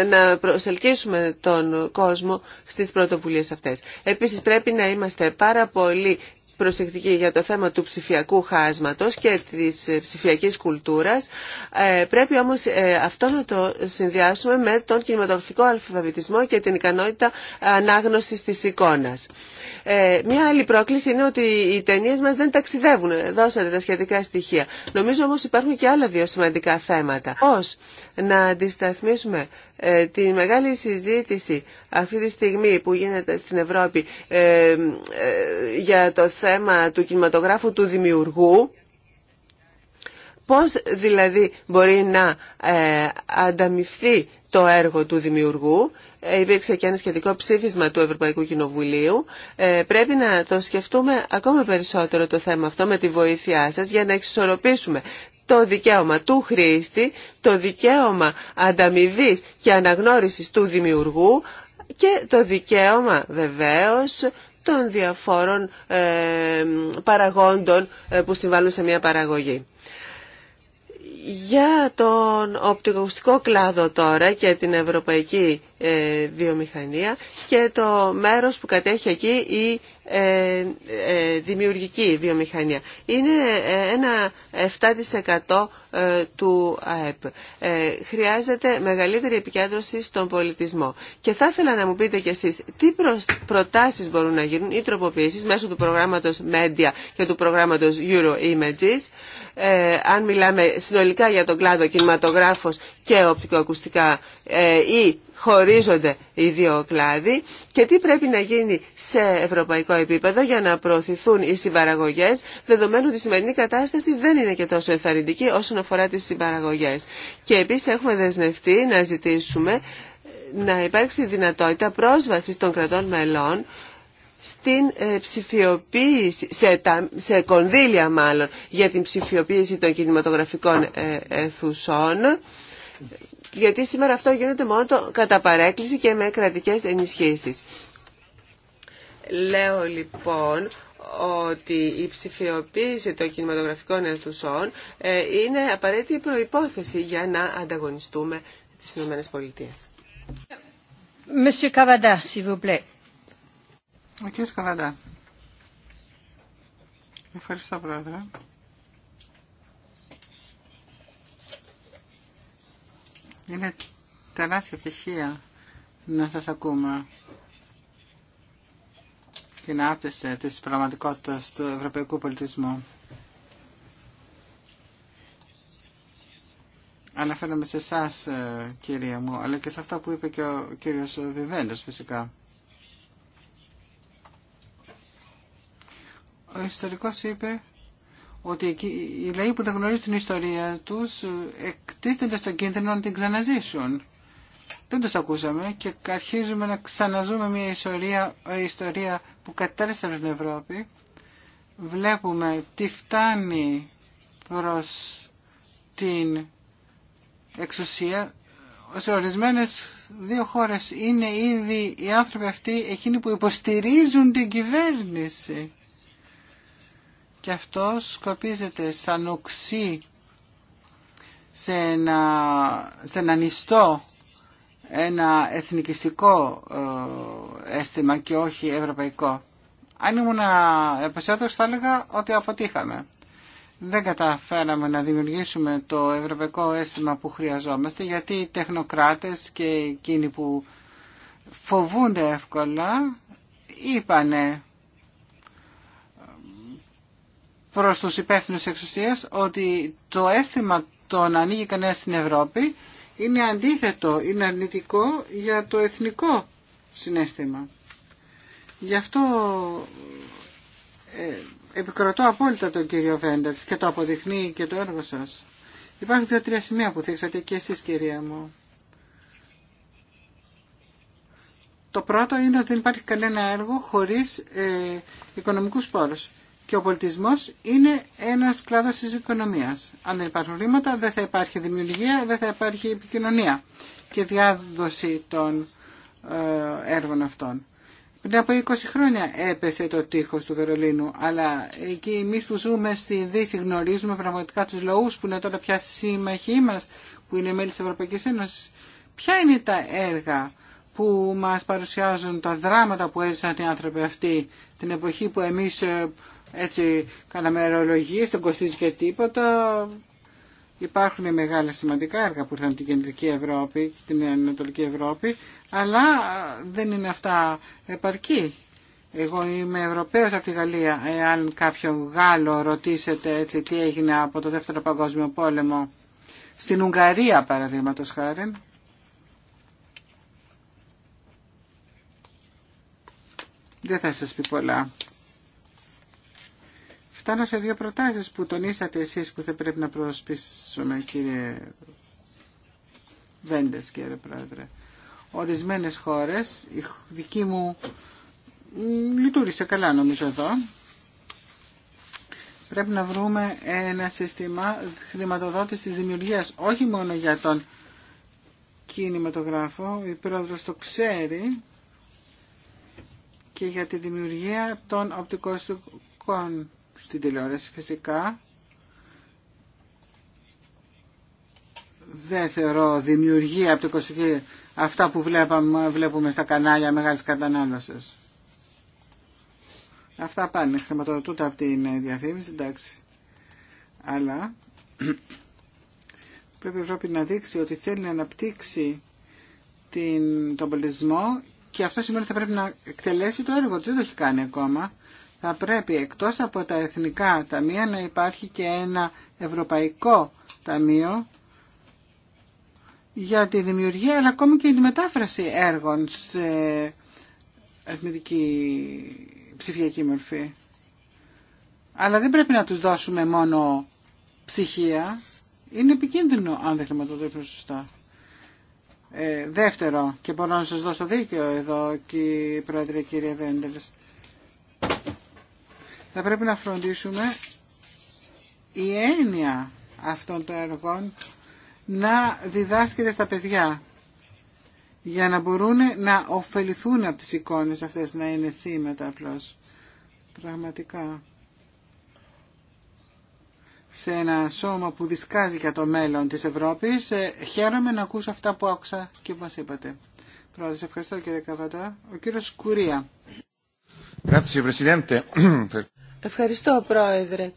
C: να προσελκύσουμε τον κόσμο στις πρωτοβουλίες αυτές. Επίσης πρέπει να είμαστε πάρα πολύ προσεκτική για το θέμα του ψηφιακού χάσματος και της ψηφιακής κουλτούρας. Ε, πρέπει όμως ε, αυτό να το συνδυάσουμε με τον κινηματογραφικό αλφαβητισμό και την ικανότητα ανάγνωσης της εικόνας. Ε, μια άλλη πρόκληση είναι ότι οι ταινίες μας δεν ταξιδεύουν. Δώσατε τα σχετικά στοιχεία. Νομίζω όμως υπάρχουν και άλλα δύο σημαντικά θέματα. Πώς να αντισταθμίσουμε ε, τη μεγάλη συζήτηση αυτή τη στιγμή που γίνεται στην Ευρώπη ε, ε, για το θέμα του κινηματογράφου του δημιουργού, πώς δηλαδή μπορεί να ανταμυφθεί το έργο του δημιουργού, υπήρξε και ένα σχετικό ψήφισμα του Ευρωπαϊκού Κοινοβουλίου. πρέπει να το σκεφτούμε ακόμα περισσότερο το θέμα αυτό με τη βοήθειά σας για να εξισορροπήσουμε το δικαίωμα του χρήστη, το δικαίωμα ανταμοιβή και αναγνώρισης του δημιουργού και το δικαίωμα βεβαίως των διαφόρων ε, παραγόντων ε, που συμβάλλουν σε μια παραγωγή. Για τον οπτικοακουστικό κλάδο τώρα και την ευρωπαϊκή ε, βιομηχανία και το μέρος που κατέχει εκεί η ε, ε, δημιουργική βιομηχανία. Είναι ε, ένα 7% του ΑΕΠ. Χρειάζεται μεγαλύτερη επικέντρωση στον πολιτισμό. Και θα ήθελα να μου πείτε κι εσείς τι προτάσεις μπορούν να γίνουν ή τροποποιήσεις μέσω του προγράμματος Media και του προγράμματος Euro Images αν μιλάμε συνολικά για τον κλάδο κινηματογράφος και οπτικοακουστικά ε, ή χωρίζονται οι δύο κλάδοι και τι πρέπει να γίνει σε ευρωπαϊκό επίπεδο για να προωθηθούν οι συμπαραγωγέ, δεδομένου ότι η σημερινή κατάσταση δεν είναι και τόσο εθαρρυντική όσον αφορά τι συμπαραγωγέ. Και επίση έχουμε δεσμευτεί να ζητήσουμε να υπάρξει δυνατότητα πρόσβασης των κρατών μελών στην ε, ψηφιοποίηση, σε, κονδύλια μάλλον, για την ψηφιοποίηση των κινηματογραφικών ε, αιθουσών γιατί σήμερα αυτό γίνεται μόνο το κατά παρέκκληση και με κρατικές ενισχύσεις. Λέω λοιπόν ότι η ψηφιοποίηση των κινηματογραφικών αιθουσών ε, είναι απαραίτητη προϋπόθεση για να ανταγωνιστούμε τις Ηνωμένες Πολιτείες.
A: Monsieur Cavada, s'il vous plaît. Ο Καβαντά.
B: Ευχαριστώ, Πρόεδρε. Είναι τεράστια ευτυχία να σας ακούμε και να άπτεστε της πραγματικότητας του ευρωπαϊκού πολιτισμού. Αναφέρομαι σε εσά, ε, κυρία μου, αλλά και σε αυτά που είπε και ο κύριος Βιβέντος, φυσικά. Ο ιστορικός είπε ότι οι λαοί που δεν γνωρίζουν την ιστορία τους ε, εκτίθενται στον κίνδυνο να την ξαναζήσουν. Δεν τους ακούσαμε και αρχίζουμε να ξαναζούμε μια ιστορία, ε, ιστορία που κατέρευσε την Ευρώπη. Βλέπουμε τι φτάνει προς την εξουσία. Σε ορισμένες δύο χώρες είναι ήδη οι άνθρωποι αυτοί εκείνοι που υποστηρίζουν την κυβέρνηση και αυτό σκοπίζεται σαν οξύ σε, ένα, σε ένα νηστό ένα εθνικιστικό ε, αίσθημα και όχι ευρωπαϊκό. Αν ήμουν επεσέδωση θα έλεγα ότι αποτύχαμε. Δεν καταφέραμε να δημιουργήσουμε το ευρωπαϊκό αίσθημα που χρειαζόμαστε γιατί οι τεχνοκράτες και εκείνοι που φοβούνται εύκολα είπανε προς τους υπεύθυνους εξουσίας ότι το αίσθημα το να ανοίγει κανένα στην Ευρώπη είναι αντίθετο, είναι αρνητικό για το εθνικό συνέστημα. Γι' αυτό ε, επικροτώ απόλυτα τον κύριο Βέντερς και το αποδεικνύει και το έργο σας. Υπάρχουν δύο-τρία σημεία που θίξατε και εσείς κυρία μου. Το πρώτο είναι ότι δεν υπάρχει κανένα έργο χωρίς ε, οικονομικούς πόρους και ο πολιτισμό είναι ένα κλάδο τη οικονομία. Αν δεν υπάρχουν χρήματα δεν θα υπάρχει δημιουργία, δεν θα υπάρχει επικοινωνία και διάδοση των ε, έργων αυτών. Πριν από 20 χρόνια έπεσε το τείχο του Βερολίνου, αλλά εκεί εμεί που ζούμε στη Δύση γνωρίζουμε πραγματικά του λαού που είναι τώρα πια σύμμαχοί μα, που είναι μέλη τη Ευρωπαϊκή Ένωση. Ποια είναι τα έργα που μα παρουσιάζουν τα δράματα που έζησαν οι άνθρωποι αυτοί την εποχή που εμεί. Ε, έτσι καναμερολογίες, δεν κοστίζει και τίποτα. Υπάρχουν μεγάλα σημαντικά έργα που ήρθαν την Κεντρική Ευρώπη, την Ανατολική Ευρώπη, αλλά δεν είναι αυτά επαρκή. Εγώ είμαι Ευρωπαίος από τη Γαλλία. Εάν κάποιον Γάλλο ρωτήσετε έτσι, τι έγινε από το Δεύτερο Παγκόσμιο Πόλεμο στην Ουγγαρία παραδείγματος χάρη, δεν θα σας πει πολλά. Φτάνω σε δύο προτάσεις που τονίσατε εσείς που θα πρέπει να προσπίσουμε κύριε Βέντες κύριε Πρόεδρε. Ορισμένες χώρες, η δική μου λειτουργήσε καλά νομίζω εδώ, πρέπει να βρούμε ένα σύστημα χρηματοδότησης της δημιουργίας, όχι μόνο για τον κινηματογράφο, η πρόεδρος το ξέρει, και για τη δημιουργία των οπτικοστικών στην τηλεόραση φυσικά. Δεν θεωρώ δημιουργία από το 20 αυτά που βλέπαμε, βλέπουμε στα κανάλια μεγάλη κατανάλωσης. Αυτά πάνε χρηματοδοτούνται από την διαφήμιση, εντάξει. Αλλά πρέπει η Ευρώπη να δείξει ότι θέλει να αναπτύξει την, τον πολιτισμό και αυτό σημαίνει ότι θα πρέπει να εκτελέσει το έργο της. Δεν το έχει κάνει ακόμα θα πρέπει εκτός από τα εθνικά ταμεία να υπάρχει και ένα ευρωπαϊκό ταμείο για τη δημιουργία αλλά ακόμη και τη μετάφραση έργων σε εθνική ψηφιακή μορφή. Αλλά δεν πρέπει να τους δώσουμε μόνο ψυχία. Είναι επικίνδυνο αν δεν χρηματοδοτήσουμε σωστά. Ε, δεύτερο, και μπορώ να σας δώσω δίκαιο εδώ, κύριε Πρόεδρε, κύριε Βέντελς, θα πρέπει να φροντίσουμε η έννοια αυτών των εργών να διδάσκεται στα παιδιά για να μπορούν να ωφεληθούν από τις εικόνες αυτές, να είναι θύματα απλώς. Πραγματικά. Σε ένα σώμα που δισκάζει για το μέλλον της Ευρώπης, ε, χαίρομαι να ακούσω αυτά που άκουσα και που μας είπατε. Πρώτα, ευχαριστώ κύριε Καβατά. Ο κύριος Σκουρία.
C: Ευχαριστώ, Πρόεδρε.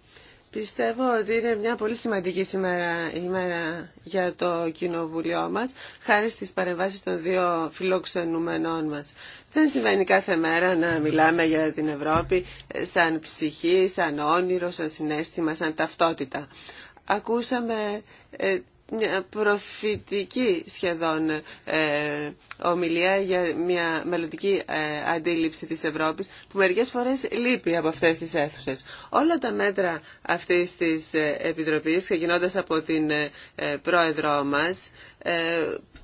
C: Πιστεύω ότι είναι μια πολύ σημαντική σήμερα ημέρα για το κοινοβουλίο μας, χάρη στις παρεμβάσεις των δύο φιλοξενούμενών μας. Δεν συμβαίνει κάθε μέρα να μιλάμε για την Ευρώπη ε, σαν ψυχή, σαν όνειρο, σαν συνέστημα, σαν ταυτότητα. Ακούσαμε ε, μια προφητική σχεδόν ε, ομιλία για μια μελλοντική ε, αντίληψη της Ευρώπης που μερικές φορές λείπει από αυτές τις αίθουσες. Όλα τα μέτρα αυτής της ε, Επιτροπής, ξεκινώντας από την πρόεδρό μας,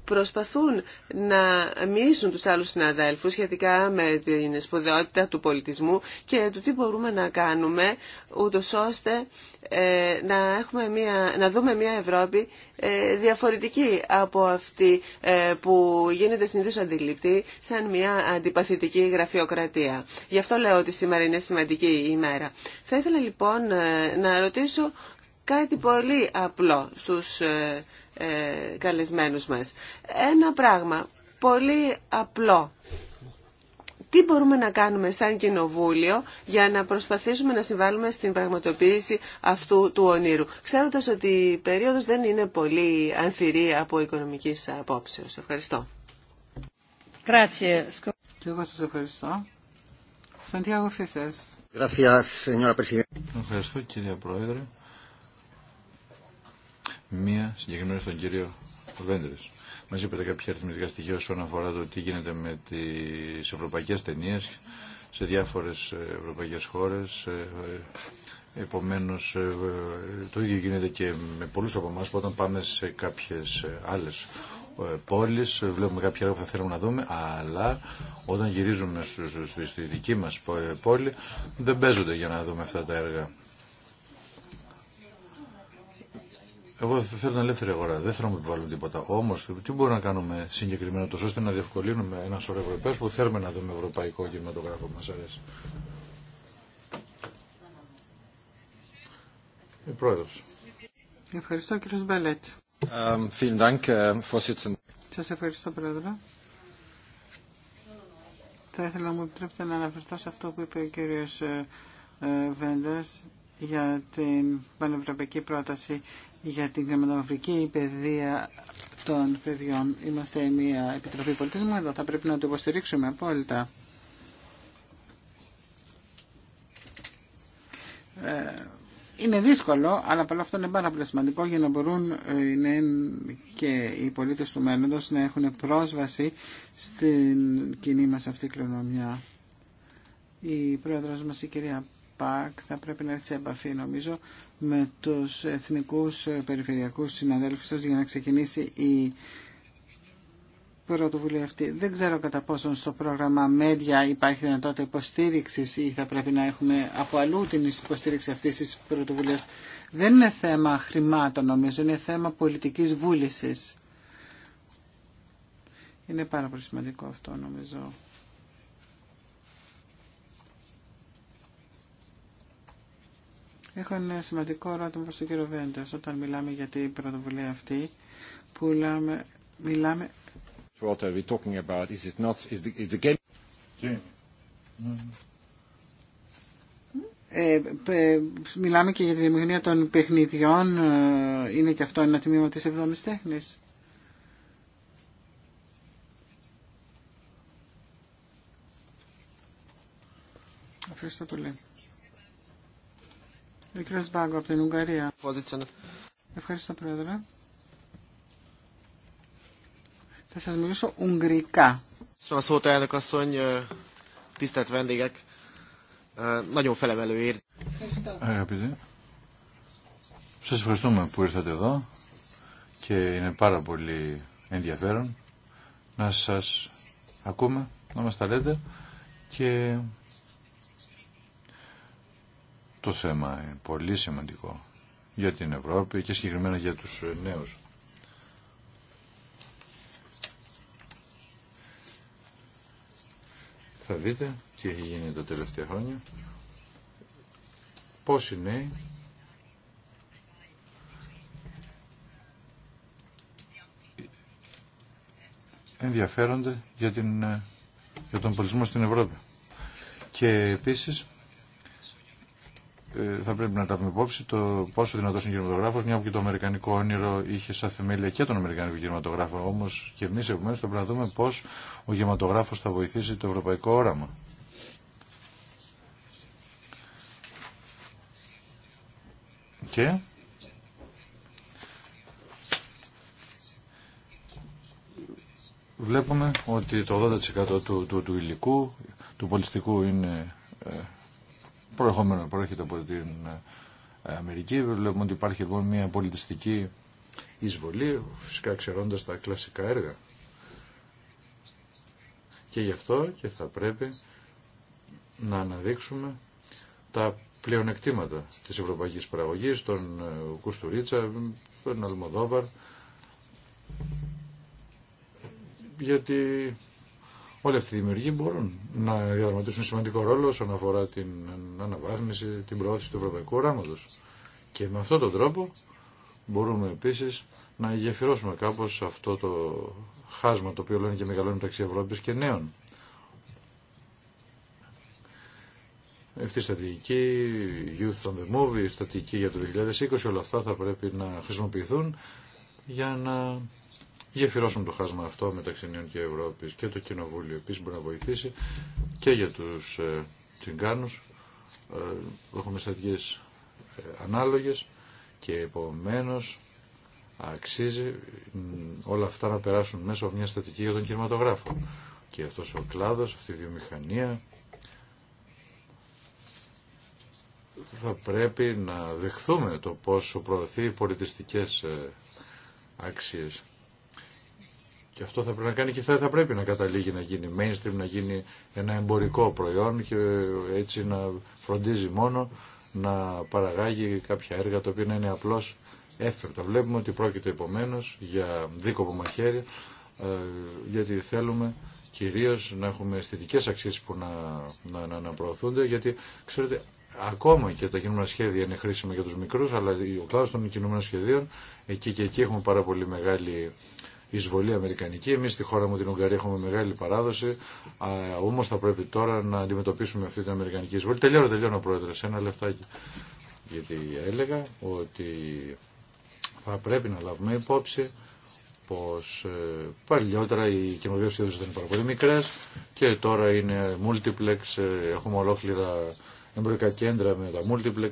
C: προσπαθούν να μοιήσουν τους άλλους συναδέλφους σχετικά με την σπουδαιότητα του πολιτισμού και του τι μπορούμε να κάνουμε ούτω ώστε ε, να, έχουμε μια, να δούμε μια Ευρώπη ε, διαφορετική από αυτή ε, που γίνεται συνήθως αντιληπτή σαν μια αντιπαθητική γραφειοκρατία. Γι' αυτό λέω ότι σήμερα είναι σημαντική η ημέρα. Θα ήθελα λοιπόν να ρωτήσω κάτι πολύ απλό στους ε, καλεσμένους μας. Ένα πράγμα πολύ απλό. Τι μπορούμε να κάνουμε σαν κοινοβούλιο για να προσπαθήσουμε να συμβάλλουμε στην πραγματοποίηση αυτού του ονείρου. Ξέροντας ότι η περίοδος δεν είναι πολύ ανθυρή από οικονομικής απόψεως. Ευχαριστώ. σας ευχαριστώ.
B: Σαντιάγο
D: Ευχαριστώ κύριε Πρόεδρε μία συγκεκριμένη στον κύριο Βέντρε. Μα είπατε κάποια αριθμητικά στοιχεία όσον αφορά το τι γίνεται με τι ευρωπαϊκέ ταινίε σε διάφορε ευρωπαϊκέ χώρε. Ε, Επομένω, ε, ε, το ίδιο γίνεται και με πολλού από εμά που όταν πάμε σε κάποιε άλλε πόλει βλέπουμε κάποια έργα που θα θέλουμε να δούμε, αλλά όταν γυρίζουμε στη δική μα πόλη δεν παίζονται για να δούμε αυτά τα έργα. Εγώ θέλω την ελεύθερη αγορά, δεν θέλω να μου επιβάλλουν τίποτα. Όμω, τι μπορούμε να κάνουμε συγκεκριμένα τόσο ώστε να διευκολύνουμε ένα σωρό Ευρωπαίου που θέλουμε να δούμε ευρωπαϊκό κινηματογράφο που μα αρέσει. Η ε, πρόεδρος.
B: Ευχαριστώ κύριο Μπελέτ.
D: Ε,
B: Σα ευχαριστώ πρόεδρε. Θα ήθελα να μου επιτρέπετε να αναφερθώ σε αυτό που είπε ο κύριος ε, Βέντας για την πανευρωπαϊκή πρόταση για την κρεματογραφική παιδεία των παιδιών. Είμαστε μια επιτροπή πολιτισμού, εδώ θα πρέπει να το υποστηρίξουμε απόλυτα. Ε, είναι δύσκολο, αλλά παρόλα αυτό είναι πάρα πολύ σημαντικό για να μπορούν οι ε, και οι πολίτες του μέλλοντος να έχουν πρόσβαση στην κοινή μας αυτή κληρονομιά. Η πρόεδρος μας, η κυρία ΠΑΚ θα πρέπει να έρθει σε επαφή νομίζω με τους εθνικούς περιφερειακούς συναδέλφους σας για να ξεκινήσει η πρωτοβουλία αυτή. Δεν ξέρω κατά πόσον στο πρόγραμμα Μέντια υπάρχει δυνατότητα υποστήριξη ή θα πρέπει να έχουμε από αλλού την υποστήριξη αυτή τη πρωτοβουλία. Δεν είναι θέμα χρημάτων νομίζω, είναι θέμα πολιτική βούληση. Είναι πάρα πολύ σημαντικό αυτό νομίζω. Έχω ένα σημαντικό ερώτημα προς τον κύριο Βέντες. Όταν μιλάμε για την πρωτοβουλία αυτή, που μιλάμε... μιλάμε...
D: What are we talking about? Is it not... Is the, is the game...
B: Ε, ε, μιλάμε και για τη δημιουργία των παιχνιδιών. Ε, είναι και αυτό ένα τμήμα της εβδόμης τέχνης. Ευχαριστώ πολύ. Ευχαριστώ, Πρόεδρε. Θα σας μιλήσω ουγγρικά.
D: Αγαπητέ, σας ευχαριστούμε που ήρθατε εδώ και είναι πάρα πολύ ενδιαφέρον να σας ακούμε, να μας τα λέτε και το θέμα είναι πολύ σημαντικό για την Ευρώπη και συγκεκριμένα για τους νέους. Θα δείτε τι έχει γίνει τα τελευταία χρόνια. Πόσοι νέοι ενδιαφέρονται για, ε, για τον πολιτισμό στην Ευρώπη. Και επίσης ε, θα πρέπει να τα υπόψη το πόσο δυνατό είναι ο κινηματογράφο, μια που και το αμερικανικό όνειρο είχε σαν θεμέλια και τον αμερικανικό κινηματογράφο. Όμω και εμεί επομένω θα πρέπει να δούμε πώ ο κινηματογράφο θα βοηθήσει το ευρωπαϊκό όραμα. Και βλέπουμε ότι το 80% του, του, του υλικού, του πολιστικού είναι ε, προερχόμενο προέρχεται από την ε, Αμερική. Βλέπουμε ότι υπάρχει λοιπόν μια πολιτιστική εισβολή, φυσικά ξερώντα τα κλασικά έργα. Και γι' αυτό και θα πρέπει να αναδείξουμε τα πλεονεκτήματα της ευρωπαϊκής παραγωγής, των ε, Κουστουρίτσα, τον Αλμοδόβαρ, γιατί Όλοι αυτοί οι δημιουργοί μπορούν να διαδραματίσουν σημαντικό ρόλο όσον αφορά την αναβάθμιση, την προώθηση του ευρωπαϊκού οράματο. Και με αυτόν τον τρόπο μπορούμε επίση να γεφυρώσουμε κάπως αυτό το χάσμα το οποίο λένε και μεγαλώνει μεταξύ Ευρώπη και νέων. Αυτή η στρατηγική Youth on the Move, η στρατηγική για το 2020, όλα αυτά θα πρέπει να χρησιμοποιηθούν για να γεφυρώσουμε το χάσμα αυτό μεταξύ νέων και Ευρώπης και το Κοινοβούλιο επίσης μπορεί να βοηθήσει και για τους ε, τσιγκάνους ε, έχουμε στρατηγικές ε, και επομένως αξίζει όλα αυτά να περάσουν μέσα από μια στατική για τον κινηματογράφο. Και αυτός ο κλάδος, αυτή η βιομηχανία θα πρέπει να δεχθούμε το πόσο προωθεί πολιτιστικές ε, αξίες. Και αυτό θα πρέπει να κάνει και θα, θα πρέπει να καταλήγει να γίνει mainstream, να γίνει ένα εμπορικό προϊόν και έτσι να φροντίζει μόνο να παραγάγει κάποια έργα τα οποία να είναι απλώς εύκολα. Βλέπουμε ότι πρόκειται επομένω για δίκοπο μαχαίρι, ε, γιατί θέλουμε κυρίως να έχουμε αισθητικές αξίες που να, να, να, να προωθούνται, γιατί ξέρετε ακόμα και τα κινούμενα σχέδια είναι χρήσιμα για τους μικρούς, αλλά ο κλάδος των κινούμενων σχεδίων, εκεί και εκεί έχουμε πάρα πολύ μεγάλη εισβολή αμερικανική. Εμεί στη χώρα μου την Ουγγαρία έχουμε μεγάλη παράδοση, Όμω θα πρέπει τώρα να αντιμετωπίσουμε αυτή την αμερικανική εισβολή. Τελειώνω, τελειώνω πρόεδρε, σε ένα λεφτάκι. Γιατί έλεγα ότι θα πρέπει να λάβουμε υπόψη πως ε, παλιότερα οι καινούργιες ήταν πάρα πολύ μικρέ και τώρα είναι multiplex, ε, έχουμε ολόκληρα εμπορικά κέντρα με τα multiplex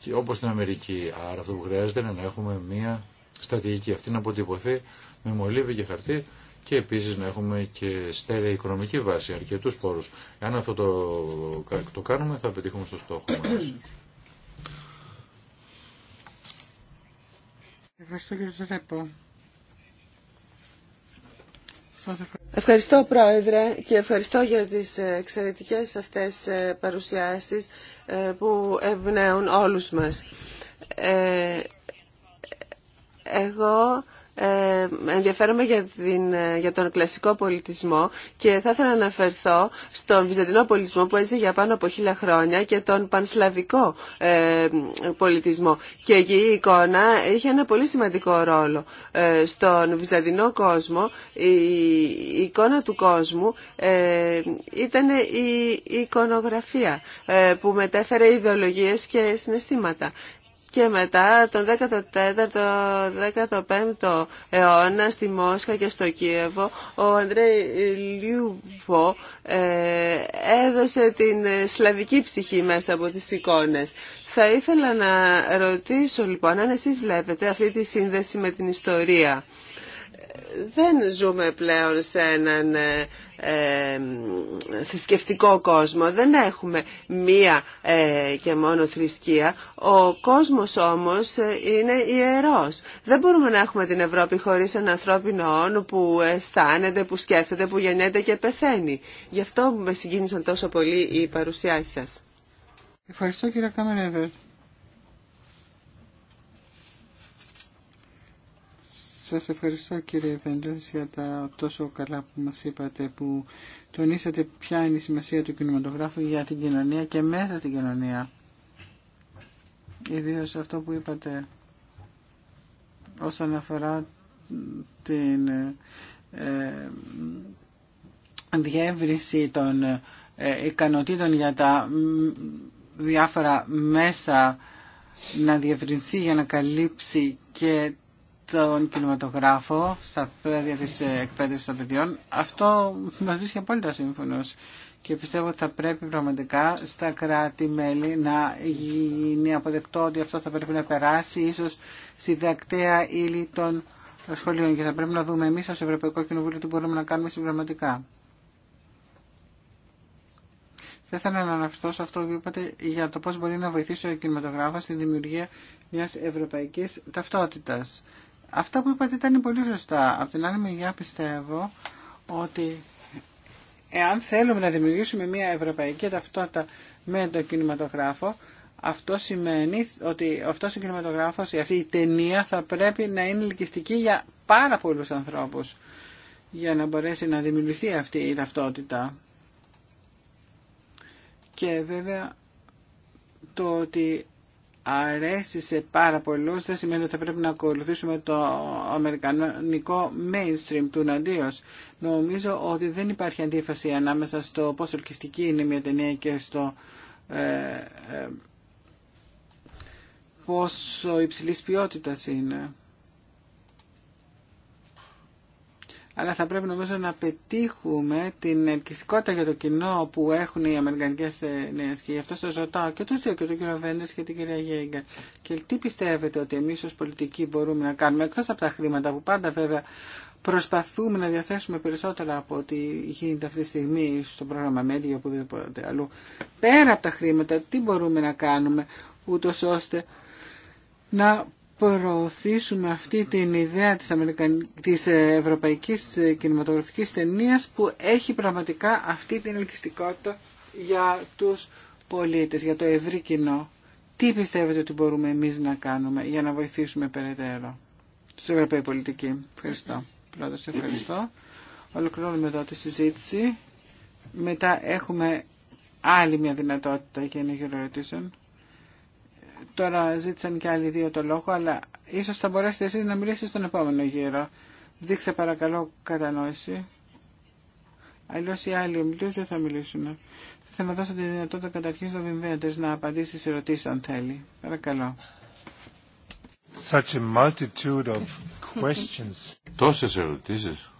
D: και όπως στην Αμερική. Άρα αυτό που χρειάζεται είναι να έχουμε μια στρατηγική αυτή να αποτυπωθεί με μολύβι και χαρτί και επίσης να έχουμε και στέρεη οικονομική βάση, αρκετούς πόρους. Αν αυτό το, το κάνουμε θα πετύχουμε στο στόχο μας.
C: Ευχαριστώ κύριε Πρόεδρε και ευχαριστώ για τις εξαιρετικές αυτές ε, παρουσιάσεις ε, που ευνεούν όλους μας. Ε, εγώ ε, ενδιαφέρομαι για, ε, για τον κλασικό πολιτισμό και θα ήθελα να αναφερθώ στον βυζαντινό πολιτισμό που έζησε για πάνω από χίλια χρόνια και τον πανσλαβικό ε, πολιτισμό. Και εκεί η εικόνα είχε ένα πολύ σημαντικό ρόλο. στον βυζαντινό κόσμο η, εικόνα του κόσμου ήταν η εικονογραφία που μετέφερε ιδεολογίες και συναισθήματα και μετά τον 14ο, 15ο αιώνα στη Μόσχα και στο Κίεβο ο Αντρέι Λιούβο ε, έδωσε την σλαβική ψυχή μέσα από τις εικόνες. Θα ήθελα να ρωτήσω λοιπόν αν εσείς βλέπετε αυτή τη σύνδεση με την ιστορία δεν ζούμε πλέον σε έναν ε, ε θρησκευτικό κόσμο, δεν έχουμε μία ε, και μόνο θρησκεία. Ο κόσμος όμως ε, είναι ιερός. Δεν μπορούμε να έχουμε την Ευρώπη χωρίς έναν ανθρώπινο όν που αισθάνεται, που σκέφτεται, που γεννιέται και πεθαίνει. Γι' αυτό με συγκίνησαν τόσο πολύ οι παρουσιάσεις σας.
B: Ευχαριστώ κύριε Σας ευχαριστώ κύριε Βεντός για τα τόσο καλά που μας είπατε που τονίσατε ποια είναι η σημασία του κινηματογράφου για την κοινωνία και μέσα στην κοινωνία. Ιδίως αυτό που είπατε όσον αφορά την ε, ε διεύρυνση των ε, ικανοτήτων για τα διάφορα μέσα να διευρυνθεί για να καλύψει και τον κινηματογράφο στα πέδια της ε, εκπαίδευσης των παιδιών, αυτό μας βρίσκει απόλυτα σύμφωνος. Και πιστεύω ότι θα πρέπει πραγματικά στα κράτη-μέλη να γίνει αποδεκτό ότι αυτό θα πρέπει να περάσει ίσως στη δεκταία ύλη των σχολείων και θα πρέπει να δούμε εμείς ως Ευρωπαϊκό Κοινοβούλιο τι μπορούμε να κάνουμε συμπραγματικά Θα ήθελα να αναφερθώ σε αυτό που είπατε για το πώς μπορεί να βοηθήσει ο κινηματογράφος στη δημιουργία μιας ευρωπαϊκής ταυτότητας. Αυτά που είπατε ήταν πολύ σωστά. Από την άλλη μεριά πιστεύω ότι εάν θέλουμε να δημιουργήσουμε μια ευρωπαϊκή ταυτότητα με τον κινηματογράφο, αυτό σημαίνει ότι αυτός ο κινηματογράφος, αυτή η ταινία θα πρέπει να είναι ελκυστική για πάρα πολλούς ανθρώπους για να μπορέσει να δημιουργηθεί αυτή η ταυτότητα. Και βέβαια το ότι αρέσει σε πάρα πολλούς δεν σημαίνει ότι θα πρέπει να ακολουθήσουμε το αμερικανικό mainstream του Ναντίο. Νομίζω ότι δεν υπάρχει αντίφαση ανάμεσα στο πόσο ελκυστική είναι μια ταινία και στο ε, ε, πόσο υψηλή ποιότητα είναι. αλλά θα πρέπει νομίζω να πετύχουμε την ελκυστικότητα για το κοινό που έχουν οι Αμερικανικέ νέε. Και γι' αυτό σα ρωτάω και του δύο, και τον κύριο Βέντε και την κυρία Γέγκα. Και τι πιστεύετε ότι εμεί ω πολιτικοί μπορούμε να κάνουμε, εκτό από τα χρήματα που πάντα βέβαια προσπαθούμε να διαθέσουμε περισσότερα από ό,τι γίνεται αυτή τη στιγμή στο πρόγραμμα Μέντια ή οπουδήποτε αλλού. Πέρα από τα χρήματα, τι μπορούμε να κάνουμε, ούτω ώστε να προωθήσουμε αυτή την ιδέα της, Αμερικαν... της ε, ευρωπαϊκής ε, κινηματογραφικής ταινία που έχει πραγματικά αυτή την ελκυστικότητα για τους πολίτες, για το ευρύ κοινό. Τι πιστεύετε ότι μπορούμε εμείς να κάνουμε για να βοηθήσουμε περαιτέρω τους Ευρωπαίοι πολιτικοί. Ευχαριστώ. ευχαριστώ. Ολοκληρώνουμε εδώ τη συζήτηση. Μετά έχουμε άλλη μια δυνατότητα για να ερωτήσεων. Τώρα ζήτησαν και άλλοι δύο το λόγο, αλλά ίσως θα μπορέσετε εσείς να μιλήσετε στον επόμενο γύρο. Δείξτε παρακαλώ κατανόηση. Αλλιώ οι άλλοι ομιλητέ δεν θα μιλήσουν. Θα ήθελα να δώσω τη δυνατότητα καταρχήν στον Βιμβέντε να απαντήσει στι ερωτήσει αν θέλει. Παρακαλώ.
D: Such a Τόσες ερωτήσεις.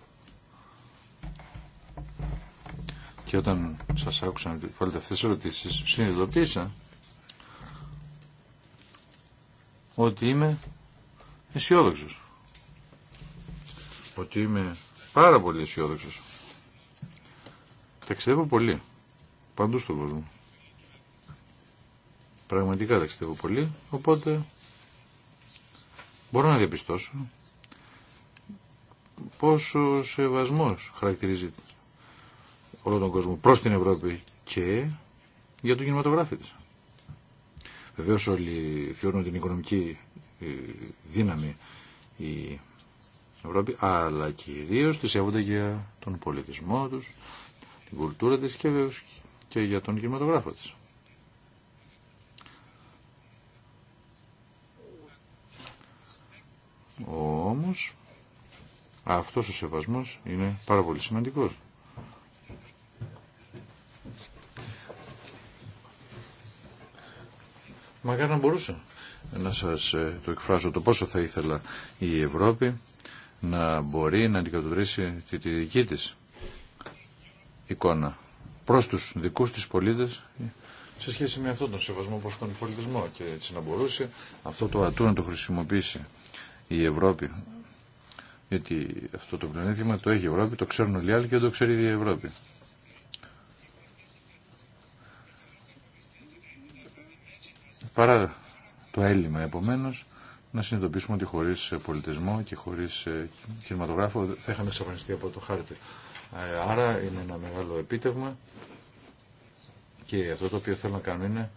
D: Και όταν σα άκουσα να βάλετε αυτές τι ερωτήσεις, συνειδητοποίησα ότι είμαι αισιόδοξο. Ότι είμαι πάρα πολύ αισιόδοξο. Ταξιδεύω πολύ. Παντού στον κόσμο. Πραγματικά ταξιδεύω πολύ. Οπότε μπορώ να διαπιστώσω πόσο σεβασμός χαρακτηρίζει όλο τον κόσμο προ την Ευρώπη και για τον κινηματογράφη της. Βεβαίω όλοι θεωρούν την οικονομική ε, δύναμη η Ευρώπη, αλλά κυρίως τη σέβονται για τον πολιτισμό τους, την κουλτούρα της και και για τον κινηματογράφο της. Όμως αυτός ο σεβασμός είναι πάρα πολύ σημαντικός. Μακάρι να μπορούσα να σας ε, το εκφράσω το πόσο θα ήθελα η Ευρώπη να μπορεί να αντικατοπτρήσει τη, δική της εικόνα προς τους δικούς της πολίτες σε σχέση με αυτόν τον σεβασμό προς τον πολιτισμό και έτσι να μπορούσε αυτό το ατού να το χρησιμοποιήσει η Ευρώπη γιατί αυτό το πλανήθημα το έχει η Ευρώπη, το ξέρουν όλοι οι άλλοι και το ξέρει η Ευρώπη. παρά το έλλειμμα επομένως να συνειδητοποιήσουμε ότι χωρίς ε, πολιτισμό και χωρίς ε, κινηματογράφο θα είχαμε εξαφανιστεί από το χάρτη. Ε, άρα είναι ένα μεγάλο επίτευγμα και αυτό το οποίο θέλω να κάνω είναι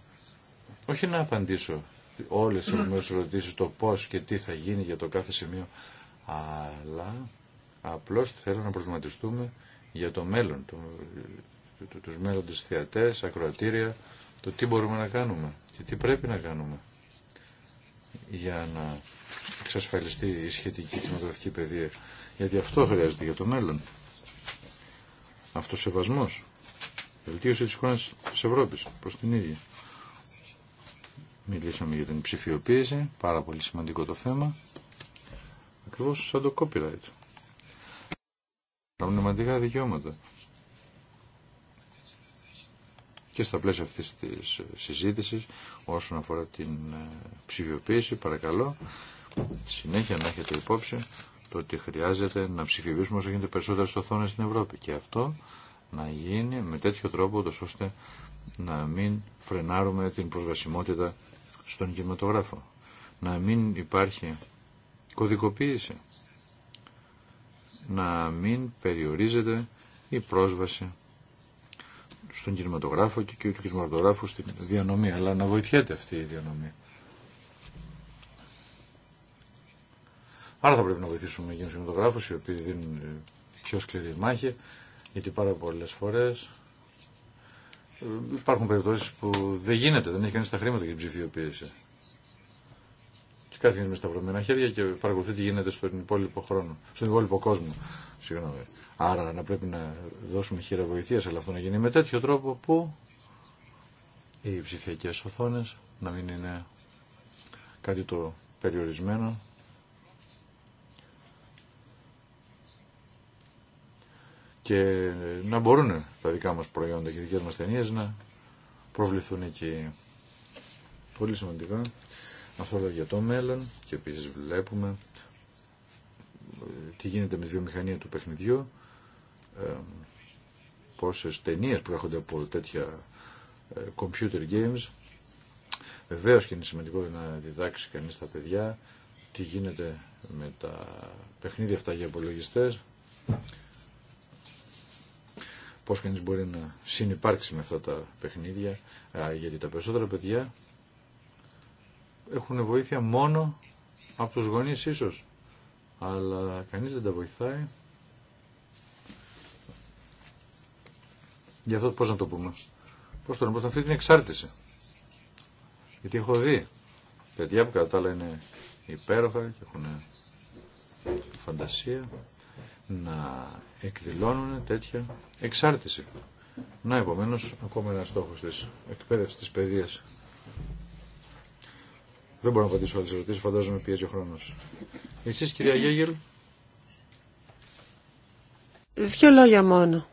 D: όχι να απαντήσω όλες τις ερωτήσει ερωτήσεις το πώς και τι θα γίνει για το κάθε σημείο αλλά απλώς θέλω να προβληματιστούμε για το μέλλον, το, το, τους μέλλοντες θεατές, ακροατήρια, το τι μπορούμε να κάνουμε και τι πρέπει να κάνουμε για να εξασφαλιστεί η σχετική κοινογραφική παιδεία. Γιατί αυτό χρειάζεται για το μέλλον. Αυτοσεβασμός. Βελτίωση της εικόνας της Ευρώπης προς την ίδια. Μιλήσαμε για την ψηφιοποίηση, πάρα πολύ σημαντικό το θέμα. Ακριβώς σαν το copyright. Τα πνευματικά δικαιώματα και στα πλαίσια αυτής της ε, συζήτησης όσον αφορά την ε, ψηφιοποίηση παρακαλώ συνέχεια να έχετε υπόψη το ότι χρειάζεται να ψηφιοποιήσουμε όσο γίνεται περισσότερε οθόνε στην Ευρώπη και αυτό να γίνει με τέτοιο τρόπο ώστε να μην φρενάρουμε την προσβασιμότητα στον κινηματογράφο να μην υπάρχει κωδικοποίηση να μην περιορίζεται η πρόσβαση στον κινηματογράφο και, και του κινηματογράφου στην διανομή, αλλά να βοηθιέται αυτή η διανομή. Άρα θα πρέπει να βοηθήσουμε εκείνους κινηματογράφους οι οποίοι δίνουν ε, πιο σκληρή μάχη, γιατί πάρα πολλές φορές ε, υπάρχουν περιπτώσεις που δεν γίνεται, δεν έχει κανείς τα χρήματα για την ψηφιοποίηση. Κάτι είναι με σταυρωμένα χέρια και παρακολουθεί τι γίνεται στον υπόλοιπο χρόνο, στον υπόλοιπο κόσμο. Συγγνώμη. Άρα να πρέπει να δώσουμε χείρα βοηθεία, αλλά αυτό να γίνει με τέτοιο τρόπο που οι ψηφιακέ οθόνε να μην είναι κάτι το περιορισμένο. Και να μπορούν τα δικά μας προϊόντα και οι δικές μας ταινίες να προβληθούν εκεί. Πολύ σημαντικά. Αυτό λέω για το μέλλον και επίσης βλέπουμε ε, τι γίνεται με τη βιομηχανία του παιχνιδιού, ε, πόσες ταινίες προέρχονται από τέτοια ε, computer games. Βεβαίω και είναι σημαντικό να διδάξει κανείς τα παιδιά τι γίνεται με τα παιχνίδια αυτά για υπολογιστέ. Πώς κανείς μπορεί να συνεπάρξει με αυτά τα παιχνίδια, γιατί τα περισσότερα παιδιά έχουν βοήθεια μόνο από τους γονείς ίσως. Αλλά κανείς δεν τα βοηθάει. Για αυτό πώς να το πούμε. Πώς το να αυτή την εξάρτηση. Γιατί έχω δει παιδιά που κατά τα άλλα είναι υπέροχα και έχουν φαντασία να εκδηλώνουν τέτοια εξάρτηση. Να επομένως ακόμα ένα στόχος της εκπαίδευσης της παιδείας. Δεν μπορώ να απαντήσω όλες τις φαντάζομαι πιέζει ο χρόνος. Εσείς κυρία Γέγελ.
C: Δύο λόγια μόνο.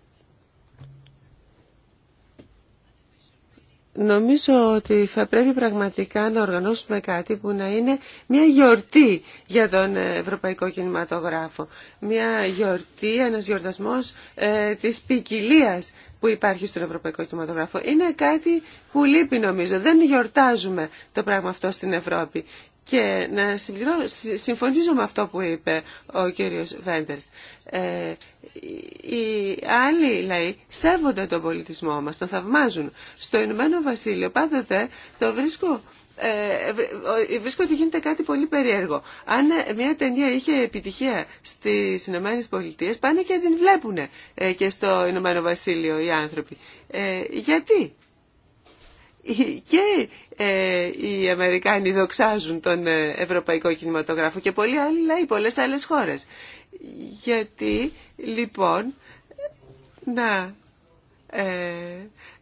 C: Νομίζω ότι θα πρέπει πραγματικά να οργανώσουμε κάτι που να είναι μια γιορτή για τον Ευρωπαϊκό Κινηματογράφο. Μια γιορτή, ένας γιορτασμός ε, της ποικιλία που υπάρχει στον Ευρωπαϊκό Κινηματογράφο. Είναι κάτι που λείπει νομίζω. Δεν γιορτάζουμε το πράγμα αυτό στην Ευρώπη. Και να συμφωνήσω με αυτό που είπε ο κύριος Βέντερς. Ε, οι άλλοι λαοί σέβονται τον πολιτισμό μας, τον θαυμάζουν. Στο Ηνωμένο Βασίλειο πάντοτε το βρίσκω ε, ε, βρίσκω ότι γίνεται κάτι πολύ περίεργο. Αν μια ταινία είχε επιτυχία στι Ηνωμένε Πολιτείε, πάνε και την βλέπουν ε, και στο Ηνωμένο Βασίλειο οι άνθρωποι. γιατί? Και οι Αμερικάνοι δοξάζουν τον ευρωπαϊκό κινηματογράφο και πολλοί άλλοι λαοί, πολλές άλλες χώρες. Γιατί, λοιπόν, να ε,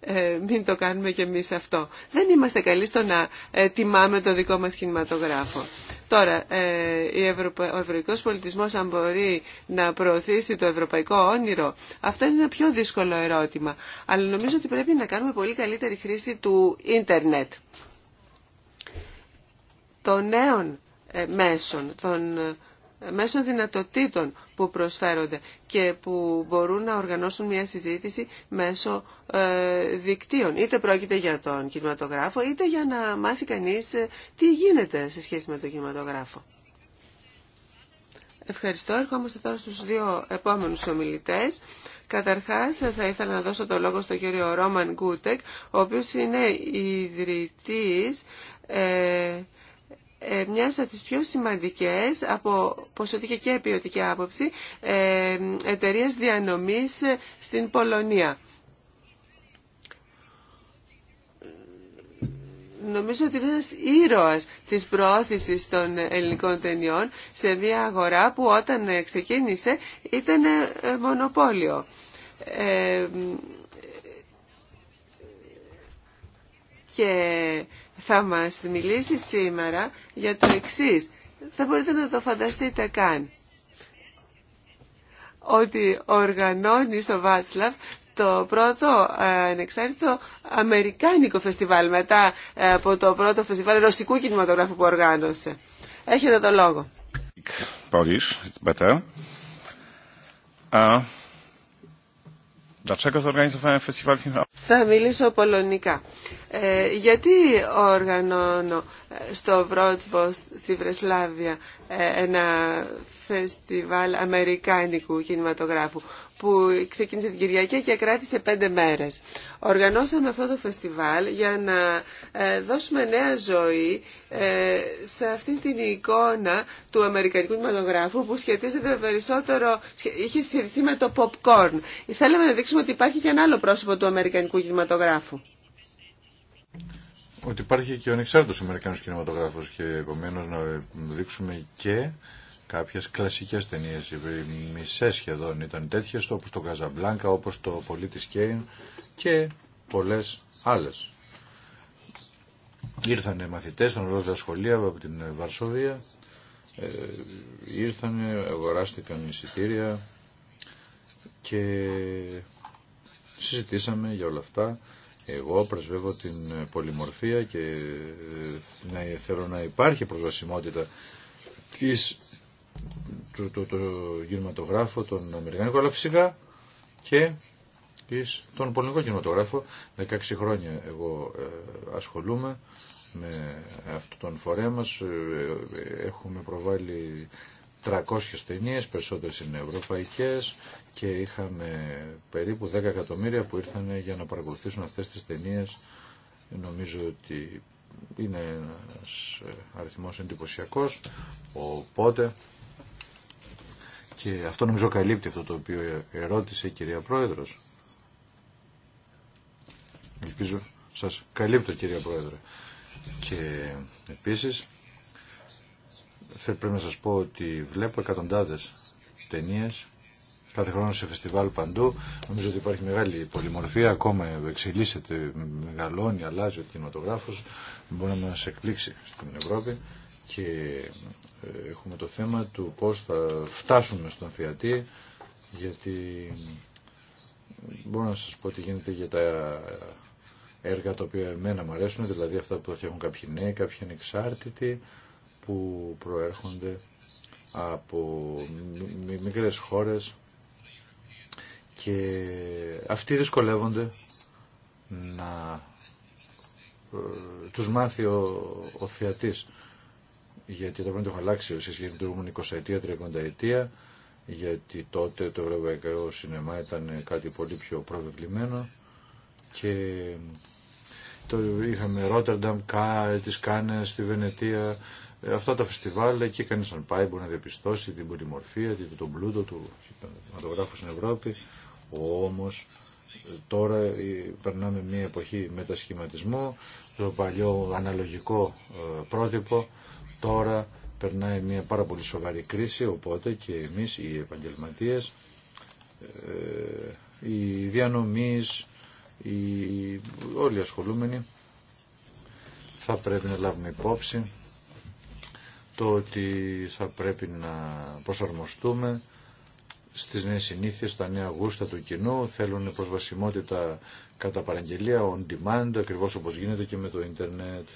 C: ε, μην το κάνουμε κι εμείς αυτό. Δεν είμαστε καλοί στο να τιμάμε το δικό μας κινηματογράφο. Τώρα, ε, ο ευρωπαϊκός πολιτισμός αν μπορεί να προωθήσει το ευρωπαϊκό όνειρο, αυτό είναι ένα πιο δύσκολο ερώτημα. Αλλά νομίζω ότι πρέπει να κάνουμε πολύ καλύτερη χρήση του ίντερνετ. Των νέων ε, μέσων, των μέσω δυνατοτήτων που προσφέρονται και που μπορούν να οργανώσουν μια συζήτηση μέσω ε, δικτύων. Είτε πρόκειται για τον κινηματογράφο, είτε για να μάθει κανείς ε, τι γίνεται σε σχέση με τον κινηματογράφο. Ευχαριστώ. Ερχόμαστε τώρα στους δύο επόμενους ομιλητές. Καταρχάς θα ήθελα να δώσω το λόγο στον κύριο Ρόμαν Γκούτεκ, ο οποίος είναι ιδρυτής ε, ε, μια από τις πιο σημαντικές από ποσοτική και ποιοτική άποψη ε, διανομής στην Πολωνία. Νομίζω ότι είναι ένας ήρωας της προώθησης των ελληνικών ταινιών σε μια αγορά που όταν ξεκίνησε ήταν ε, μονοπόλιο. Ε, και θα μας μιλήσει σήμερα για το εξής. Θα μπορείτε να το φανταστείτε καν. Ότι οργανώνει στο Βάτσλαβ το πρώτο ε, ανεξάρτητο αμερικάνικο φεστιβάλ μετά ε, από το πρώτο φεστιβάλ ρωσικού κινηματογράφου που οργάνωσε. Έχετε το λόγο.
D: Polish, it's uh,
C: θα μιλήσω πολωνικά. Ε, γιατί οργανώνω ε, στο Βρότσβο στη Βρεσλάβια ε, ένα φεστιβάλ αμερικάνικου κινηματογράφου που ξεκίνησε την Κυριακή και κράτησε πέντε μέρες. Οργανώσαμε αυτό το φεστιβάλ για να ε, δώσουμε νέα ζωή ε, σε αυτή την εικόνα του Αμερικανικού κινηματογράφου που σχετίζεται περισσότερο, είχε σχετιστεί με το popcorn. Θέλαμε να δείξουμε ότι υπάρχει και ένα άλλο πρόσωπο του Αμερικανικού κινηματογράφου.
D: Ότι υπάρχει και ο ανεξάρτητος Αμερικανός κινηματογράφος και επομένως να δείξουμε και κάποιες κλασικές ταινίες, οι μισές σχεδόν ήταν τέτοιες όπως το Καζαμπλάνκα, όπως το Πολίτης Κέιν και πολλές άλλες. Ήρθανε μαθητές στον Ρόδα Σχολεία από την Βαρσοβία, ε, ήρθανε, αγοράστηκαν εισιτήρια και συζητήσαμε για όλα αυτά. Εγώ πρεσβεύω την πολυμορφία και ε, θέλω να υπάρχει προσβασιμότητα της το, το, το κινηματογράφο, τον Αμερικανικό, αλλά φυσικά και τον πολιτικό κινηματογράφο. 16 χρόνια εγώ ε, ασχολούμαι με αυτο τον φορέα μας. Ε, ε, έχουμε προβάλει 300 ταινίες, περισσότερες είναι ευρωπαϊκές και είχαμε περίπου 10 εκατομμύρια που ήρθαν για να παρακολουθήσουν αυτές τις ταινίες. Νομίζω ότι είναι ένας αριθμός εντυπωσιακός, οπότε και αυτό νομίζω καλύπτει αυτό το οποίο ερώτησε η κυρία Πρόεδρος. Ελπίζω σας καλύπτω κυρία Πρόεδρε. Και επίσης πρέπει να σας πω ότι βλέπω εκατοντάδες ταινίες κάθε χρόνο σε φεστιβάλ παντού. Νομίζω ότι υπάρχει μεγάλη πολυμορφία, ακόμα εξελίσσεται, μεγαλώνει, αλλάζει ο κινηματογράφος. Μπορεί να μας εκπλήξει στην Ευρώπη και ε, έχουμε το θέμα του πώς θα φτάσουμε στον θεατή γιατί μπορώ να σας πω τι γίνεται για τα έργα τα οποία εμένα μου αρέσουν δηλαδή αυτά που έχουν κάποιοι νέοι, κάποιοι ανεξάρτητοι που προέρχονται από μικρές χώρες και αυτοί δυσκολεύονται να ε, τους μάθει ο, ο γιατί τα πράγματα έχω αλλάξει σε σχέση με την προηγούμενη 20 30 γιατί τότε το ευρωπαϊκό σινεμά ήταν κάτι πολύ πιο προβεβλημένο και το είχαμε Ρότερνταμ, Κα, τις Κάνες, τη Βενετία, αυτά τα φεστιβάλ, εκεί κανείς αν πάει μπορεί να διαπιστώσει την πολυμορφία, τον πλούτο του κινηματογράφου στην Ευρώπη, όμως τώρα ε, περνάμε μια εποχή μετασχηματισμού, το παλιό αναλογικό ε, πρότυπο, Τώρα περνάει μια πάρα πολύ σοβαρή κρίση, οπότε και εμείς οι επαγγελματίες, ε, οι διανομείς, οι, όλοι οι ασχολούμενοι θα πρέπει να λάβουμε υπόψη το ότι θα πρέπει να προσαρμοστούμε στις νέες συνήθειες, τα νέα γούστα του κοινού, θέλουν προσβασιμότητα κατά παραγγελία, on demand, ακριβώς όπως γίνεται και με το ίντερνετ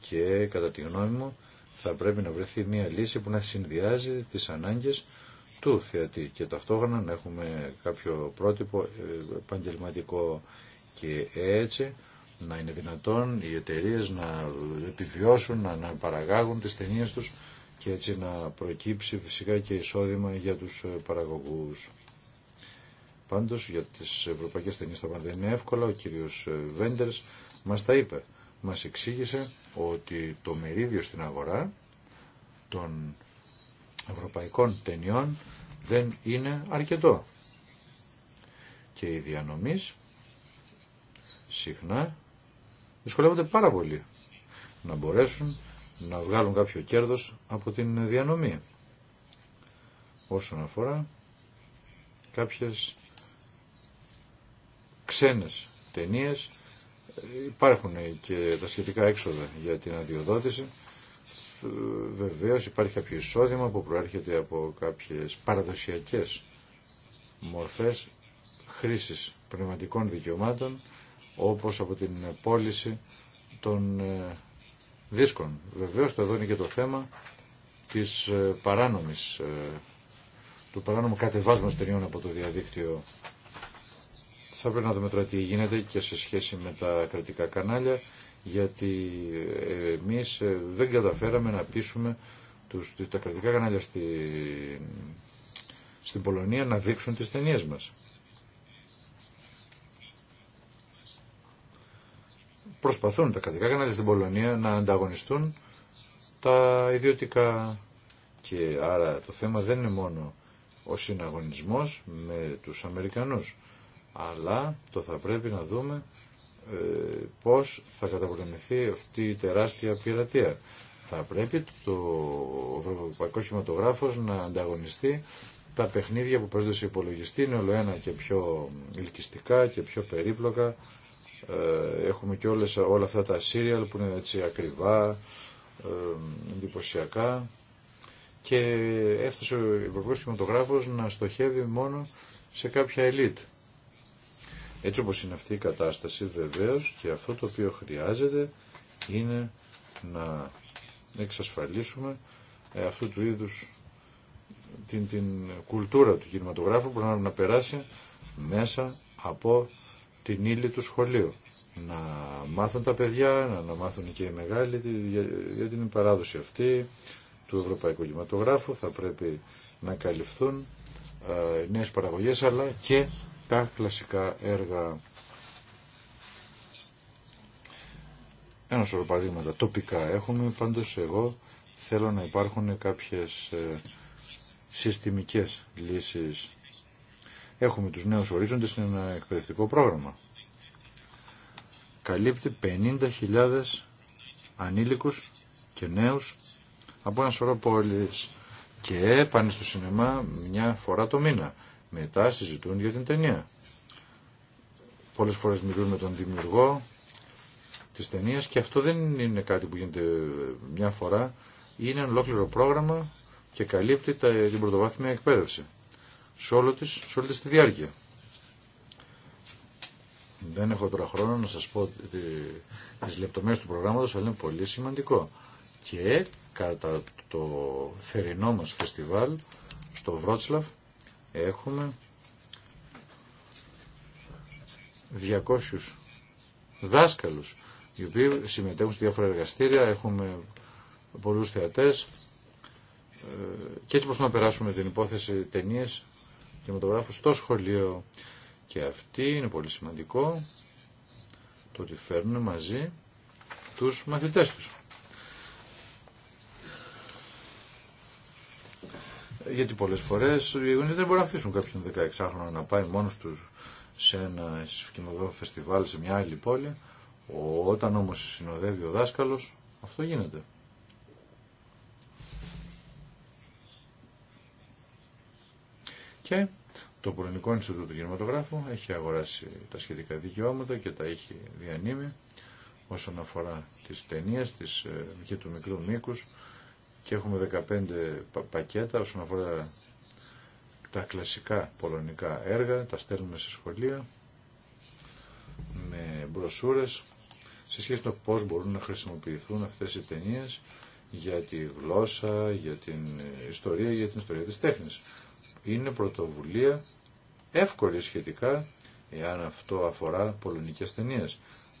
D: και κατά τη γνώμη μου θα πρέπει να βρεθεί μια λύση που να συνδυάζει τις ανάγκες του θεατή και ταυτόχρονα να έχουμε κάποιο πρότυπο ε, επαγγελματικό και έτσι να είναι δυνατόν οι εταιρείε να επιβιώσουν, να, να παραγάγουν τις ταινίε τους και έτσι να προκύψει φυσικά και εισόδημα για τους ε, παραγωγούς. Πάντως για τις ευρωπαϊκές ταινίες θα πάντα είναι εύκολα, ο κύριος ε, Βέντερς μας τα είπε μας εξήγησε ότι το μερίδιο στην αγορά των ευρωπαϊκών ταινιών δεν είναι αρκετό. Και οι διανομής συχνά δυσκολεύονται πάρα πολύ να μπορέσουν να βγάλουν κάποιο κέρδος από την διανομή όσον αφορά κάποιες ξένες ταινίες Υπάρχουν και τα σχετικά έξοδα για την αδειοδότηση. Βεβαίως υπάρχει κάποιο εισόδημα που προέρχεται από κάποιες παραδοσιακές μορφές χρήσης πνευματικών δικαιωμάτων όπως από την πώληση των ε, δίσκων. Βεβαίως το εδώ είναι και το θέμα της ε, παράνομης ε, του παράνομου κατεβάσματος ταινιών από το διαδίκτυο θα πρέπει να δούμε τώρα τι γίνεται και σε σχέση με τα κρατικά κανάλια, γιατί εμείς ε, δεν καταφέραμε να πείσουμε τους, τα κρατικά κανάλια στη, στην Πολωνία να δείξουν τις ταινίες μας. Προσπαθούν τα κρατικά κανάλια στην Πολωνία να ανταγωνιστούν τα ιδιωτικά και άρα το θέμα δεν είναι μόνο ο συναγωνισμός με τους Αμερικανούς αλλά το θα πρέπει να δούμε ε, πώς θα καταπολεμηθεί αυτή η τεράστια πειρατεία. Θα πρέπει το Ευρωπαϊκό Χηματογράφο να ανταγωνιστεί τα παιχνίδια που παίζονται σε υπολογιστή είναι όλο ένα και πιο ελκυστικά και πιο περίπλοκα. Ε, έχουμε και όλες, όλα αυτά τα σύριαλ που είναι έτσι ακριβά, ε, εντυπωσιακά. Και έφτασε ο Ευρωπαϊκό Κινηματογράφος να στοχεύει μόνο σε κάποια Elite. Έτσι όπως είναι αυτή η κατάσταση βεβαίως και αυτό το οποίο χρειάζεται είναι να εξασφαλίσουμε ε, αυτού του είδους την, την κουλτούρα του κινηματογράφου που να, να περάσει μέσα από την ύλη του σχολείου. Να μάθουν τα παιδιά, να, να μάθουν και οι μεγάλοι για, την παράδοση αυτή του ευρωπαϊκού κινηματογράφου. Θα πρέπει να καλυφθούν ε, νέες παραγωγές αλλά και τα κλασικά έργα. Ένα σωρό παραδείγματα τοπικά έχουμε, πάντως εγώ θέλω να υπάρχουν κάποιες ε, συστημικές λύσεις. Έχουμε τους νέους ορίζοντες σε ένα εκπαιδευτικό πρόγραμμα. Καλύπτει 50.000 ανήλικους και νέους από ένα σωρό πόλεις και πάνε στο σινεμά μια φορά το μήνα μετά συζητούν για την ταινία. Πολλές φορές μιλούν με τον δημιουργό της ταινίας και αυτό δεν είναι κάτι που γίνεται μια φορά. Είναι ένα ολόκληρο πρόγραμμα και καλύπτει την πρωτοβάθμια εκπαίδευση σε, όλη της, σε τη διάρκεια. Δεν έχω τώρα χρόνο να σας πω τις λεπτομέρειες του προγράμματος, αλλά είναι πολύ σημαντικό. Και κατά το θερινό μας φεστιβάλ στο Βρότσλαφ έχουμε 200 δάσκαλους οι οποίοι συμμετέχουν σε διάφορα εργαστήρια, έχουμε πολλούς θεατές και έτσι προσπαθούμε να περάσουμε την υπόθεση και μετογράφους στο σχολείο και αυτή είναι πολύ σημαντικό το ότι φέρνουν μαζί τους μαθητές τους. γιατί πολλές φορές οι γονεί δεν μπορούν να αφήσουν κάποιον 16χρονο να πάει μόνος του σε ένα κοινοδό φεστιβάλ σε μια άλλη πόλη. Όταν όμως συνοδεύει ο δάσκαλος, αυτό γίνεται. Και το Πολωνικό Ινστιτούτο του Κινηματογράφου έχει αγοράσει τα σχετικά δικαιώματα και τα έχει διανύμει όσον αφορά τις ταινίες τις, ε, και του μικρού μήκους και έχουμε 15 πακέτα όσον αφορά τα κλασικά πολωνικά έργα, τα στέλνουμε σε σχολεία με μπροσούρες σε σχέση με το πώς μπορούν να χρησιμοποιηθούν αυτές οι ταινίες για τη γλώσσα, για την ιστορία, για την ιστορία της τέχνης. Είναι πρωτοβουλία εύκολη σχετικά, εάν αυτό αφορά πολωνικές ταινίες.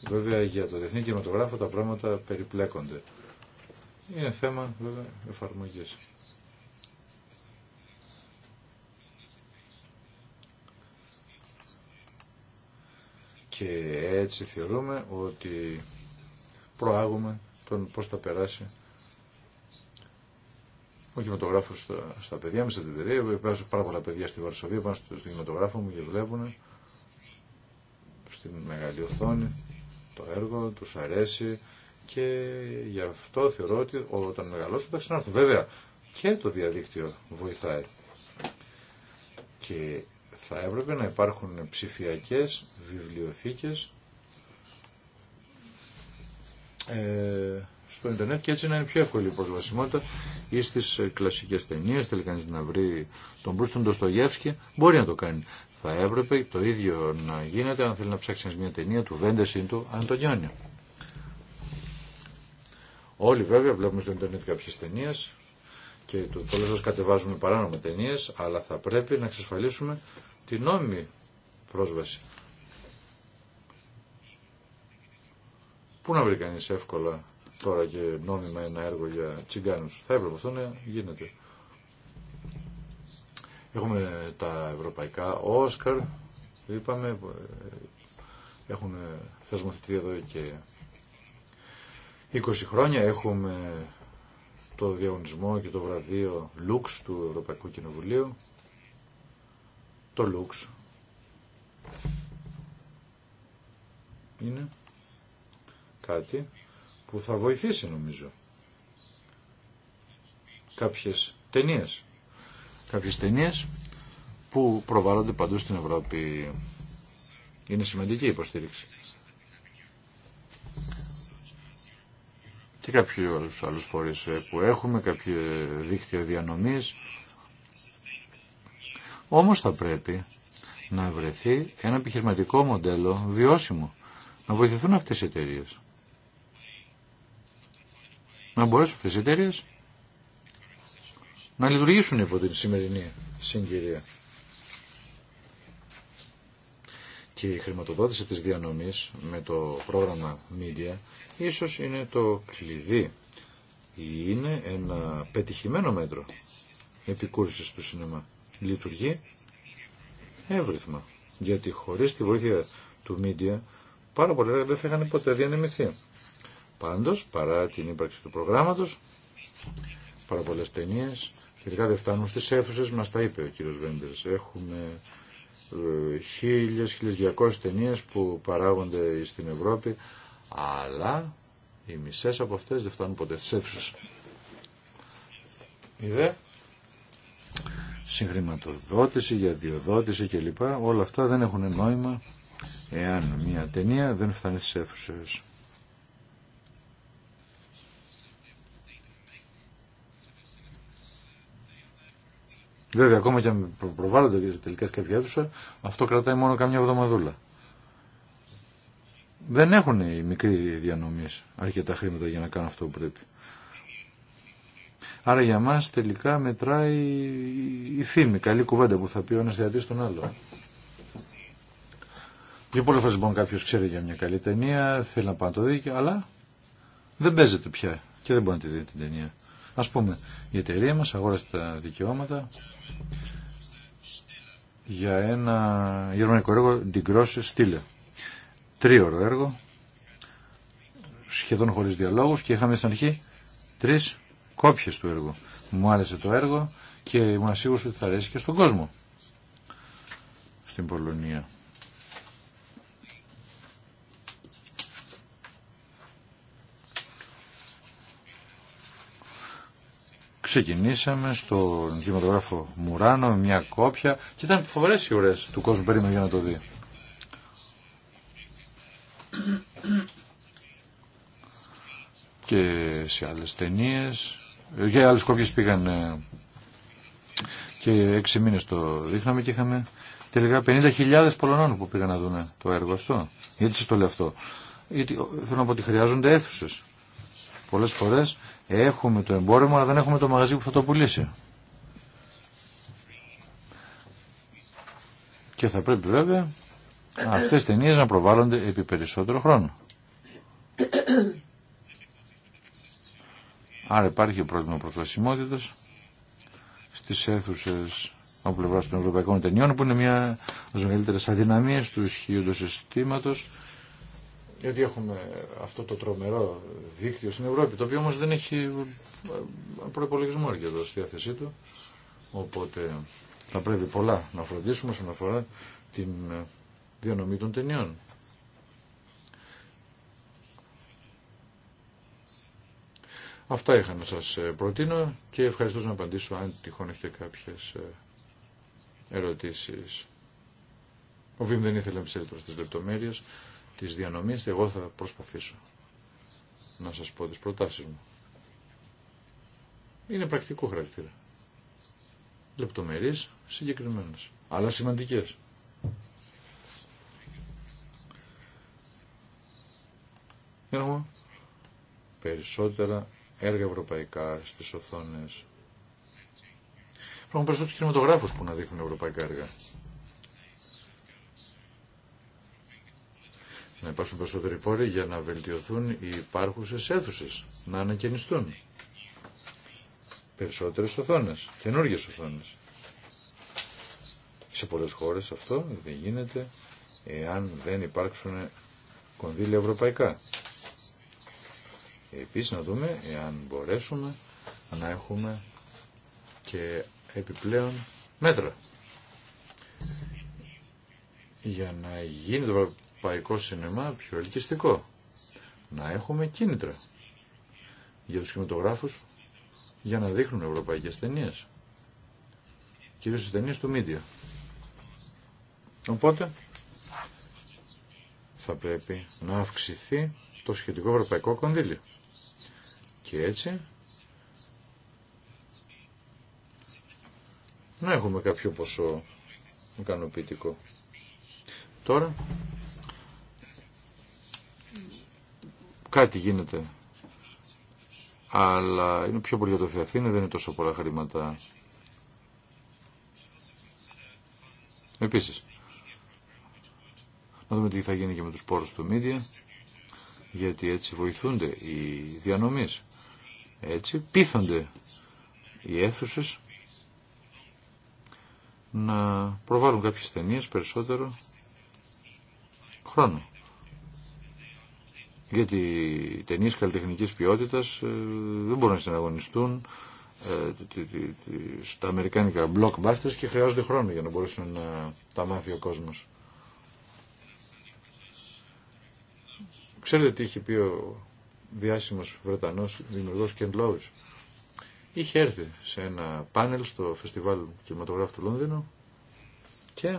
D: Βέβαια για το διεθνή κινηματογράφο τα πράγματα περιπλέκονται. Είναι θέμα βέβαια εφαρμογής. Και έτσι θεωρούμε ότι προάγουμε τον πώς θα περάσει ο κινηματογράφο στα, στα παιδιά μου, στα εταιρεία. Υπάρχουν πάρα πολλά παιδιά στη Βαρσοβία, πάνω στο, στο κινηματογράφο μου και βλέπουν στην μεγάλη οθόνη το έργο, τους αρέσει, και γι' αυτό θεωρώ ότι όταν μεγαλώσουν θα ξανάρθουν. Βέβαια και το διαδίκτυο βοηθάει. Και θα έπρεπε να υπάρχουν ψηφιακές βιβλιοθήκες ε, στο ίντερνετ και έτσι να είναι πιο εύκολη η προσβασιμότητα ή στι κλασικέ ταινίες, θέλει κανεί να βρει τον Μπρούστον Ντοστογεύσκη, μπορεί να το κάνει. Θα έπρεπε το ίδιο να γίνεται αν θέλει να ψάξει μια ταινία του ή του Αντωνιόνιου. Όλοι βέβαια βλέπουμε στο Ιντερνετ κάποιε ταινίε και πολλέ φορέ κατεβάζουμε παράνομα ταινίε, αλλά θα πρέπει να εξασφαλίσουμε την νόμιμη πρόσβαση. Πού να βρει κανεί εύκολα τώρα και νόμιμα ένα έργο για τσιγκάνους. Θα έπρεπε αυτό να γίνεται. Έχουμε τα ευρωπαϊκά Όσκαρ, είπαμε, ε, έχουν θεσμοθετηθεί εδώ και 20 χρόνια έχουμε το διαγωνισμό και το βραβείο Λουξ του Ευρωπαϊκού Κοινοβουλίου. Το Λουξ. Είναι κάτι που θα βοηθήσει νομίζω. Κάποιες ταινίες. Κάποιες ταινίες που προβάλλονται παντού στην Ευρώπη. Είναι σημαντική η υποστήριξη. και κάποιους άλλους φορείς ε, που έχουμε, κάποια δίκτυα διανομής. Όμως θα πρέπει να βρεθεί ένα επιχειρηματικό μοντέλο βιώσιμο, να βοηθηθούν αυτές οι εταιρείε. Να μπορέσουν αυτές οι εταιρείε να λειτουργήσουν υπό την σημερινή συγκυρία. Και η χρηματοδότηση της διανομής με το πρόγραμμα Media ίσως είναι το κλειδί. Είναι ένα πετυχημένο μέτρο επικούρησης του σινεμά. Λειτουργεί εύρυθμα. Γιατί χωρίς τη βοήθεια του μίντια πάρα πολλά δεν θα είχαν ποτέ διανεμηθεί. Πάντως, παρά την ύπαρξη του προγράμματος, πάρα πολλέ ταινίε. Τελικά δεν φτάνουν στις αίθουσε, μας τα είπε ο κύριος Βέντερς. Έχουμε ε, χίλιες, χίλιες ταινίες που παράγονται στην Ευρώπη αλλά οι μισές από αυτές δεν φτάνουν ποτέ στις αίθουσες. Είδε. συγχρηματοδότηση, για κλπ. Όλα αυτά δεν έχουν νόημα εάν μια ταινία δεν φτάνει στις αίθουσες. Βέβαια, ακόμα και αν προβάλλονται τελικά σε κάποια αίθουσα, αυτό κρατάει μόνο καμιά εβδομαδούλα δεν έχουν οι μικροί διανομής αρκετά χρήματα για να κάνουν αυτό που πρέπει. Άρα για μας τελικά μετράει η φήμη, καλή κουβέντα που θα πει ο ένας θεατής τον άλλο. Πιο πολλές φορές λοιπόν κάποιος ξέρει για μια καλή ταινία, θέλει να πάει να το δει, αλλά δεν παίζεται πια και δεν μπορεί να τη δει την ταινία. Ας πούμε, η εταιρεία μας αγόρασε τα δικαιώματα για ένα γερμανικό έργο την Grosse Stille» τρίωρο έργο, σχεδόν χωρίς διαλόγους και είχαμε στην αρχή τρεις κόπιες του έργου. Μου άρεσε το έργο και ήμουν σίγουρος ότι θα αρέσει και στον κόσμο στην Πολωνία. ξεκινήσαμε στον κινηματογράφο Μουράνο, μια κόπια και ήταν φοβερές οι ώρες του κόσμου περίμενε για να το δει και σε άλλες ταινίες για άλλες κόπιες πήγαν ε, και έξι μήνες το δείχναμε και είχαμε τελικά 50.000 Πολωνών που πήγαν να δουν το έργο αυτό. Γιατί σας το λέω αυτό. Γιατί θέλω να πω ότι χρειάζονται αίθουσε. Πολλές φορές έχουμε το εμπόρευμα αλλά δεν έχουμε το μαγαζί που θα το πουλήσει. Και θα πρέπει βέβαια αυτές τις ταινίες να προβάλλονται επί περισσότερο χρόνο. Άρα υπάρχει πρόβλημα προσβασιμότητας στις αίθουσες από πλευρά των ευρωπαϊκών ταινιών που είναι μια από τις μεγαλύτερες αδυναμίες του ισχύοντος συστήματος γιατί έχουμε αυτό το τρομερό δίκτυο στην Ευρώπη το οποίο όμως δεν έχει ε, προπολογισμό αρκετό στη διάθεσή του οπότε θα πρέπει πολλά να φροντίσουμε όσον αφορά την ε, διανομή των ταινιών. Αυτά είχα να σας ε, προτείνω και ευχαριστώ να απαντήσω αν τυχόν έχετε κάποιες ε, ερωτήσεις. Ο Βίμ δεν ήθελε να μιλήσει τώρα στις λεπτομέρειες της διανομής, εγώ θα προσπαθήσω να σας πω τις προτάσεις μου. Είναι πρακτικό χαρακτήρα. Λεπτομερείς, συγκεκριμένες, αλλά σημαντικές. Έχουμε περισσότερα έργα ευρωπαϊκά στις οθόνες. έχουμε περισσότερους κινηματογράφους που να δείχνουν ευρωπαϊκά έργα. Να υπάρξουν περισσότεροι πόροι για να βελτιωθούν οι υπάρχουσες αίθουσες, να ανακαινιστούν. Περισσότερες οθόνες, καινούργιες οθόνες. Σε πολλές χώρες αυτό δεν γίνεται εάν δεν υπάρξουν κονδύλια ευρωπαϊκά. Επίσης να δούμε εάν μπορέσουμε να έχουμε και επιπλέον μέτρα για να γίνει το ευρωπαϊκό σινεμά πιο ελκυστικό. Να έχουμε κίνητρα για τους κινηματογράφους για να δείχνουν ευρωπαϊκές ταινίες. Κυρίως τις ταινίες του Μίντια. Οπότε θα πρέπει να αυξηθεί το σχετικό ευρωπαϊκό κονδύλιο. Και έτσι να έχουμε κάποιο ποσό ικανοποιητικό. Τώρα κάτι γίνεται αλλά είναι πιο πολύ για το Θεαθήνα, δεν είναι τόσο πολλά χρήματα. Επίσης, να δούμε τι θα γίνει και με τους πόρους του Μίδια γιατί έτσι βοηθούνται οι διανομής. Έτσι πείθονται οι αίθουσε να προβάλλουν κάποιες ταινίε περισσότερο χρόνο. Γιατί οι ταινίες καλλιτεχνικής ποιότητας ε, δεν μπορούν να συναγωνιστούν ε, στα αμερικάνικα blockbusters και χρειάζονται χρόνο για να μπορέσουν να τα μάθει ο κόσμος. Ξέρετε τι είχε πει ο διάσημος Βρετανός δημιουργός Κεντ Λόουις. Είχε έρθει σε ένα πάνελ στο φεστιβάλ κινηματογράφου του Λονδίνου και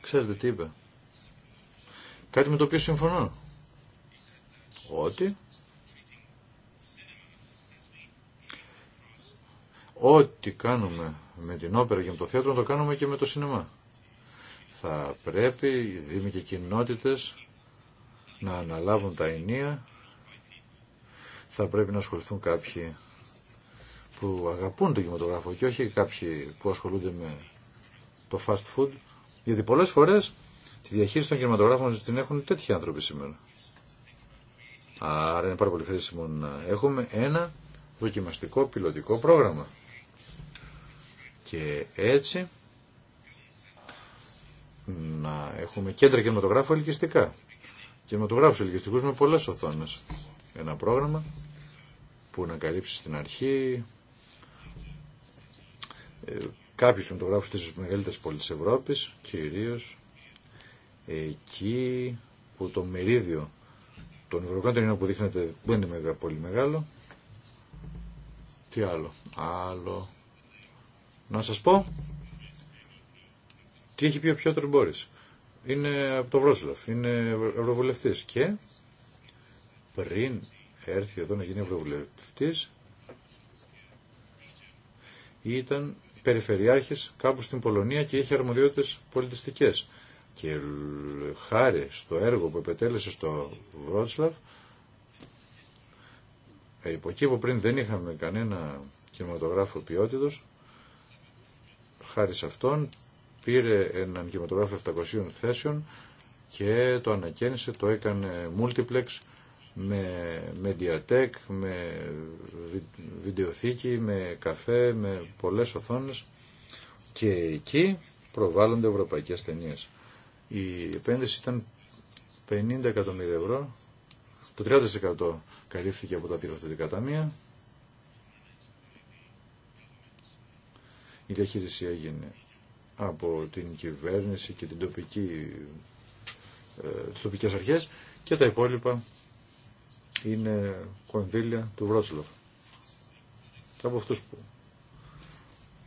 D: ξέρετε τι είπε. Κάτι με το οποίο συμφωνώ. Ότι ό,τι κάνουμε με την όπερα και με το θέατρο, το κάνουμε και με το σινεμά. Θα πρέπει οι δήμοι και οι κοινότητες να αναλάβουν τα ενία θα πρέπει να ασχοληθούν κάποιοι που αγαπούν τον κινηματογράφο και όχι κάποιοι που ασχολούνται με το fast food γιατί πολλές φορές τη διαχείριση των κινηματογράφων την έχουν τέτοιοι άνθρωποι σήμερα. Άρα είναι πάρα πολύ χρήσιμο να έχουμε ένα δοκιμαστικό πιλωτικό πρόγραμμα. Και έτσι να έχουμε κέντρα κινηματογράφου ελκυστικά κινηματογράφου ελκυστικούς με πολλές οθόνες. Ένα πρόγραμμα που να καλύψει στην αρχή ε, κάποιους κινηματογράφους της μεγαλύτερης πόλη τη Ευρώπης, κυρίως εκεί που το μερίδιο των είναι που δείχνεται δεν είναι πολύ μεγάλο. Τι άλλο, άλλο. Να σας πω τι έχει πει ο Πιότρο Μπόρις είναι από το Βρόσλαφ, είναι ευρωβουλευτής και πριν έρθει εδώ να γίνει ευρωβουλευτής ήταν περιφερειάρχης κάπου στην Πολωνία και είχε αρμοδιότητες πολιτιστικές και χάρη στο έργο που επετέλεσε στο ε, υπό εκεί που πριν δεν είχαμε κανένα κινηματογράφο ποιότητος χάρη σε αυτόν πήρε έναν κινηματογράφο 700 θέσεων και το ανακαίνισε, το έκανε multiplex με mediatek, με βιντεοθήκη, με καφέ, με πολλές οθόνες και εκεί προβάλλονται ευρωπαϊκές ταινίες. Η επένδυση ήταν 50 εκατομμύρια ευρώ, το 30% καλύφθηκε από τα διευθυντικά ταμεία, η διαχείριση έγινε από την κυβέρνηση και την τοπική, ε, τοπικές αρχές και τα υπόλοιπα είναι κονδύλια του Βρότσλοφ. Από αυτούς που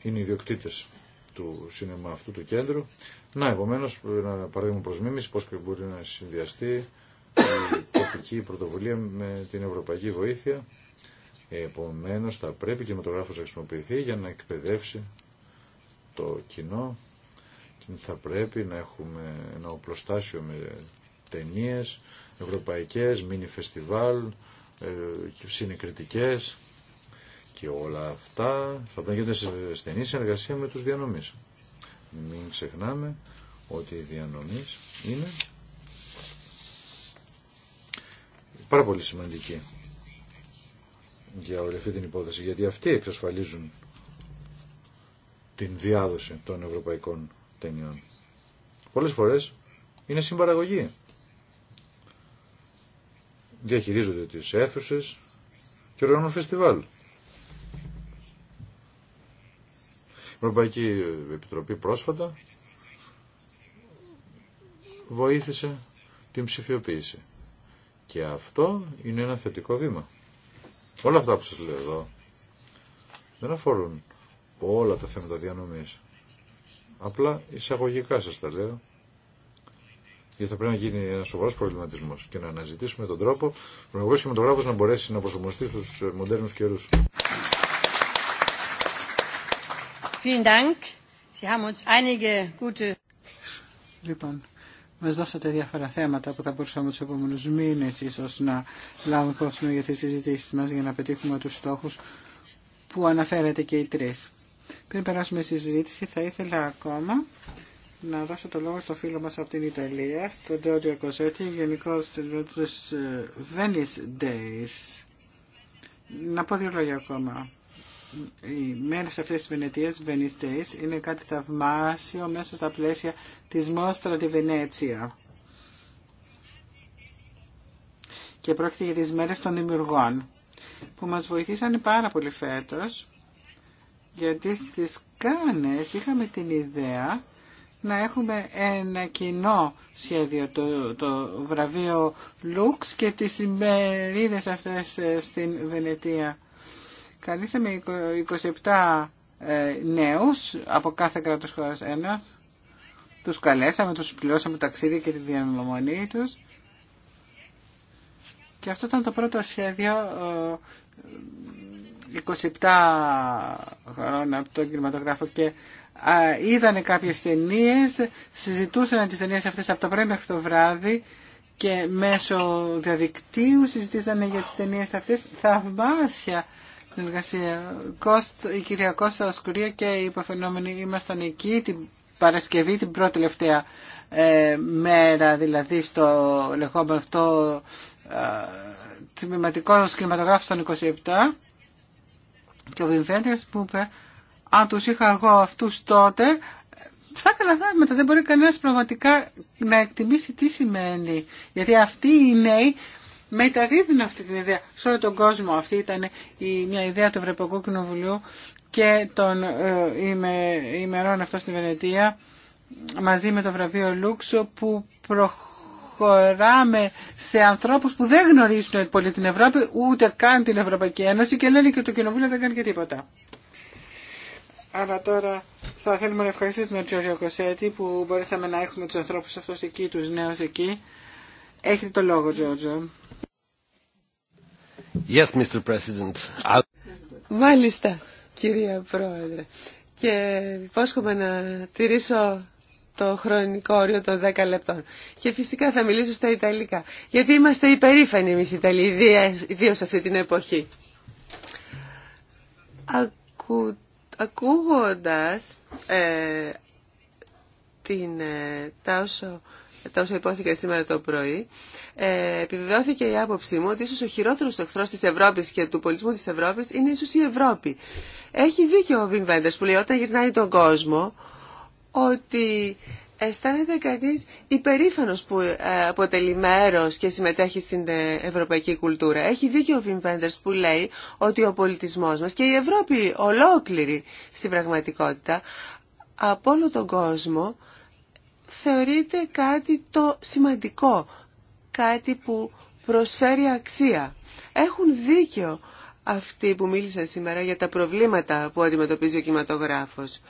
D: είναι ιδιοκτήτες του σινεμά αυτού του κέντρου. Να, επομένως, να παράδειγμα προς μίμηση, πώς μπορεί να συνδυαστεί η τοπική πρωτοβουλία με την ευρωπαϊκή βοήθεια. Επομένως, θα πρέπει και ο να χρησιμοποιηθεί για να εκπαιδεύσει το κοινό και θα πρέπει να έχουμε ένα οπλοστάσιο με ταινίε, ευρωπαϊκές, μίνι φεστιβάλ, ε, συνεκριτικές και όλα αυτά θα πρέπει να σε στενή συνεργασία με τους διανομής. Μην ξεχνάμε ότι οι διανομής είναι πάρα πολύ σημαντικοί για όλη αυτή την υπόθεση, γιατί αυτοί εξασφαλίζουν την διάδοση των ευρωπαϊκών ταινιών. Πολλές φορές είναι συμπαραγωγή. Διαχειρίζονται τις αίθουσε και οργανώνουν φεστιβάλ. Η Ευρωπαϊκή Επιτροπή πρόσφατα βοήθησε την ψηφιοποίηση. Και αυτό είναι ένα θετικό βήμα. Όλα αυτά που σας λέω εδώ δεν αφορούν όλα τα θέματα διανομής. Απλά εισαγωγικά σας τα λέω. Γιατί θα πρέπει να γίνει ένα σοβαρό προβληματισμό και να αναζητήσουμε τον τρόπο ο Ευρωπαϊκό Κινηματογράφο να μπορέσει να προσαρμοστεί στου μοντέρνου καιρού.
B: Λοιπόν, μα δώσατε διάφορα θέματα που θα μπορούσαμε του επόμενου μήνε ίσω να λάβουμε υπόψη για τι συζητήσει μα για να πετύχουμε του στόχου που αναφέρατε και οι τρει. Πριν περάσουμε στη συζήτηση, θα ήθελα ακόμα να δώσω το λόγο στο φίλο μας από την Ιταλία, στον Τέοντιο Κοσέτη, γενικό στους ε, Venice Days. Να πω δύο λόγια ακόμα. Οι μέρες αυτές της Βενετίας, Venice Days, είναι κάτι θαυμάσιο μέσα στα πλαίσια της Μόστρα τη Βενέτσια. Και πρόκειται για τις μέρες των δημιουργών, που μας βοηθήσαν πάρα πολύ φέτος γιατί στις Κάνες είχαμε την ιδέα να έχουμε ένα κοινό σχέδιο, το, το βραβείο Λουξ και τις ημερίδες αυτές ε, στην Βενετία. Καλήσαμε 27 ε, νέους από κάθε κράτος χώρας ένα. Τους καλέσαμε, τους πληρώσαμε ταξίδι και τη διαμονή τους. Και αυτό ήταν το πρώτο σχέδιο ε, 27 χρόνια από τον κινηματογράφο και είδανε κάποιες ταινίε, συζητούσαν τις ταινίε αυτές από το πρωί μέχρι το βράδυ και μέσω διαδικτύου συζητήσαν για τις ταινίε αυτές θαυμάσια συνεργασία. η κυρία Κώστα Οσκουρία και οι υποφαινόμενοι ήμασταν εκεί την Παρασκευή, την πρώτη τελευταία ε, μέρα, δηλαδή στο λεγόμενο αυτό ε, τμηματικό κινηματογράφο των 27 και ο Βιμβέντερς που είπε αν τους είχα εγώ αυτούς τότε θα έκανα θαύματα. Δεν μπορεί κανένας πραγματικά να εκτιμήσει τι σημαίνει. Γιατί αυτοί οι νέοι μεταδίδουν αυτή την ιδέα σε όλο τον κόσμο. Αυτή ήταν η, μια ιδέα του Ευρωπαϊκού Κοινοβουλίου και των ε, ημερών αυτών στη Βενετία μαζί με το βραβείο Λούξο που προχωρήσε κοράμε σε ανθρώπους που δεν γνωρίζουν πολύ την Ευρώπη, ούτε καν την Ευρωπαϊκή Ένωση και λένε και το Κοινοβούλιο δεν κάνει και τίποτα. Αλλά τώρα θα θέλουμε να ευχαριστήσουμε τον Τζόρια Κοσέτη που μπορέσαμε να έχουμε τους ανθρώπους αυτούς εκεί, τους νέους εκεί. Έχετε το λόγο, Τζόρια.
D: Yes, Mr. President.
C: Μάλιστα, κυρία Πρόεδρε. Και υπόσχομαι να τηρήσω το χρονικό όριο των 10 λεπτών. Και φυσικά θα μιλήσω στα Ιταλικά. Γιατί είμαστε υπερήφανοι εμεί οι Ιταλοί, ιδίω σε αυτή την εποχή. Ακου, ακούγοντας ε, ε τα, όσο, τα όσα υπόθηκαν σήμερα το πρωί, ε, επιβεβαιώθηκε η άποψή μου ότι ίσως ο χειρότερος εχθρό της Ευρώπης και του πολιτισμού της Ευρώπης είναι ίσω η Ευρώπη. Έχει δίκιο ο Βιμβέντερ που λέει όταν γυρνάει τον κόσμο, ότι αισθάνεται κανείς υπερήφανος που ε, αποτελεί μέρος και συμμετέχει στην ε, ευρωπαϊκή κουλτούρα. Έχει δίκιο ο που λέει ότι ο πολιτισμός μας και η Ευρώπη ολόκληρη στην πραγματικότητα από όλο τον κόσμο θεωρείται κάτι το σημαντικό, κάτι που προσφέρει αξία. Έχουν δίκιο αυτοί που μίλησαν σήμερα για τα προβλήματα που αντιμετωπίζει ο κινηματογράφος.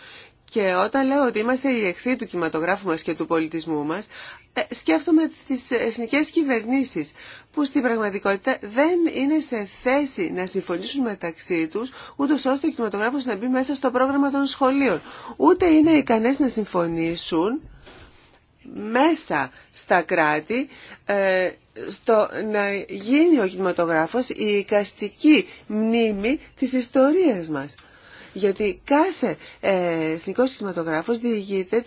C: Και όταν λέω ότι είμαστε οι εχθροί του κινηματογράφου μας και του πολιτισμού μας, ε, σκέφτομαι τις εθνικές κυβερνήσεις που στην πραγματικότητα δεν είναι σε θέση να συμφωνήσουν μεταξύ τους ούτω ώστε ο κινηματογράφος να μπει μέσα στο πρόγραμμα των σχολείων. Ούτε είναι ικανές να συμφωνήσουν μέσα στα κράτη ε, στο να γίνει ο κινηματογράφος η οικαστική μνήμη της ιστορίας μας γιατί κάθε ε, εθνικός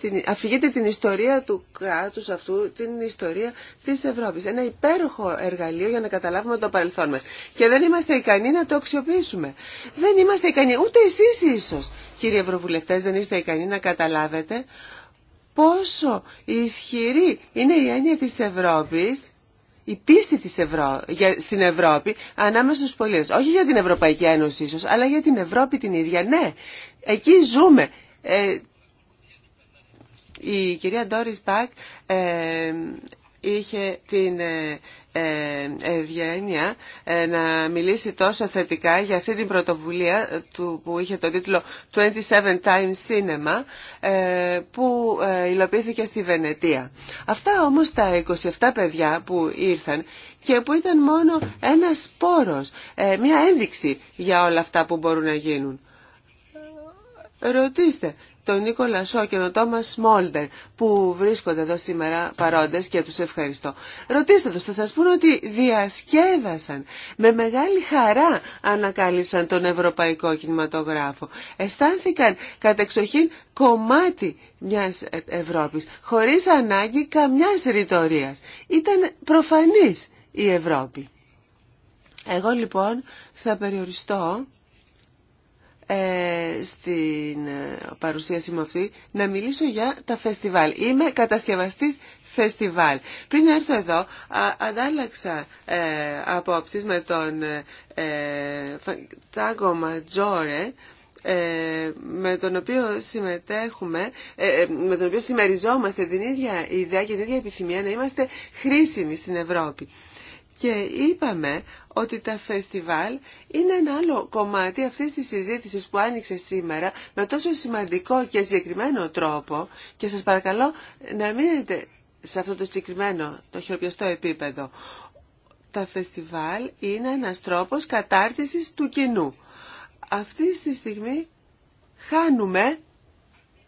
C: την, αφηγείται την ιστορία του κράτους αυτού, την ιστορία της Ευρώπης. Ένα υπέροχο εργαλείο για να καταλάβουμε το παρελθόν μας. Και δεν είμαστε ικανοί να το αξιοποιήσουμε. Δεν είμαστε ικανοί, ούτε εσείς ίσως, κύριε Ευρωβουλευτές, δεν είστε ικανοί να καταλάβετε πόσο ισχυρή είναι η έννοια της Ευρώπης η πίστη της για... στην Ευρώπη ανάμεσα στους πολίτες. Όχι για την Ευρωπαϊκή Ένωση ίσως, αλλά για την Ευρώπη την ίδια. Ναι, εκεί ζούμε. Ε, η κυρία Ντόρις Μπακ ε, είχε την ε, ε, ευγένεια ε, να μιλήσει τόσο θετικά για αυτή την πρωτοβουλία του, που είχε το τίτλο 27 Times Cinema που υλοποιήθηκε στη Βενετία. Αυτά όμως τα 27 παιδιά που ήρθαν και που ήταν μόνο ένα σπόρος, μια ένδειξη για όλα αυτά που μπορούν να γίνουν. Ρωτήστε, τον Νίκολα Σό και τον Τόμα Σμόλτερ που βρίσκονται εδώ σήμερα παρόντες και τους ευχαριστώ. Ρωτήστε τους, θα σα πούνε ότι διασκέδασαν. Με μεγάλη χαρά ανακάλυψαν τον Ευρωπαϊκό Κινηματογράφο. Αισθάνθηκαν κατεξοχήν κομμάτι μιας ε- Ευρώπης, χωρίς ανάγκη καμιά ρητορίας. Ήταν προφανή η Ευρώπη. Εγώ λοιπόν θα περιοριστώ ε, στην ε, παρουσίαση μου αυτή να μιλήσω για τα φεστιβάλ. Είμαι κατασκευαστής φεστιβάλ. Πριν έρθω εδώ α, αντάλλαξα ε, απόψεις με τον ε, ε Τσάγκο Ματζόρε με τον οποίο συμμετέχουμε, με τον οποίο συμμεριζόμαστε την ίδια ιδέα και την ίδια επιθυμία να είμαστε χρήσιμοι στην Ευρώπη και είπαμε ότι τα φεστιβάλ είναι ένα άλλο κομμάτι αυτής της συζήτησης που άνοιξε σήμερα με τόσο σημαντικό και συγκεκριμένο τρόπο και σας παρακαλώ να μείνετε σε αυτό το συγκεκριμένο, το χειροπιαστό επίπεδο. Τα φεστιβάλ είναι ένας τρόπος κατάρτισης του κοινού. Αυτή τη στιγμή χάνουμε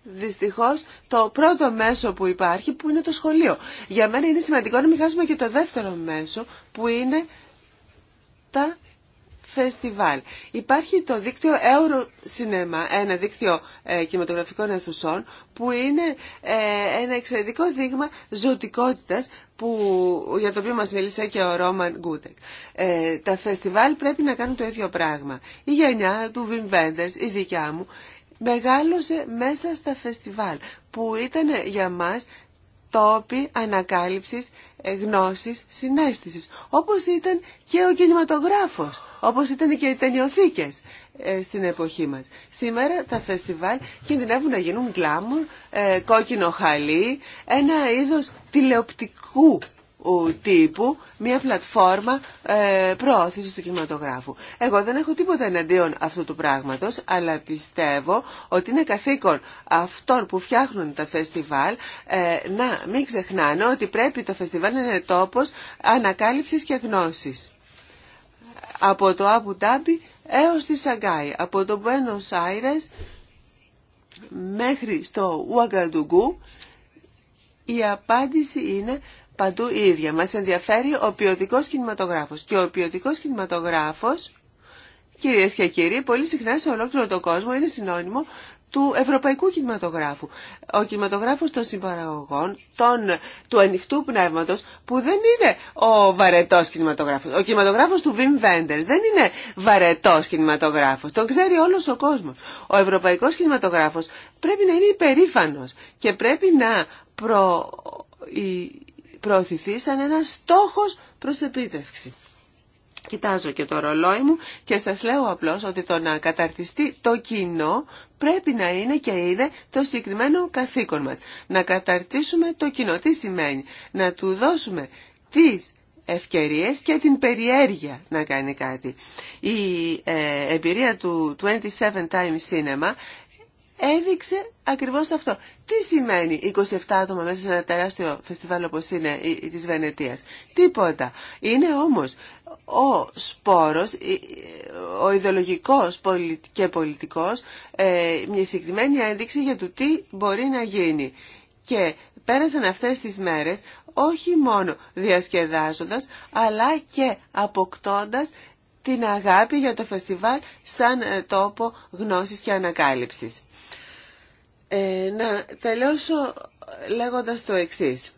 C: δυστυχώς το πρώτο μέσο που υπάρχει που είναι το σχολείο. Για μένα είναι σημαντικό να μην χάσουμε και το δεύτερο μέσο που είναι τα φεστιβάλ. Υπάρχει το δίκτυο Euro ένα δίκτυο ε, κινηματογραφικών αιθουσών που είναι ε, ένα εξαιρετικό δείγμα ζωτικότητας που, για το οποίο μας μίλησε και ο Ρόμαν Γκούτεκ. Ε, τα φεστιβάλ πρέπει να κάνουν το ίδιο πράγμα. Η γενιά του Βιν η δικιά μου, μεγάλωσε μέσα στα φεστιβάλ που ήταν για μας τόποι ανακάλυψης ε, γνώσης συνέστησης όπως ήταν και ο κινηματογράφος όπως ήταν και οι ταινιοθήκες ε, στην εποχή μας. Σήμερα τα φεστιβάλ κινδυνεύουν να γίνουν γκλάμουρ, ε, κόκκινο χαλί, ένα είδος τηλεοπτικού τύπου μια πλατφόρμα ε, του κινηματογράφου. Εγώ δεν έχω τίποτα εναντίον αυτού του πράγματος, αλλά πιστεύω ότι είναι καθήκον αυτών που φτιάχνουν τα φεστιβάλ ε, να μην ξεχνάνε ότι πρέπει το φεστιβάλ να είναι τόπος ανακάλυψης και γνώσης. Από το Αμπου Τάμπι έως τη Σαγκάη, από το Μπένος Άιρες μέχρι στο Ουαγκαντουγκού, η απάντηση είναι παντού η ίδια. Μας ενδιαφέρει ο ποιοτικό κινηματογράφος. Και ο ποιοτικό κινηματογράφος, κυρίες και κύριοι, πολύ συχνά σε ολόκληρο τον κόσμο είναι συνώνυμο του ευρωπαϊκού κινηματογράφου. Ο κινηματογράφος των συμπαραγωγών, του ανοιχτού πνεύματος, που δεν είναι ο βαρετός κινηματογράφος. Ο κινηματογράφος του Wim Wenders δεν είναι βαρετός κινηματογράφος. Τον ξέρει όλος ο κόσμος. Ο ευρωπαϊκός κινηματογράφος πρέπει να είναι υπερήφανος και πρέπει να προ προωθηθεί σαν ένα στόχος προς επίτευξη. Κοιτάζω και το ρολόι μου και σας λέω απλώς ότι το να καταρτιστεί το κοινό πρέπει να είναι και είναι το συγκεκριμένο καθήκον μας. Να καταρτήσουμε το κοινό. Τι σημαίνει να του δώσουμε τις ευκαιρίες και την περιέργεια να κάνει κάτι. Η ε, εμπειρία του 27 Times Cinema έδειξε ακριβώς αυτό. Τι σημαίνει 27 άτομα μέσα σε ένα τεράστιο φεστιβάλ όπως είναι η της Βενετίας. Τίποτα. Είναι όμως ο σπόρος, ο ιδεολογικός και πολιτικός, ε, μια συγκεκριμένη ένδειξη για το τι μπορεί να γίνει. Και πέρασαν αυτές τις μέρες όχι μόνο διασκεδάζοντας, αλλά και αποκτώντας την αγάπη για το φεστιβάλ σαν ε, τόπο γνώσης και ανακάλυψης. Ε, να τελειώσω λέγοντας το εξής.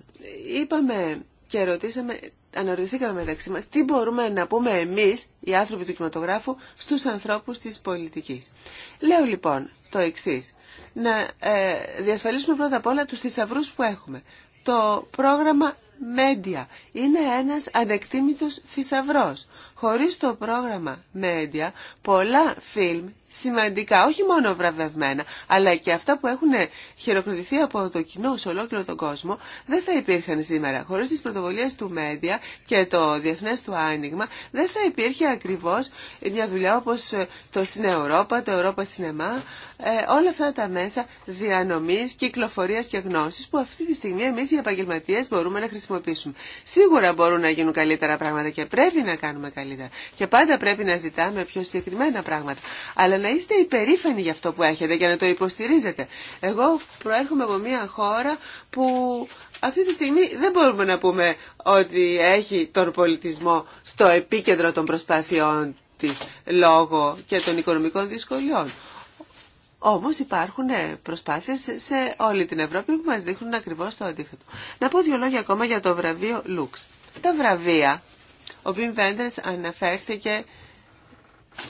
C: Είπαμε και ρωτήσαμε, αναρωτηθήκαμε μεταξύ μας, τι μπορούμε να πούμε εμείς, οι άνθρωποι του κινηματογράφου, στους ανθρώπους της πολιτικής. Λέω λοιπόν το εξής. Να ε, διασφαλίσουμε πρώτα απ' όλα τους θησαυρού που έχουμε. Το πρόγραμμα Media είναι ένας ανεκτήμητος θησαυρό. Χωρίς το πρόγραμμα Media, πολλά φιλμ σημαντικά, όχι μόνο βραβευμένα, αλλά και αυτά που έχουν χειροκροτηθεί από το κοινό σε ολόκληρο τον κόσμο, δεν θα υπήρχαν σήμερα. Χωρίς τις πρωτοβολίες του Media και το διεθνές του άνοιγμα, δεν θα υπήρχε ακριβώς μια δουλειά όπως το Europa, το Ευρώπα Σινεμά, ε, όλα αυτά τα μέσα διανομής, κυκλοφορίας και γνώσης που αυτή τη στιγμή εμείς οι επαγγελματίες μπορούμε να χρησιμοποιήσουμε. Σίγουρα μπορούν να γίνουν καλύτερα πράγματα και πρέπει να κάνουμε καλύτερα και πάντα πρέπει να ζητάμε πιο συγκεκριμένα πράγματα. Αλλά να είστε υπερήφανοι για αυτό που έχετε και να το υποστηρίζετε. Εγώ προέρχομαι από μια χώρα που αυτή τη στιγμή δεν μπορούμε να πούμε ότι έχει τον πολιτισμό στο επίκεντρο των προσπάθειών της λόγω και των οικονομικών δυσκολιών. Όμως υπάρχουν ε, προσπάθειες σε όλη την Ευρώπη που μας δείχνουν ακριβώς το αντίθετο. Να πω δύο λόγια ακόμα για το βραβείο Λουξ. Τα βραβεία ο Βιμ Βέντερς αναφέρθηκε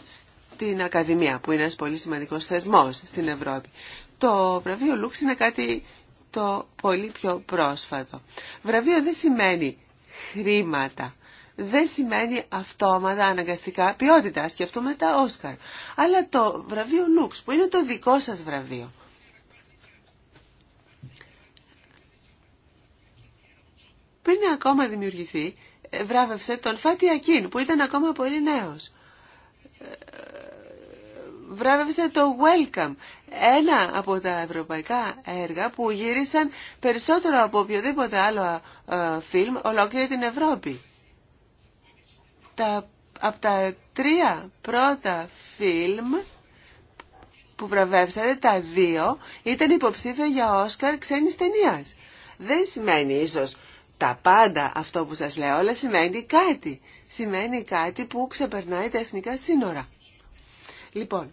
C: στην Ακαδημία, που είναι ένας πολύ σημαντικός θεσμός στην Ευρώπη. Το βραβείο Λούξ είναι κάτι το πολύ πιο πρόσφατο. Βραβείο δεν σημαίνει χρήματα. Δεν σημαίνει αυτόματα αναγκαστικά ποιότητα. Σκεφτούμε τα Όσκαρ. Αλλά το βραβείο Λούξ, που είναι το δικό σας βραβείο, πριν ακόμα δημιουργηθεί, βράβευσε τον Φάτι Ακίν που ήταν ακόμα πολύ νέος. Βράβευσε το Welcome, ένα από τα ευρωπαϊκά έργα που γύρισαν περισσότερο από οποιοδήποτε άλλο ε, φιλμ ολόκληρη την Ευρώπη. Τα, από τα τρία πρώτα φιλμ που βραβεύσατε, τα δύο ήταν υποψήφια για Όσκαρ ξένης ταινίας. Δεν σημαίνει ίσως τα πάντα αυτό που σας λέω, όλα σημαίνει κάτι. Σημαίνει κάτι που ξεπερνάει τα εθνικά σύνορα. Λοιπόν,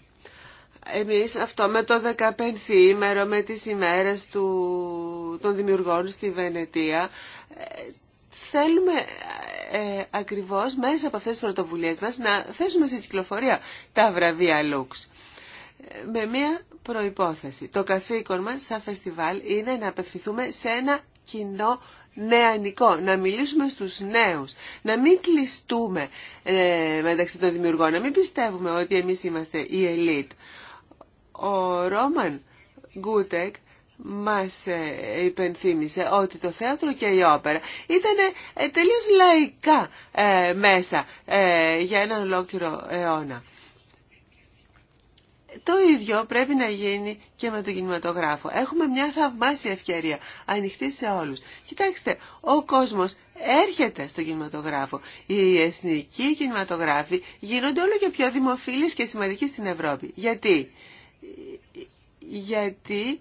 C: εμείς αυτό με το 15η ημέρο, με τις ημέρες του, των δημιουργών στη Βενετία, ε, θέλουμε ε, ακριβώς μέσα από αυτές τις πρωτοβουλίες μας να θέσουμε σε κυκλοφορία τα βραβεία Lux. Με μία προϋπόθεση. Το καθήκον μας σαν φεστιβάλ είναι να απευθυνθούμε σε ένα κοινό νεανικό, να μιλήσουμε στους νέους, να μην κλειστούμε ε, μεταξύ των δημιουργών, να μην πιστεύουμε ότι εμείς είμαστε η ελίτ. Ο Ρόμαν Γκούτεκ μας ε, υπενθύμησε ότι το θέατρο και η όπερα ήταν ε, τελείως λαϊκά ε, μέσα για έναν ολόκληρο αιώνα το ίδιο πρέπει να γίνει και με τον κινηματογράφο. Έχουμε μια θαυμάσια ευκαιρία, ανοιχτή σε όλους. Κοιτάξτε, ο κόσμος έρχεται στον κινηματογράφο. Οι εθνικοί κινηματογράφοι γίνονται όλο και πιο δημοφιλείς και σημαντικοί στην Ευρώπη. Γιατί? Γιατί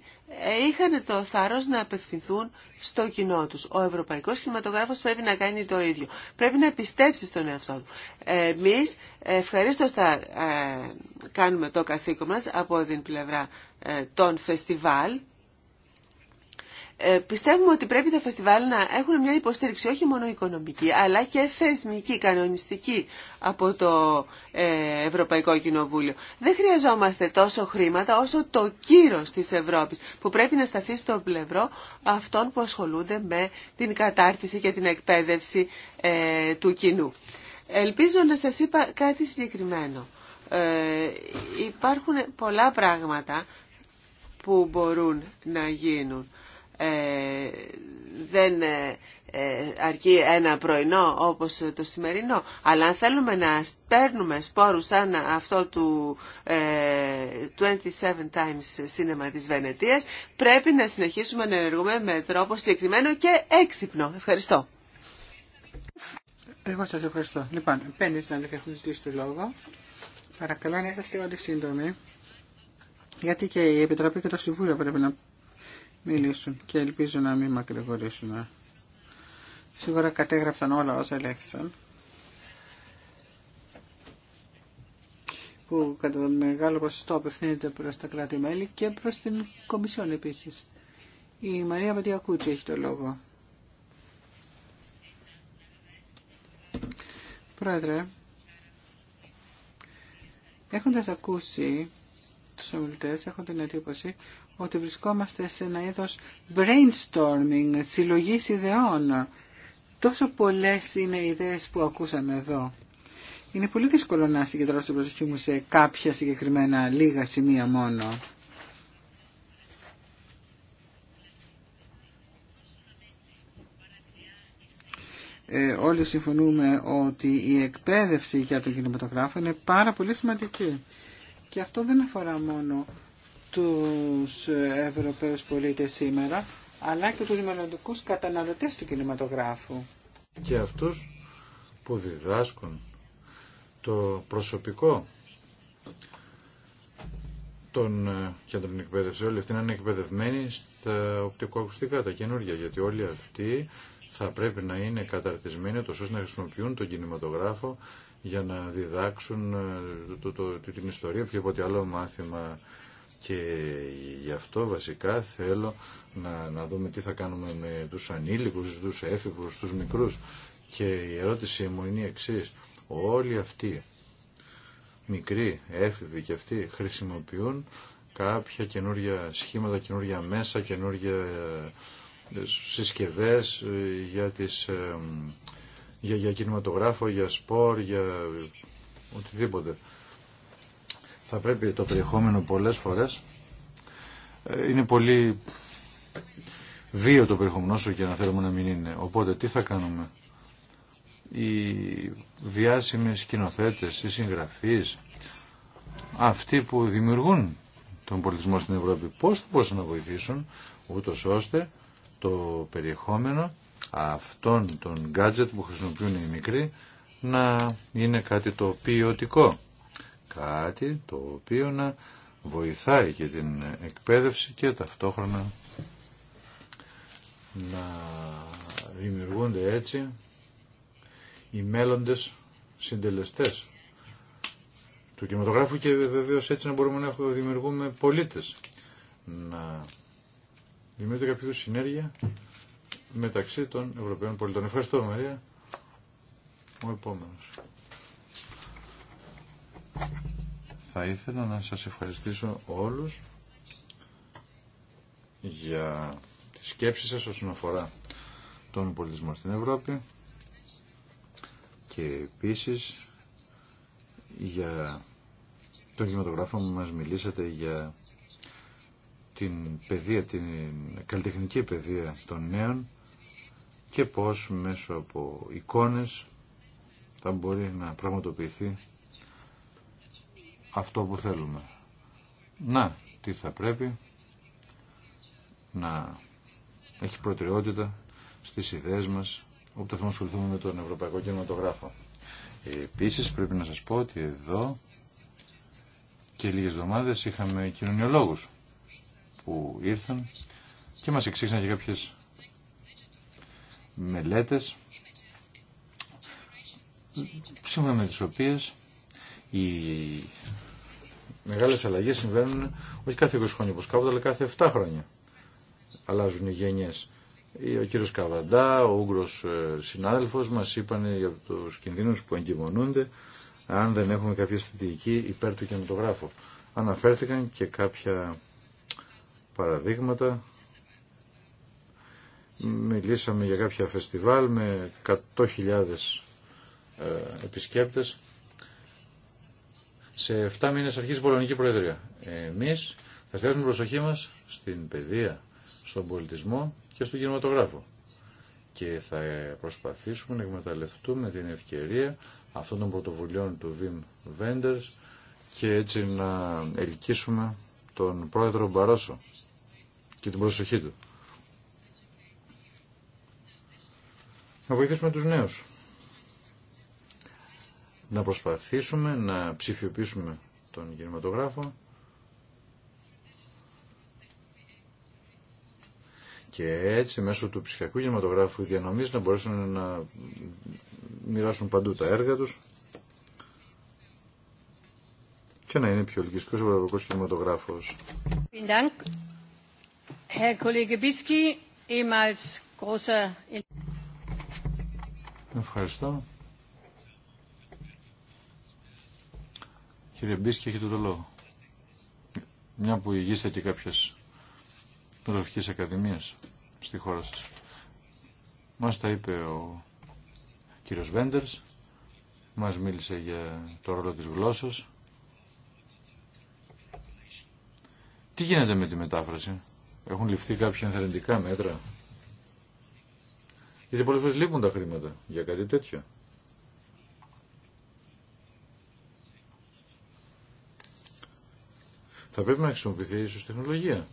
C: είχαν το θάρρος να απευθυνθούν στο κοινό τους. Ο ευρωπαϊκός κινηματογράφος πρέπει να κάνει το ίδιο. Πρέπει να πιστέψει στον εαυτό του. Εμείς ευχαρίστως θα ε, κάνουμε το καθήκον μας από την πλευρά ε, των φεστιβάλ ε, πιστεύουμε ότι πρέπει τα φεστιβάλ να έχουν μια υποστήριξη όχι μόνο οικονομική αλλά και θεσμική, κανονιστική από το ε, Ευρωπαϊκό Κοινοβούλιο. Δεν χρειαζόμαστε τόσο χρήματα όσο το κύρος της Ευρώπης που πρέπει να σταθεί στο πλευρό αυτών που ασχολούνται με την κατάρτιση και την εκπαίδευση ε, του κοινού. Ελπίζω να σας είπα κάτι συγκεκριμένο. Ε, υπάρχουν πολλά πράγματα που μπορούν να γίνουν. Ε, δεν ε, ε, αρκεί ένα πρωινό όπως το σημερινό. Αλλά αν θέλουμε να παίρνουμε σπόρους σαν αυτό του 27 Times Cinema της Βενετίας, πρέπει να συνεχίσουμε να ενεργούμε με τρόπο συγκεκριμένο και έξυπνο. Ευχαριστώ.
B: Εγώ σας ευχαριστώ. Λοιπόν, πέντε συνάδελφοι έχουν ζητήσει το λόγο. Παρακαλώ να είστε όλοι σύντομοι. Γιατί και η Επιτροπή και το Συμβούλιο πρέπει να μιλήσουν και ελπίζω να μην μακρηγορήσουν. Σίγουρα κατέγραψαν όλα όσα ελέγχθησαν. που κατά μεγάλο ποσοστό απευθύνεται προ τα κράτη-μέλη και προ την Κομισιόν επίση. Η Μαρία Πατιακούτση έχει το λόγο. Πρόεδρε, Έχοντα ακούσει του ομιλητέ έχω την εντύπωση ότι βρισκόμαστε σε ένα είδος brainstorming, συλλογής ιδεών. Τόσο πολλές είναι οι ιδέες που ακούσαμε εδώ. Είναι πολύ δύσκολο να συγκεντρώσω την προσοχή μου σε κάποια συγκεκριμένα λίγα σημεία μόνο. Ε, όλοι συμφωνούμε ότι η εκπαίδευση για τον κινηματογράφο είναι πάρα πολύ σημαντική. Και αυτό δεν αφορά μόνο τους Ευρωπαίους πολίτες σήμερα, αλλά και τους μελλοντικούς καταναλωτές του κινηματογράφου.
D: Και αυτούς που διδάσκουν το προσωπικό των κέντρων ε, εκπαίδευση. Όλοι αυτοί να είναι εκπαιδευμένοι στα οπτικοακουστικά, τα καινούργια, γιατί όλοι αυτοί θα πρέπει να είναι καταρτισμένοι τόσο να χρησιμοποιούν τον κινηματογράφο για να διδάξουν ε, το, το, την ιστορία, οποιοδήποτε άλλο μάθημα και γι' αυτό βασικά θέλω να, να δούμε τι θα κάνουμε με τους ανήλικους, τους έφηβους, τους μικρούς και η ερώτησή μου είναι η εξής όλοι αυτοί μικροί έφηβοι και αυτοί χρησιμοποιούν κάποια καινούργια σχήματα, καινούργια μέσα, καινούργια ε, συσκευές ε, για, τις, ε, για, για κινηματογράφο, για σπορ, για οτιδήποτε θα πρέπει το περιεχόμενο πολλές φορές ε, είναι πολύ βίο το περιεχόμενο σου και να θέλουμε να μην είναι. Οπότε τι θα κάνουμε. Οι διάσημοι σκηνοθέτε οι συγγραφείς, αυτοί που δημιουργούν τον πολιτισμό στην Ευρώπη, πώς θα μπορούσαν να βοηθήσουν ούτως ώστε το περιεχόμενο αυτών των gadget που χρησιμοποιούν οι μικροί να είναι κάτι το ποιοτικό κάτι το οποίο να βοηθάει και την εκπαίδευση και ταυτόχρονα να δημιουργούνται έτσι οι μέλλοντες συντελεστές του κινηματογράφου και βεβαίως έτσι να μπορούμε να δημιουργούμε πολίτες να δημιουργούνται κάποιο συνέργεια μεταξύ των Ευρωπαίων πολιτών. Ευχαριστώ Μαρία. Ο επόμενος. Θα ήθελα να σας ευχαριστήσω όλους για τις σκέψεις σας όσον αφορά τον πολιτισμό στην Ευρώπη και επίσης για τον κινηματογράφο που μας μιλήσατε για την παιδεία, την καλλιτεχνική παιδεία των νέων και πώς μέσω από εικόνες θα μπορεί να πραγματοποιηθεί αυτό που θέλουμε. Να, τι θα πρέπει να έχει προτεραιότητα στις ιδέες μας όπου θα ασχοληθούμε με τον Ευρωπαϊκό Κινηματογράφο. Επίσης πρέπει να σας πω ότι εδώ και λίγες εβδομάδες είχαμε κοινωνιολόγους που ήρθαν και μας εξήγησαν και κάποιες μελέτες σύμφωνα με τις οποίες η μεγάλες αλλαγέ συμβαίνουν όχι κάθε 20 χρόνια όπω κάποτε, αλλά κάθε 7 χρόνια. Αλλάζουν οι γενιέ. Ο κύριο Καβαντά, ο ούγρος ε, συνάδελφο μας είπαν για τους κινδύνους που εγκυμονούνται αν δεν έχουμε κάποια αισθητική υπέρ του κινηματογράφου. Αναφέρθηκαν και κάποια παραδείγματα. Μιλήσαμε για κάποια φεστιβάλ με 100.000 ε, επισκέπτες σε 7 μήνες αρχίζει η Πολωνική Προεδρία. Εμείς θα την προσοχή μας στην παιδεία, στον πολιτισμό και στον κινηματογράφο. Και θα προσπαθήσουμε να εκμεταλλευτούμε την ευκαιρία αυτών των πρωτοβουλειών του Βιμ Βέντερς και έτσι να ελκύσουμε τον πρόεδρο Μπαρόσο και την προσοχή του. Να βοηθήσουμε τους νέους να προσπαθήσουμε να ψηφιοποιήσουμε τον κινηματογράφο και έτσι μέσω του ψηφιακού κινηματογράφου οι διανομής να μπορέσουν να μοιράσουν παντού τα έργα τους και να είναι πιο ελκυστικός ο ευρωπαϊκός κινηματογράφος. Ευχαριστώ. Κύριε Μπίσκη, έχετε το λόγο. Μια που ηγείστε και κάποιες Ροφικής ακαδημίες στη χώρα σας. Μας τα είπε ο κύριος Βέντερς, μας μίλησε για το ρόλο της γλώσσας. Τι γίνεται με τη μετάφραση, έχουν ληφθεί κάποια ενθαρρυντικά μέτρα. Γιατί πολλοί φορές λείπουν τα χρήματα για κάτι τέτοιο. θα πρέπει να χρησιμοποιηθεί ίσω τεχνολογία.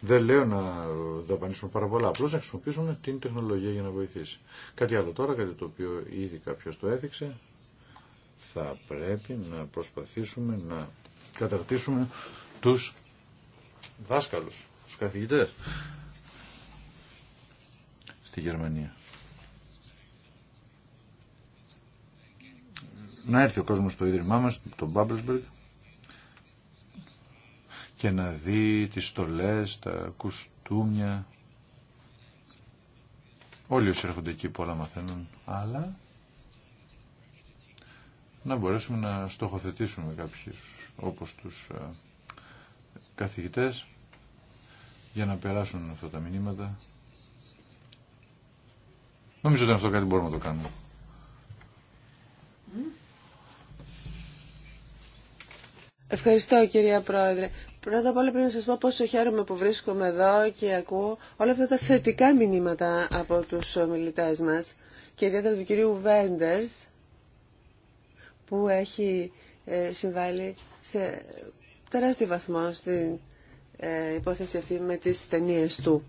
D: Δεν λέω να δαπανίσουμε πάρα πολλά, απλώς να χρησιμοποιήσουμε την τεχνολογία για να βοηθήσει. Κάτι άλλο τώρα, κάτι το οποίο ήδη κάποιος το έδειξε, θα πρέπει να προσπαθήσουμε να καταρτήσουμε τους δάσκαλους, τους καθηγητές στη Γερμανία. να έρθει ο κόσμος στο Ίδρυμά μας, το Μπάμπλεσμπεργκ, και να δει τις στολές, τα κουστούμια. Όλοι όσοι έρχονται εκεί πολλά μαθαίνουν, αλλά να μπορέσουμε να στοχοθετήσουμε κάποιους όπως τους ε, καθηγητές για να περάσουν αυτά τα μηνύματα. Νομίζω ότι αυτό κάτι μπορούμε να το κάνουμε.
C: Ευχαριστώ κυρία Πρόεδρε. Πρώτα απ' όλα πρέπει να σας πω πόσο χαίρομαι που βρίσκομαι εδώ και ακούω όλα αυτά τα θετικά μηνύματα από τους ομιλητές μας και ιδιαίτερα του κυρίου Βέντερς που έχει ε, συμβάλει σε τεράστιο βαθμό στην ε, υπόθεση αυτή με τις ταινίε του.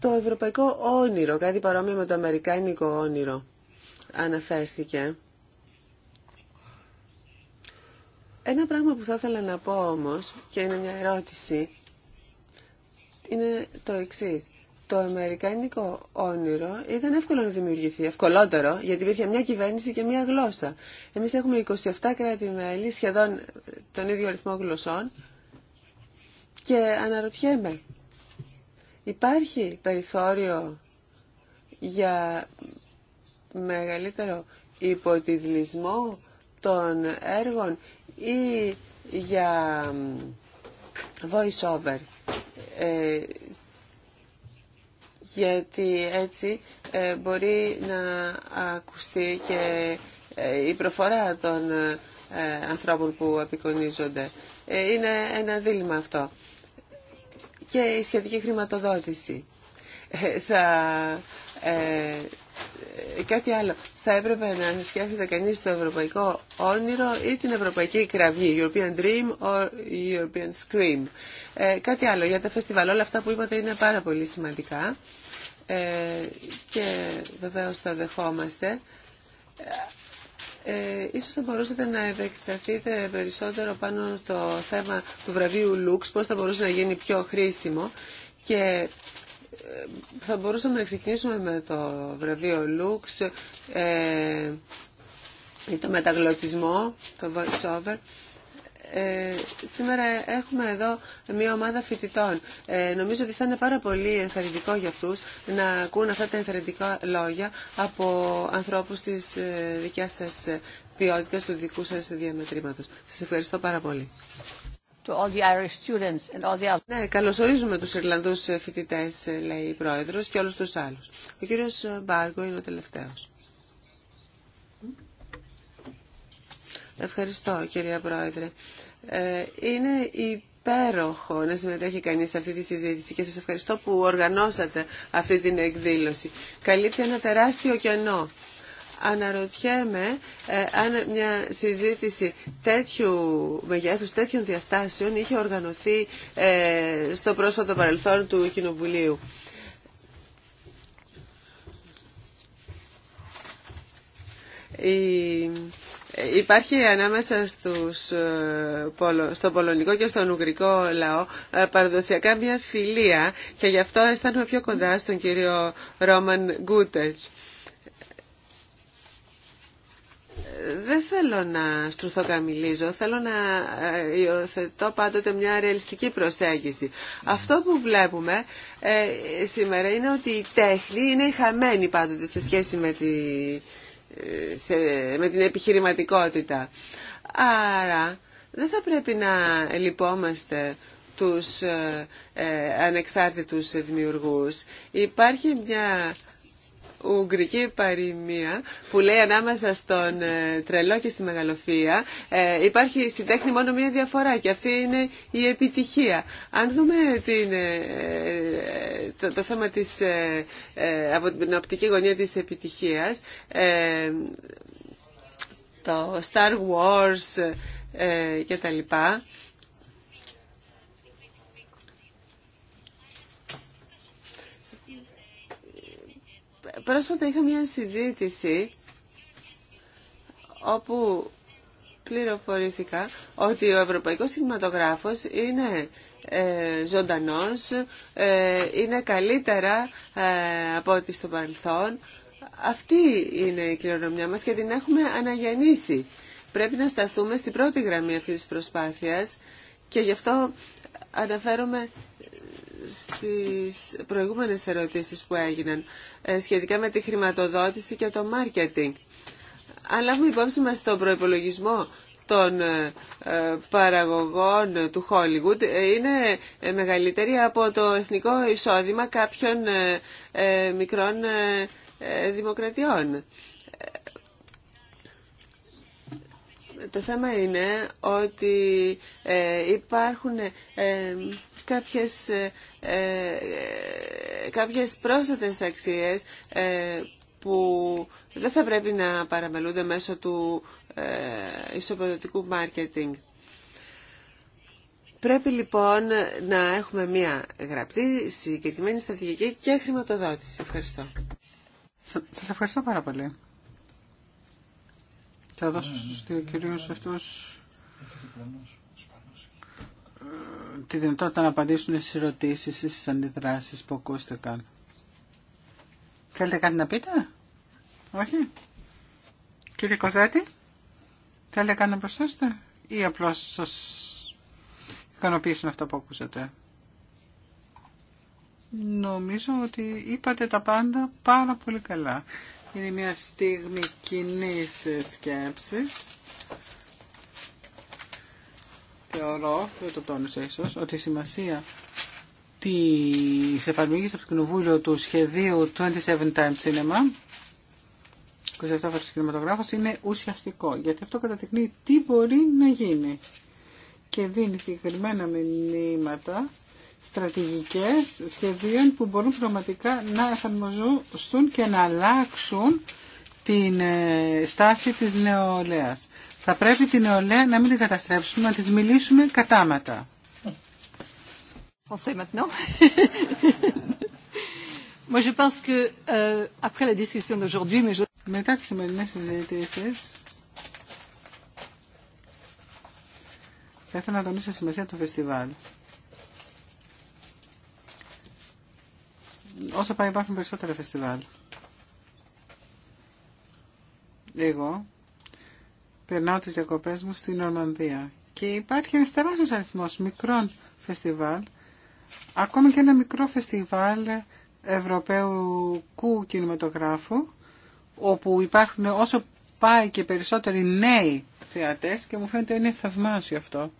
C: Το ευρωπαϊκό όνειρο, κάτι παρόμοιο με το αμερικάνικο όνειρο, αναφέρθηκε. Ένα πράγμα που θα ήθελα να πω όμως, και είναι μια ερώτηση, είναι το εξής. Το αμερικάνικο όνειρο ήταν εύκολο να δημιουργηθεί, ευκολότερο, γιατί υπήρχε μια κυβέρνηση και μια γλώσσα. Εμείς έχουμε 27 κράτη-μέλη, σχεδόν τον ίδιο αριθμό γλωσσών, και αναρωτιέμαι, υπάρχει περιθώριο για μεγαλύτερο υποτιδλισμό των έργων ή για voice over. Ε, γιατί έτσι ε, μπορεί να ακουστεί και ε, η προφορά των ανθρώπων που απεικονίζονται. Είναι ένα δίλημα αυτό. Και η σχετική χρηματοδότηση. Θα ε, κάτι άλλο. Θα έπρεπε να σκέφτεται κανεί το ευρωπαϊκό όνειρο ή την ευρωπαϊκή κραυγή, European Dream or European Scream. Ε, κάτι άλλο για τα φεστιβάλ. Όλα αυτά που είπατε είναι πάρα πολύ σημαντικά ε, και βεβαίω τα δεχόμαστε. Ε, ε, ίσως θα μπορούσατε να επεκταθείτε περισσότερο πάνω στο θέμα του βραβείου Lux. πώς θα μπορούσε να γίνει πιο χρήσιμο και θα μπορούσαμε να ξεκινήσουμε με το βραβείο Λούξ ε, ή το μεταγλωτισμό, το voice ε, σήμερα έχουμε εδώ μια ομάδα φοιτητών. Ε, νομίζω ότι θα είναι πάρα πολύ ενθαρρυντικό για αυτούς να ακούν αυτά τα ενθαρρυντικά λόγια από ανθρώπους της ε, δικιάς σας ποιότητας, του δικού σας διαμετρήματος. Σας ευχαριστώ πάρα πολύ. Ναι, καλωσορίζουμε τους Ιρλανδούς φοιτητές, λέει η Πρόεδρος, και όλους τους άλλους. Ο κύριος Μπάργκο είναι ο τελευταίος. Ευχαριστώ, κυρία Πρόεδρε. Ε, είναι υπέροχο να συμμετέχει κανείς σε αυτή τη συζήτηση και σας ευχαριστώ που οργανώσατε αυτή την εκδήλωση. Καλύπτει ένα τεράστιο κενό Αναρωτιέμαι ε, αν μια συζήτηση τέτοιου μεγέθους, τέτοιων διαστάσεων είχε οργανωθεί ε, στο πρόσφατο παρελθόν του Κοινοβουλίου. Υπάρχει ανάμεσα στους, ε, στο πολωνικό και στον ουγγρικό λαό παραδοσιακά μια φιλία και γι' αυτό αισθάνομαι πιο κοντά στον κύριο Ρόμαν Γκούτετς δεν θέλω να στρουθώ καμιλίζω, θέλω να ε, υιοθετώ πάντοτε μια ρεαλιστική προσέγγιση. Αυτό που βλέπουμε ε, σήμερα είναι ότι η τέχνη είναι χαμένη πάντοτε σε σχέση ε, με, την επιχειρηματικότητα. Άρα δεν θα πρέπει να λυπόμαστε τους ε, ανεξάρτητους δημιουργούς. Υπάρχει μια ουγγρική παροιμία που λέει ανάμεσα στον ε, τρελό και στη μεγαλοφία ε, υπάρχει στην τέχνη μόνο μία διαφορά και αυτή είναι η επιτυχία. Αν δούμε ε, το, το θέμα της, από την οπτική γωνία της επιτυχίας, το Star Wars και τα λοιπά, Πρόσφατα είχα μια συζήτηση όπου πληροφορήθηκα ότι ο ευρωπαϊκός κινηματογράφος είναι ε, ζωντανός, ε, είναι καλύτερα ε, από ό,τι στο παρελθόν. Αυτή είναι η κληρονομιά μας και την έχουμε αναγεννήσει. Πρέπει να σταθούμε στην πρώτη γραμμή αυτής της προσπάθειας και γι' αυτό αναφέρομαι στις προηγούμενες ερωτήσεις που έγιναν ε, σχετικά με τη χρηματοδότηση και το μάρκετινγκ. Αλλά λάβουμε υπόψη μας τον προϋπολογισμό των ε, ε, παραγωγών του Χόλιγουτ είναι μεγαλύτερη από το εθνικό εισόδημα κάποιων μικρών δημοκρατιών. Το θέμα είναι ότι υπάρχουν κάποιες, ε, ε, κάποιες πρόσθετες αξίες ε, που δεν θα πρέπει να παραμελούνται μέσω του ισοποδοτικού μάρκετινγκ. Πρέπει λοιπόν να έχουμε μία γραπτή, συγκεκριμένη στρατηγική και χρηματοδότηση. Ευχαριστώ. Σας
B: ευχαριστώ πάρα πολύ. Θα δώσω στους κυρίους αυτούς τη δυνατότητα να απαντήσουν στι ερωτήσει ή στι αντιδράσει που ακούστηκαν. Θέλετε κάτι να πείτε? Όχι? Κύριε Κοζέτη, θέλετε κάτι να προσθέσετε ή απλώς σας ικανοποιήσουν αυτά που ακούσατε. Νομίζω ότι είπατε τα πάντα πάρα πολύ καλά. Είναι μια στιγμή κοινή σκέψη θεωρώ, δεν το τόνισα ίσω ότι η σημασία τη εφαρμογή από το Κοινοβούλιο του σχεδίου 27 Times Cinema 27 φορέ κινηματογράφο, είναι ουσιαστικό γιατί αυτό καταδεικνύει τι μπορεί να γίνει και δίνει συγκεκριμένα μηνύματα στρατηγικές σχεδίων που μπορούν πραγματικά να εφαρμοζούν και να αλλάξουν την ε, στάση της νεολαίας. Θα πρέπει την νεολαία να μην την καταστρέψουμε, να της μιλήσουμε κατάματα. Μετά τις σημερινές συζητήσεις, θα ήθελα να τονίσω σημασία του φεστιβάλ. Όσο πάει υπάρχουν περισσότερα φεστιβάλ. Εγώ περνάω τις διακοπές μου στην Ορμανδία και υπάρχει ένας τεράστιος αριθμός μικρών φεστιβάλ, ακόμη και ένα μικρό φεστιβάλ ευρωπαϊκού κινηματογράφου, όπου υπάρχουν όσο πάει και περισσότεροι νέοι θεατές και μου φαίνεται είναι θαυμάσιο αυτό.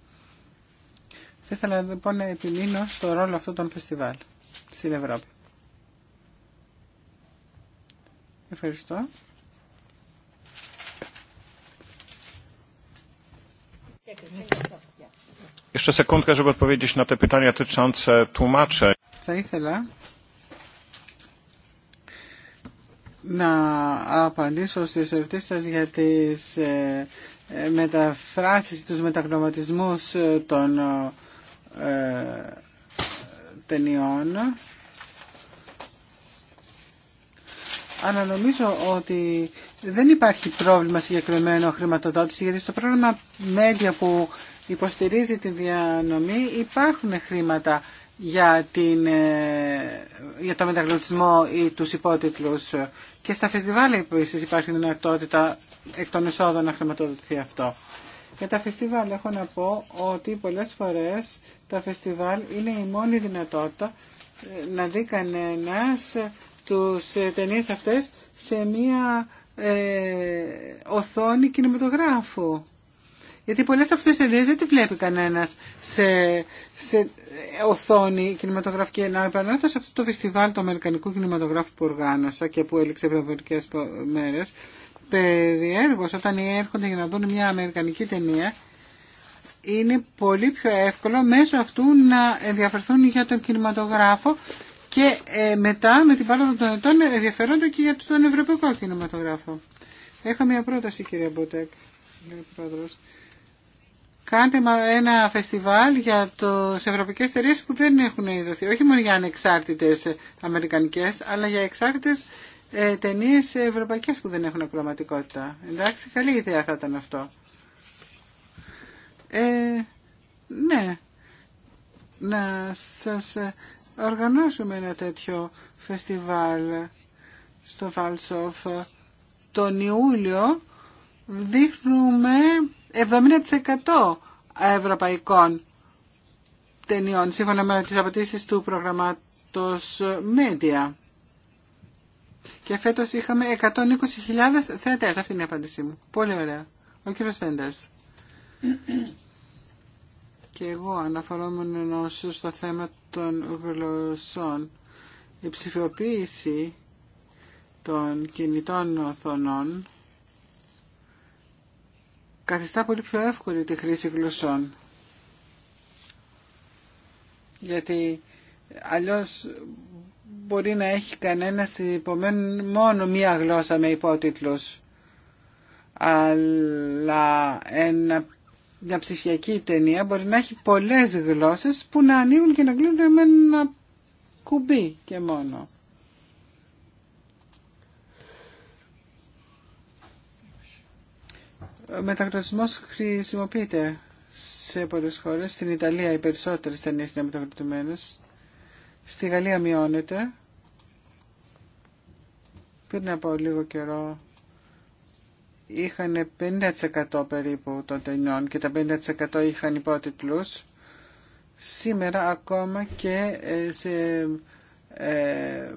B: Θα ήθελα λοιπόν να επιμείνω στο ρόλο αυτό των φεστιβάλ στην Ευρώπη. Ευχαριστώ.
D: Jeszcze sekundkę, żeby odpowiedzieć na te pytania dotyczące tłumaczeń.
B: Θα ήθελα να απαντήσω στις ερωτήσεις σας για τις ε, μεταφράσεις, τους μεταγνωματισμούς των ε, ταινιών. Αλλά νομίζω ότι δεν υπάρχει πρόβλημα συγκεκριμένο χρηματοδότηση, γιατί στο πρόγραμμα Μέντια που υποστηρίζει τη διανομή υπάρχουν χρήματα για, την, ε, για το μεταγλωτισμό ή τους υπότιτλους. Και στα φεστιβάλ επίση υπάρχει δυνατότητα εκ των εσόδων να χρηματοδοτηθεί αυτό. Για τα φεστιβάλ έχω να πω ότι πολλές φορές τα φεστιβάλ είναι η μόνη δυνατότητα ε, να δει κανένας ε, τους ταινίες αυτές σε
C: μία ε,
B: οθόνη κινηματογράφου. Γιατί πολλές από αυτές τις ταινίες δεν τη βλέπει κανένα σε, σε οθόνη κινηματογραφική. Να επανέλθω σε αυτό το φεστιβάλ του Αμερικανικού κινηματογράφου που οργάνωσα και που έληξε πριν από μερικέ μέρες. Περιέργως όταν έρχονται για να δουν μια αμερικανική ταινία είναι πολύ πιο εύκολο μέσω αυτού να ενδιαφερθούν για τον κινηματογράφο και ε, μετά με την παράδοση των ετών ενδιαφέρονται και για τον Ευρωπαϊκό Κινηματογράφο. Έχω μια πρόταση κύριε Μποτέκ, Κάντε ένα φεστιβάλ για τι ευρωπαϊκές εταιρείε που δεν έχουν ειδωθεί, όχι μόνο για ανεξάρτητε αμερικανικές, αλλά για εξάρτητες ε, ταινίε ευρωπαϊκές που δεν έχουν ακροματικότητα. Εντάξει, καλή ιδέα θα ήταν αυτό. Ε, ναι, να σας ε, οργανώσουμε ένα τέτοιο φεστιβάλ στο Φάλσοφ τον Ιούλιο δείχνουμε 70% ευρωπαϊκών ταινιών σύμφωνα με τις απαιτήσει του προγραμμάτος Media. Και φέτος είχαμε 120.000 θεατές. Αυτή είναι η απάντησή μου. Πολύ ωραία. Ο κύριος Φέντας και εγώ αναφερόμενο στο θέμα των γλωσσών. Η ψηφιοποίηση των κινητών οθονών καθιστά πολύ πιο εύκολη τη χρήση γλωσσών. Γιατί αλλιώς μπορεί να έχει κανένα μόνο μία γλώσσα με υπότιτλους. Αλλά ένα μια ψηφιακή ταινία μπορεί να έχει πολλές γλώσσες που να ανοίγουν και να κλείνουν με ένα κουμπί και μόνο. Ο μετακροτισμός χρησιμοποιείται σε πολλές χώρες. Στην Ιταλία οι περισσότερες ταινίες είναι μετακροτημένες. Στη Γαλλία μειώνεται. Πριν από λίγο καιρό είχαν 50% περίπου των ταινιών και τα 50% είχαν υπότιτλους, σήμερα ακόμα και ε, σε ε,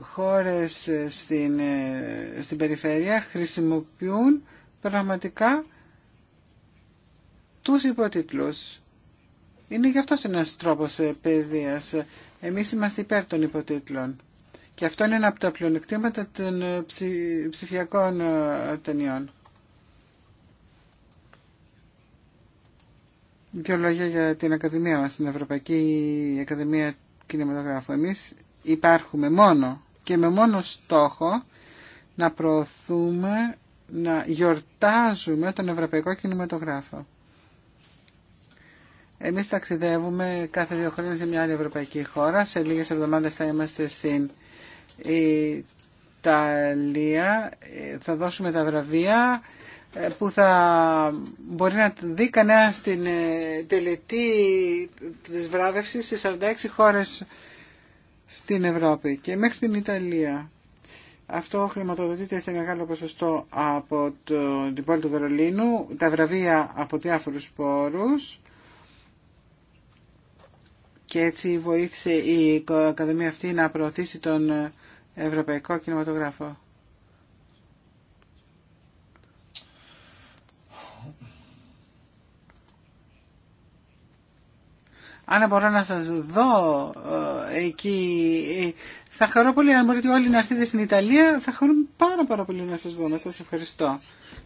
B: χώρες στην, ε, στην περιφέρεια χρησιμοποιούν πραγματικά τους υποτίτλους. Είναι γι' αυτό ένας τρόπος παιδείας. Εμείς είμαστε υπέρ των υποτίτλων. Και αυτό είναι ένα από τα πλεονεκτήματα των ψηφιακών ταινιών. Δύο λόγια για την Ακαδημία μας, την Ευρωπαϊκή Ακαδημία Κινηματογράφου. Εμείς υπάρχουμε μόνο και με μόνο στόχο να προωθούμε, να γιορτάζουμε τον Ευρωπαϊκό Κινηματογράφο. Εμείς ταξιδεύουμε κάθε δύο χρόνια σε μια άλλη ευρωπαϊκή χώρα. Σε λίγες εβδομάδες θα είμαστε στην Ιταλία. Ε, θα δώσουμε τα βραβεία που θα μπορεί να δει κανένα στην ε, τελετή της βράδευση σε 46 χώρες στην Ευρώπη και μέχρι την Ιταλία. Αυτό χρηματοδοτείται σε μεγάλο ποσοστό από το, την πόλη του Βερολίνου, τα βραβεία από διάφορους πόρους και έτσι βοήθησε η Ακαδημία αυτή να προωθήσει τον ε, Ευρωπαϊκό Κινηματογράφο. Αν μπορώ να σας δω ε, εκεί, ε, θα χαρώ πολύ. Αν μπορείτε όλοι να έρθετε στην Ιταλία, θα χαρούμε πάρα πάρα πολύ να σας δω. Να σας ευχαριστώ.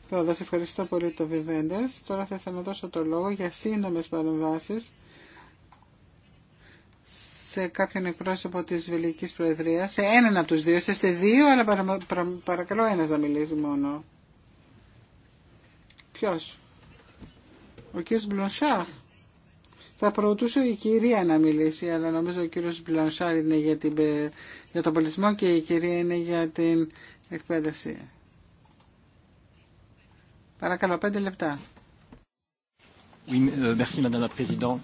B: Πρώτα, σας ευχαριστώ πολύ το Vivenders. Τώρα θα ήθελα να δώσω το λόγο για σύντομες παρεμβάσεις σε κάποιον εκπρόσωπο της Βελικής Προεδρίας, σε έναν από τους δύο, είστε δύο, αλλά παρα, παρακαλώ ένας να μιλήσει μόνο. Ποιος? Ο κ. Μπλονσάχ. Θα προωτούσε η κυρία να μιλήσει, αλλά νομίζω ο κύριος Μπλανσάρ είναι για, την, για τον πολιτισμό και η κυρία είναι για την εκπαίδευση. Παρακαλώ, πέντε λεπτά.
D: Euh,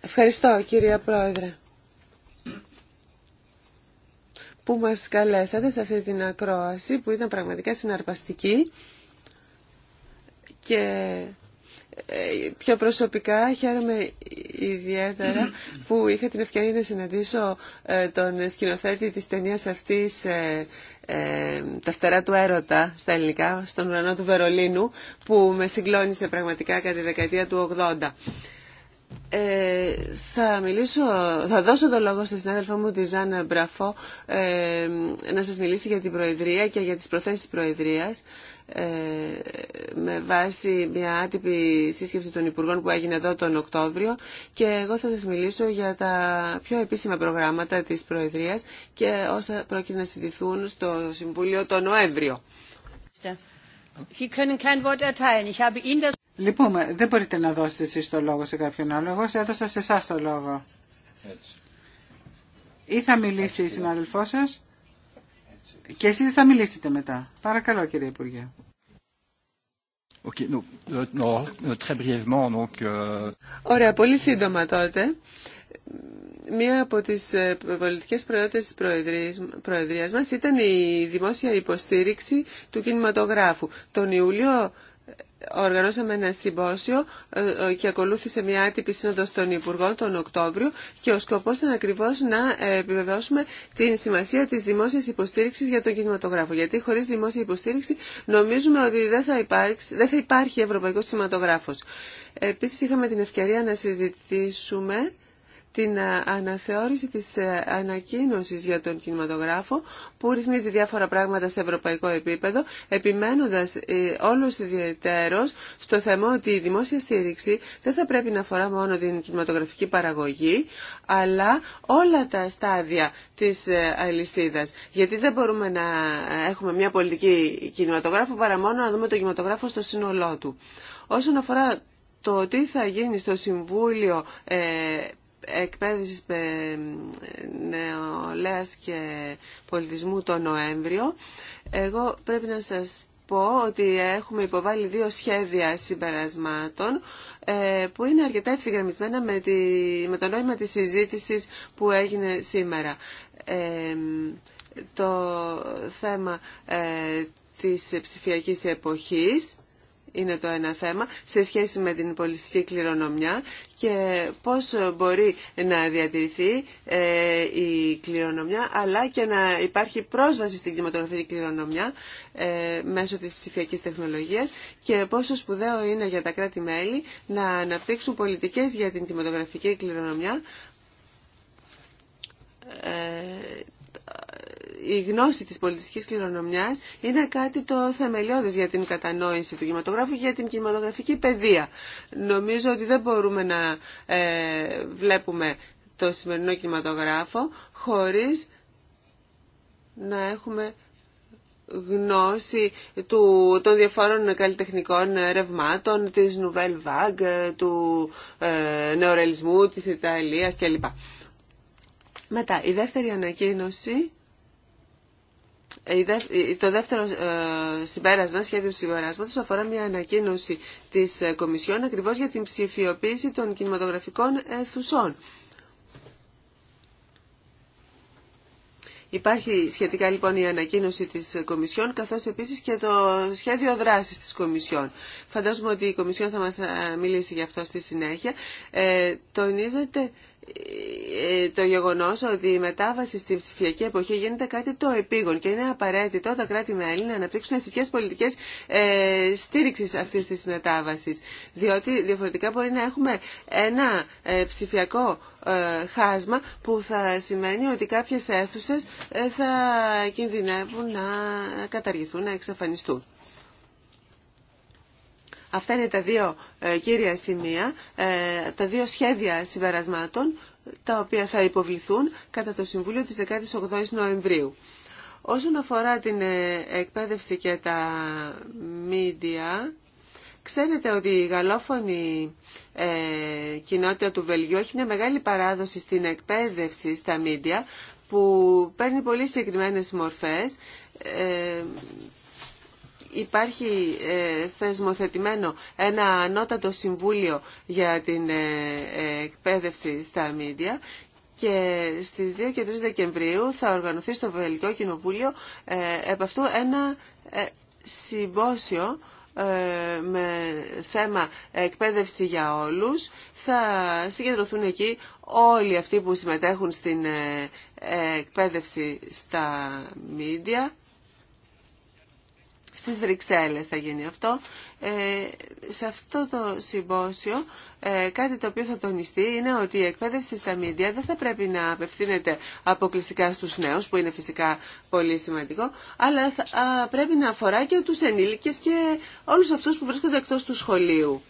C: Ευχαριστώ, κυρία Πρόεδρε, που μας καλέσατε σε αυτή την ακρόαση που ήταν πραγματικά συναρπαστική και ε, πιο προσωπικά χαίρομαι ιδιαίτερα που είχα την ευκαιρία να συναντήσω ε, τον σκηνοθέτη της ταινίας αυτής ε, «Τα φτερά του έρωτα» στα ελληνικά, στον ουρανό του Βερολίνου που με συγκλώνησε πραγματικά κατά τη δεκαετία του 80. Ε, θα μιλήσω, θα δώσω το λόγο στη συνάδελφό μου τη Ζάννα Μπραφό ε, να σας μιλήσει για την Προεδρία και για τις προθέσεις Προεδρίας ε, με βάση μια άτυπη σύσκεψη των Υπουργών που έγινε εδώ τον Οκτώβριο και εγώ θα σας μιλήσω για τα πιο επίσημα προγράμματα της Προεδρίας και όσα πρόκειται να συζητηθούν στο Συμβούλιο τον Νοέμβριο. Λυπούμε, λοιπόν, δεν μπορείτε να
B: δώσετε εσεί το λόγο σε κάποιον άλλο. Εγώ σε έδωσα σε εσά το λόγο. Έτσι. η συνάδελφό σα και εσείς θα μιλήσετε μετά.
C: Παρακαλώ κύριε Υπουργέ.
D: Okay, no, euh, euh, très brièvement,
C: donc, euh, Ωραία, πολύ σύντομα τότε. Μία από τις ε, πολιτικές προϊόντες της Προεδρίας μας ήταν η δημόσια υποστήριξη του κινηματογράφου. Τον Ιούλιο οργανώσαμε ένα συμπόσιο ε, ε, και ακολούθησε μια άτυπη σύνοδο των Υπουργών τον Οκτώβριο και ο σκοπός ήταν ακριβώς να ε, επιβεβαιώσουμε την σημασία της δημόσιας υποστήριξης για τον κινηματογράφο. Γιατί χωρίς δημόσια υποστήριξη νομίζουμε ότι δεν θα, υπάρξει, δεν θα υπάρχει ευρωπαϊκός κινηματογράφος. Επίσης είχαμε την ευκαιρία να συζητήσουμε την ε, αναθεώρηση της ε, ανακοίνωσης για τον κινηματογράφο που ρυθμίζει διάφορα πράγματα σε ευρωπαϊκό επίπεδο επιμένοντας ε, όλος ιδιαιτέρως στο θέμα ότι η δημόσια στήριξη δεν θα πρέπει να αφορά μόνο την κινηματογραφική παραγωγή αλλά όλα τα στάδια της αλυσίδας. Γιατί δεν μπορούμε να έχουμε μια πολιτική κινηματογράφου παρά μόνο να δούμε τον κινηματογράφο στο σύνολό του. Όσον αφορά το τι θα γίνει στο Συμβούλιο εκπαίδευσης ε, νεολαίας και πολιτισμού τον Νοέμβριο. Εγώ πρέπει να σας πω ότι έχουμε υποβάλει δύο σχέδια συμπερασμάτων ε, που είναι αρκετά ευθυγραμμισμένα με, τη, με το νόημα της συζήτησης που έγινε σήμερα. Ε, το θέμα ε, της ψηφιακής εποχής είναι το ένα θέμα σε σχέση με την πολιτιστική κληρονομιά και πώς μπορεί να διατηρηθεί ε, η κληρονομιά αλλά και να υπάρχει πρόσβαση στην κτηματογραφική κληρονομιά ε, μέσω της ψηφιακής τεχνολογίας και πόσο σπουδαίο είναι για τα κράτη-μέλη να αναπτύξουν πολιτικές για την κτηματογραφική κληρονομιά ε, η γνώση της πολιτικής κληρονομιάς είναι κάτι το θεμελιώδες για την κατανόηση του κινηματογράφου για την κινηματογραφική παιδεία. Νομίζω ότι δεν μπορούμε να ε, βλέπουμε το σημερινό κινηματογράφο χωρίς να έχουμε γνώση του, των διαφόρων καλλιτεχνικών ρευμάτων, της Νουβέλ Vague, του ε, νεορελισμού, της Ιταλίας κλπ. Μετά, η δεύτερη ανακοίνωση το δεύτερο ε, συμπέρασμα, σχέδιο συμπεράσματο, αφορά μια ανακοίνωση τη ε, Κομισιόν ακριβώ για την ψηφιοποίηση των κινηματογραφικών αιθουσών. Υπάρχει σχετικά λοιπόν η ανακοίνωση της ε, Κομισιόν καθώς επίσης και το σχέδιο δράσης της Κομισιόν. Φαντάζομαι ότι η Κομισιόν θα μας μιλήσει γι' αυτό στη συνέχεια. Ε, τονίζεται ε, το γεγονό ότι η μετάβαση στην ψηφιακή εποχή γίνεται κάτι το επίγον και είναι απαραίτητο τα κράτη-μέλη να αναπτύξουν εθνικέ πολιτικές ε, στήριξης αυτής της μετάβασης. Διότι διαφορετικά μπορεί να έχουμε ένα ε, ψηφιακό ε, χάσμα που θα σημαίνει ότι κάποιες αίθουσες θα κινδυνεύουν να καταργηθούν, να εξαφανιστούν. Αυτά είναι τα δύο ε, κύρια σημεία, ε, τα δύο σχέδια συμπερασμάτων, τα οποία θα υποβληθούν κατά το Συμβούλιο της 18ης Νοεμβρίου. Όσον αφορά την ε, εκπαίδευση και τα μίντια, ξέρετε ότι η γαλλόφωνη κοινότητα του Βελγίου έχει μια μεγάλη παράδοση στην εκπαίδευση στα μίντια, που παίρνει πολύ συγκεκριμένες μορφές υπάρχει ε, θεσμοθετημένο ένα ανώτατο συμβούλιο για την ε, ε, εκπαίδευση στα μίντια και στις 2 και 3 Δεκεμβρίου θα οργανωθεί στο Βελικό Κοινοβούλιο ε, επ' ένα ε, συμπόσιο με θέμα εκπαίδευση για όλους. Θα συγκεντρωθούν εκεί όλοι αυτοί που συμμετέχουν στην εκπαίδευση στα μίντια στις Βρυξέλλες θα γίνει αυτό. Ε, σε αυτό το συμπόσιο ε, κάτι το οποίο θα τονιστεί είναι ότι η εκπαίδευση στα μίντια δεν θα πρέπει να απευθύνεται αποκλειστικά στους νέους, που είναι φυσικά πολύ σημαντικό, αλλά πρέπει να αφορά και τους ενήλικες και όλους αυτούς που βρίσκονται εκτός του σχολείου.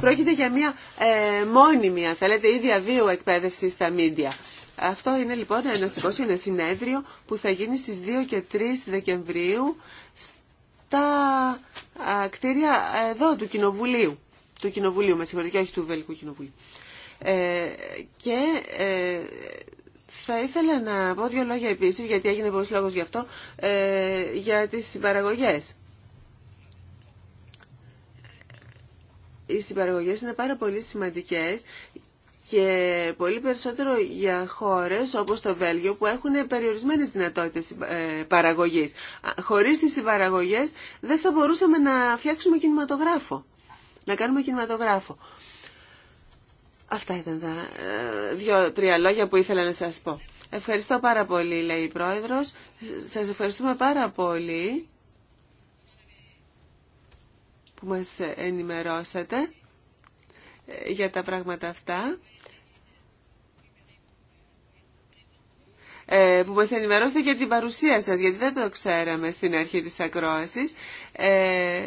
C: Πρόκειται για μια ε, μόνιμη, αν θέλετε, ή διαβίου εκπαίδευση στα μίντια. Αυτό είναι λοιπόν ένα συμπόσιο, συνέδριο που θα γίνει στις 2 και 3 Δεκεμβρίου τα κτίρια ε, εδώ του Κοινοβουλίου. Του Κοινοβουλίου, με συγχωρείτε, και όχι του Βελικού Κοινοβουλίου. Ε, και ε, θα ήθελα να πω δύο λόγια επίσης, γιατί έγινε πολλής λόγο γι' αυτό, ε, για τις συμπαραγωγές. Οι συμπαραγωγές είναι πάρα πολύ σημαντικές και πολύ περισσότερο για χώρες όπως το Βέλγιο που έχουν περιορισμένες δυνατότητες ε, παραγωγής. Χωρίς τις συμπαραγωγές δεν θα μπορούσαμε να φτιάξουμε κινηματογράφο, να κάνουμε κινηματογράφο. Αυτά ήταν τα ε, δύο-τρία λόγια που ήθελα να σας πω. Ευχαριστώ πάρα πολύ, λέει η Πρόεδρος. Σας ευχαριστούμε πάρα πολύ που μας ενημερώσατε ε, για τα πράγματα αυτά. ε, που μας ενημερώσετε για την παρουσία σας, γιατί δεν το ξέραμε στην αρχή της ακρόασης. Ε,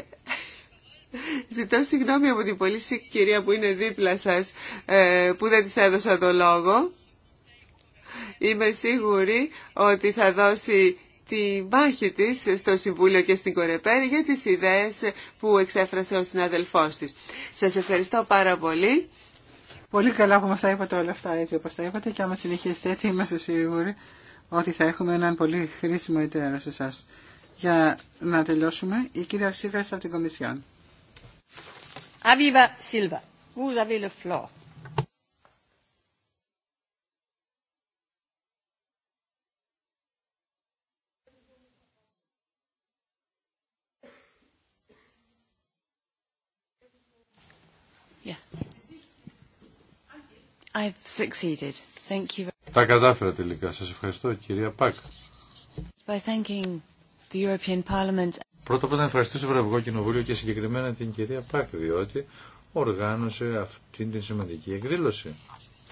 C: ζητώ συγγνώμη από την πολύ κυρία που είναι δίπλα σας, ε, που δεν της έδωσα το λόγο. Είμαι σίγουρη ότι θα δώσει τη μάχη της στο Συμβούλιο και στην Κορεπέρη για τις ιδέες που εξέφρασε ο συνάδελφός της. Σας ευχαριστώ πάρα πολύ.
B: Πολύ καλά που μας τα είπατε όλα αυτά έτσι όπως τα είπατε και άμα συνεχίσετε έτσι είμαστε σίγουροι ότι θα έχουμε έναν πολύ χρήσιμο ιτέρα σε εσάς. Για να τελειώσουμε, η κυρία Σίλβα από την Κομισιόν.
A: Αβίβα Σίλβα, vous avez le Τα
D: κατάφερα τελικά. Σας ευχαριστώ κυρία Πακ. Πρώτα απ' όλα να ευχαριστήσω το Ευρωπαϊκό Κοινοβούλιο και συγκεκριμένα την κυρία Πακ, διότι οργάνωσε αυτήν την σημαντική εκδήλωση.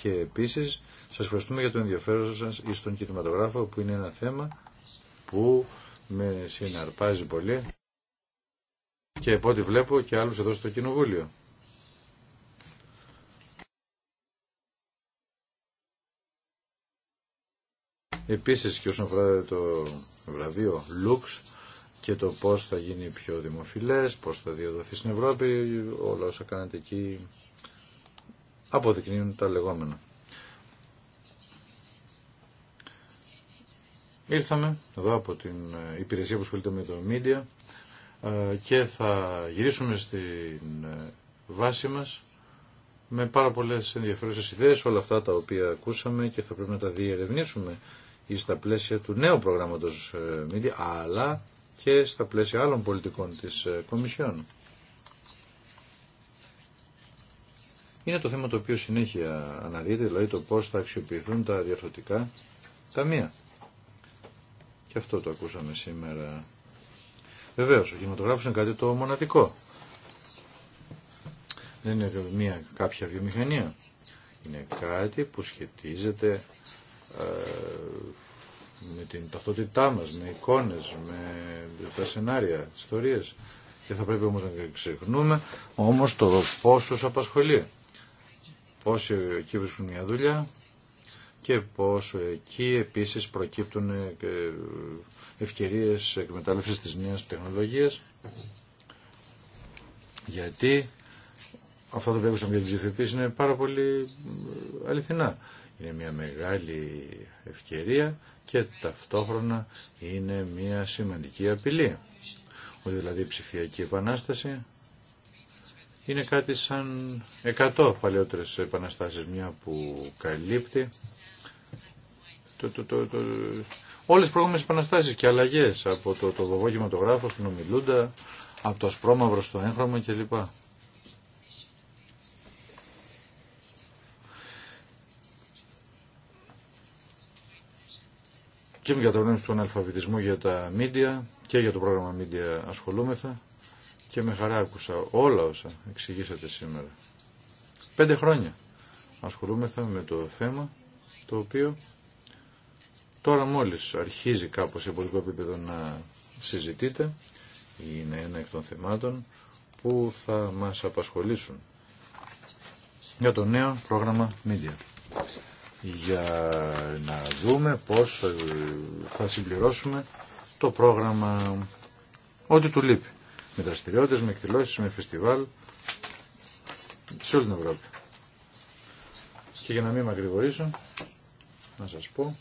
D: Και επίσης σας ευχαριστούμε για το ενδιαφέρον σας ή στον κινηματογράφο που είναι ένα θέμα που με συναρπάζει πολύ και από ό,τι βλέπω και άλλους εδώ στο Κοινοβούλιο. Επίσης και όσον αφορά το βραβείο Lux και το πώς θα γίνει πιο δημοφιλές, πώς θα διαδοθεί στην Ευρώπη, όλα όσα κάνετε εκεί αποδεικνύουν τα λεγόμενα. Ήρθαμε εδώ από την υπηρεσία που ασχολείται με το media και θα γυρίσουμε στην βάση μας με πάρα πολλές ενδιαφέρουσες ιδέες όλα αυτά τα οποία ακούσαμε και θα πρέπει να τα διερευνήσουμε ή στα πλαίσια του νέου προγράμματος Media, ε, αλλά και στα πλαίσια άλλων πολιτικών της ε, Κομισιόν. Είναι το θέμα το οποίο συνέχεια αναδύεται, δηλαδή το πώς θα αξιοποιηθούν τα διαρθωτικά ταμεία. Και αυτό το ακούσαμε σήμερα. Βεβαίως, ο κινηματογράφος είναι κάτι το μοναδικό. Δεν είναι μια κάποια βιομηχανία. Είναι κάτι που σχετίζεται ε, με την ταυτότητά μας, με εικόνες, με τα σενάρια, τις ιστορίες. Και θα πρέπει όμως να ξεχνούμε όμως το πόσος απασχολεί. Πόσοι εκεί βρίσκουν μια δουλειά και πόσο εκεί επίσης προκύπτουν ε, ε, ευκαιρίες εκμετάλλευσης της νέας τεχνολογίας. Γιατί αυτό το βλέπουμε για την είναι πάρα πολύ αληθινά. Είναι μια μεγάλη ευκαιρία και ταυτόχρονα είναι μια σημαντική απειλή. Ότι δηλαδή η ψηφιακή επανάσταση είναι κάτι σαν 100 παλαιότερες επαναστάσεις, μια που καλύπτει το, το, το, το, όλες τις προηγούμενες επαναστάσεις και αλλαγές από το, το βοβόγηματογράφο στην ομιλούντα, από το ασπρόμαυρο στο έγχρωμα κλπ. και με κατανόηση του αναλφαβητισμού για τα μίντια και για το πρόγραμμα μίντια ασχολούμεθα και με χαρά άκουσα όλα όσα εξηγήσατε σήμερα. Πέντε χρόνια ασχολούμεθα με το θέμα το οποίο τώρα μόλις αρχίζει κάπως σε πολιτικό επίπεδο να συζητείτε είναι ένα εκ των θεμάτων που θα μας απασχολήσουν για το νέο πρόγραμμα Media για να δούμε πώς θα συμπληρώσουμε το πρόγραμμα ό,τι του λείπει. Με δραστηριότητες, με εκδηλώσεις, με φεστιβάλ σε όλη την Ευρώπη. Και για να μην μακρηγορήσω, να σας πω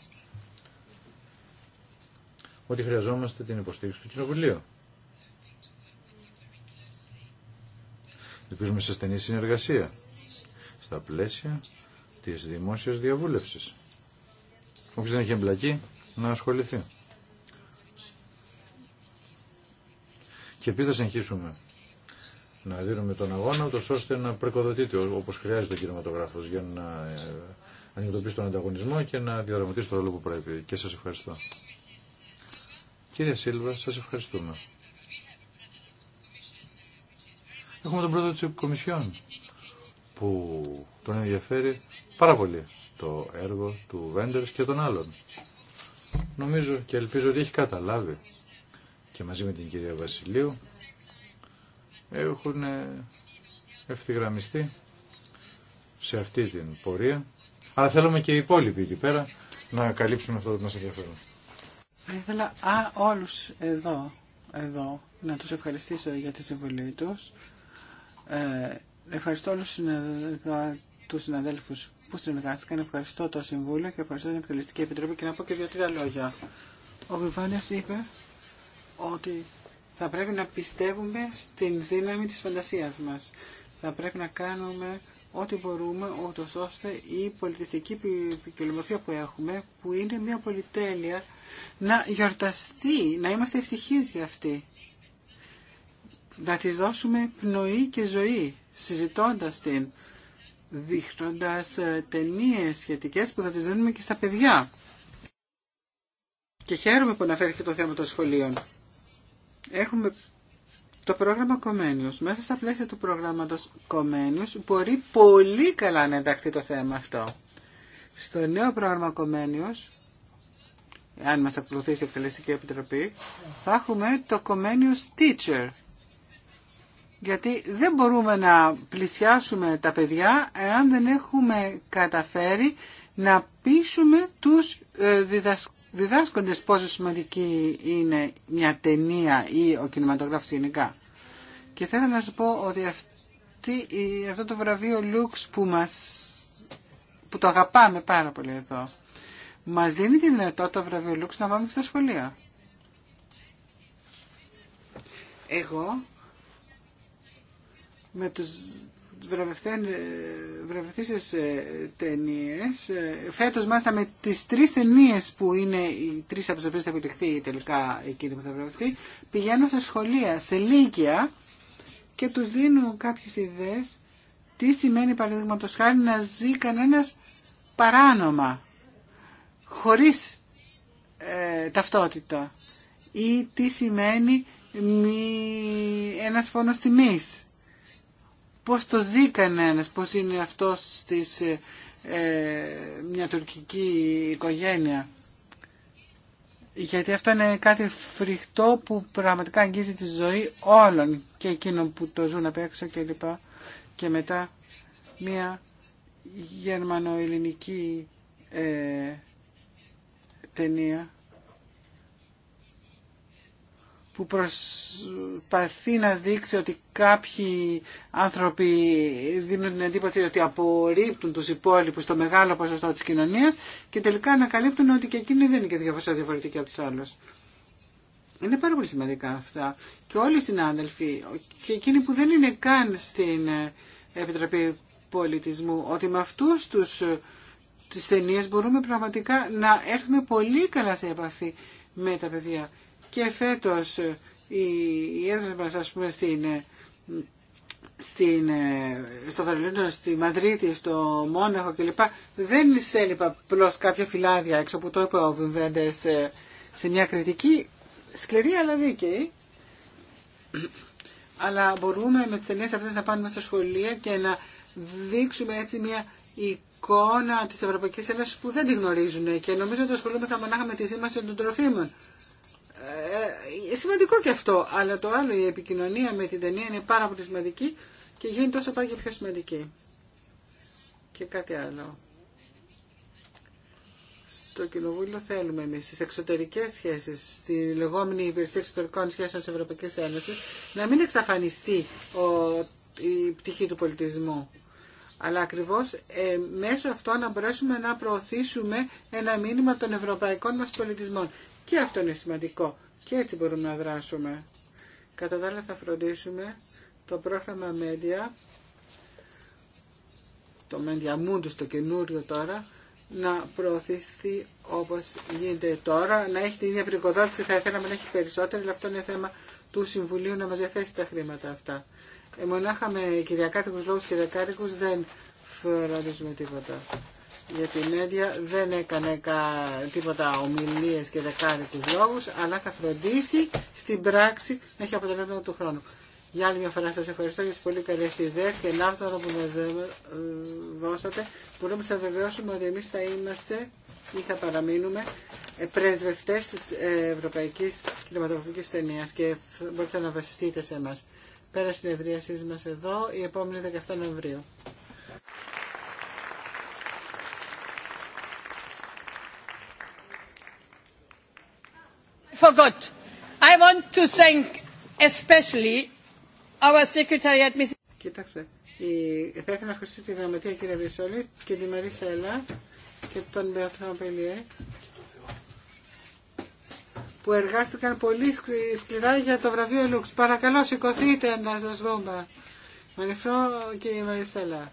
D: ότι χρειαζόμαστε την υποστήριξη του Κοινοβουλίου. Ελπίζουμε σε στενή συνεργασία στα πλαίσια της δημόσιας διαβούλευσης. Όποιος δεν έχει εμπλακεί, να ασχοληθεί. Και επίσης θα συνεχίσουμε να δίνουμε τον αγώνα, ούτως ώστε να πρεκοδοτείται όπως χρειάζεται ο κινηματογράφος για να ε, αντιμετωπίσει τον ανταγωνισμό και να διαδραματίσει το ρόλο που πρέπει. Και σας ευχαριστώ. Κύριε Σίλβα, σας ευχαριστούμε. Έχουμε τον πρόεδρο της Κομισιόν που τον ενδιαφέρει πάρα πολύ το έργο του Βέντερς και των άλλων. Νομίζω και ελπίζω ότι έχει καταλάβει και μαζί με την κυρία Βασιλείου έχουν ευθυγραμμιστεί σε αυτή την πορεία. Αλλά θέλουμε και οι υπόλοιποι εκεί πέρα να καλύψουν αυτό που μας ενδιαφέρουν.
B: Θα ήθελα α, όλους εδώ, εδώ να τους ευχαριστήσω για τη συμβολή τους. Ε, ευχαριστώ όλους τους του συναδέλφου που συνεργάστηκαν. Ευχαριστώ το Συμβούλιο και ευχαριστώ την Εκτελεστική Επιτροπή και να πω και δύο-τρία λόγια. Ο Βιβάνια είπε ότι θα πρέπει να πιστεύουμε στην δύναμη της φαντασίας μας. Θα πρέπει να κάνουμε ό,τι μπορούμε, ούτω ώστε η πολιτιστική ποικιλομορφία που έχουμε, που είναι μια πολυτέλεια, να γιορταστεί, να είμαστε ευτυχεί για αυτή. Να τη δώσουμε πνοή και ζωή, συζητώντας την, δείχνοντας ε, ταινίες σχετικές που θα τις δίνουμε και στα παιδιά. Και χαίρομαι που αναφέρθηκε το θέμα των σχολείων. Έχουμε το πρόγραμμα Κομένιους. Μέσα στα πλαίσια του προγράμματος Κομένιους μπορεί πολύ καλά να ενταχθεί το θέμα αυτό. Στο νέο πρόγραμμα Κομένιους, αν μας ακολουθήσει η Εκτελεστική Επιτροπή, θα έχουμε το Κομένιους Teacher γιατί δεν μπορούμε να πλησιάσουμε τα παιδιά εάν δεν έχουμε καταφέρει να πείσουμε τους ε, διδάσκοντες πόσο σημαντική είναι μια ταινία ή ο κινηματογράφος γενικά. Και θέλω να σας πω ότι αυτό το βραβείο Λουξ που, μας, που το αγαπάμε πάρα πολύ εδώ, μας δίνει τη δυνατότητα το βραβείο Λουξ να πάμε στα σχολεία. Εγώ με τους βραβευτές ε, ταινίες. Ε, φέτος μάθαμε με τις τρεις ταινίες που είναι οι τρεις από τις οποίες θα επιλεχθεί τελικά εκείνη που θα βραβευτεί, πηγαίνουν σε σχολεία, σε λύκεια και τους δίνουν κάποιες ιδέες τι σημαίνει παραδείγματο χάρη να ζει κανένας παράνομα, χωρίς ε, ταυτότητα ή τι σημαίνει μη, ένας φόνος τιμής πώς το ζει κανένας, πώς είναι αυτός της ε, ε, μια τουρκική οικογένεια. Γιατί αυτό είναι κάτι φρικτό που πραγματικά αγγίζει τη ζωή όλων και εκείνων που το ζουν απ' έξω και Και μετά μια γερμανοελληνική ε, ταινία που προσπαθεί να δείξει ότι κάποιοι άνθρωποι δίνουν την εντύπωση ότι απορρίπτουν τους υπόλοιπους στο μεγάλο ποσοστό της κοινωνίας και τελικά ανακαλύπτουν ότι και εκείνοι δεν είναι και διαφορετικά διαφορετικοί από τους άλλους. Είναι πάρα πολύ σημαντικά αυτά. Και όλοι οι συνάδελφοι, και εκείνοι που δεν είναι καν στην Επιτροπή Πολιτισμού, ότι με αυτούς τους, τις ταινίες μπορούμε πραγματικά να έρθουμε πολύ καλά σε επαφή με τα παιδιά και φέτος ε, η έδρα μας ας πούμε στην, ε, στην, ε, στο Βερολίνο, στη Μαδρίτη, στο Μόναχο κλπ. δεν στέλνει απλώ κάποια φυλάδια έξω που το είπε ο Βιβέντες, σε μια κριτική σκληρή αλλά δίκαιη. Αλλά μπορούμε με τις ταινίες αυτές να πάμε στα σχολεία και να δείξουμε έτσι μια εικόνα της Ευρωπαϊκής Ένωσης που δεν τη γνωρίζουν και νομίζω ότι θα μονάχα με τη σήμανση των τροφίμων ε, σημαντικό και αυτό, αλλά το άλλο η επικοινωνία με την ταινία είναι πάρα πολύ σημαντική και γίνει τόσο πάει και πιο σημαντική. Και κάτι άλλο. Στο Κοινοβούλιο θέλουμε εμεί στι εξωτερικέ σχέσει, στη λεγόμενη υπηρεσία εξωτερικών σχέσεων τη Ευρωπαϊκή Ένωση, να μην εξαφανιστεί ο, η πτυχή του πολιτισμού. Αλλά ακριβώ ε, μέσω αυτό να μπορέσουμε να προωθήσουμε ένα μήνυμα των ευρωπαϊκών μα πολιτισμών. Και αυτό είναι σημαντικό. Και έτσι μπορούμε να δράσουμε. Κατά τα άλλα θα φροντίσουμε το πρόγραμμα Media, το Media Μούντου στο καινούριο τώρα, να προωθηθεί όπως γίνεται τώρα, να έχει την ίδια πρικοδότηση, θα ήθελα να έχει περισσότερο, αλλά αυτό είναι θέμα του Συμβουλίου να μας διαθέσει τα χρήματα αυτά. Ε, μονάχα με κυριακάτικους λόγους και δεκάρικους δεν φροντίζουμε τίποτα για την Έντια δεν έκανε τίποτα ομιλίες και του λόγους, αλλά θα φροντίσει στην πράξη να έχει αποτελέσματα του χρόνου. Για άλλη μια φορά σας ευχαριστώ για τις πολύ καλές ιδέες και λάψαρο που μας δώσατε. Μπορούμε να σας βεβαιώσουμε ότι εμείς θα είμαστε ή θα παραμείνουμε ε, πρεσβευτές της ε, Ευρωπαϊκής Κινηματογραφικής Ταινίας και μπορείτε να βασιστείτε σε εμάς. Πέρα συνεδρίασής μας εδώ, η θα παραμεινουμε πρεσβευτες της ευρωπαικης κινηματογραφικης ταινιας και μπορειτε να βασιστειτε σε εμας περα συνεδριαση μας εδω η επομενη 17 Νοεμβρίου.
A: forgot. I want to thank especially our
B: Κοίταξε. Η... Θα ήθελα να ευχαριστήσω τη γραμματεία κύριε Βρυσόλη και τη Μαρή και τον Μπεατρό Πελιέ που εργάστηκαν πολύ σκληρά για το βραβείο Λουξ. Παρακαλώ σηκωθείτε να σας δούμε. Μαριφρό και η Μαρισέλα.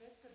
B: Plätze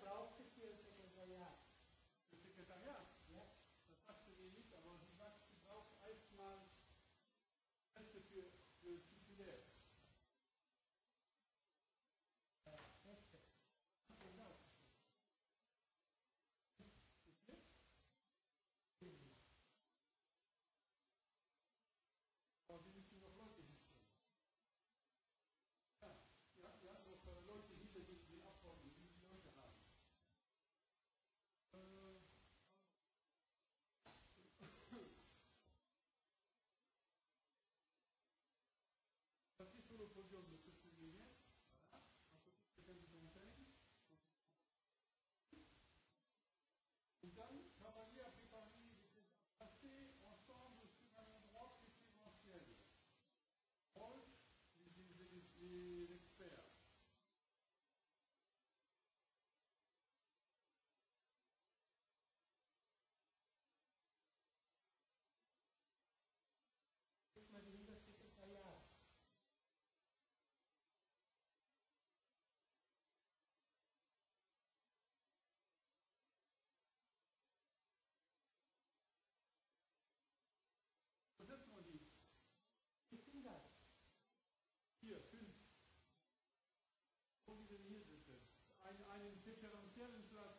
A: Ευχαριστώ.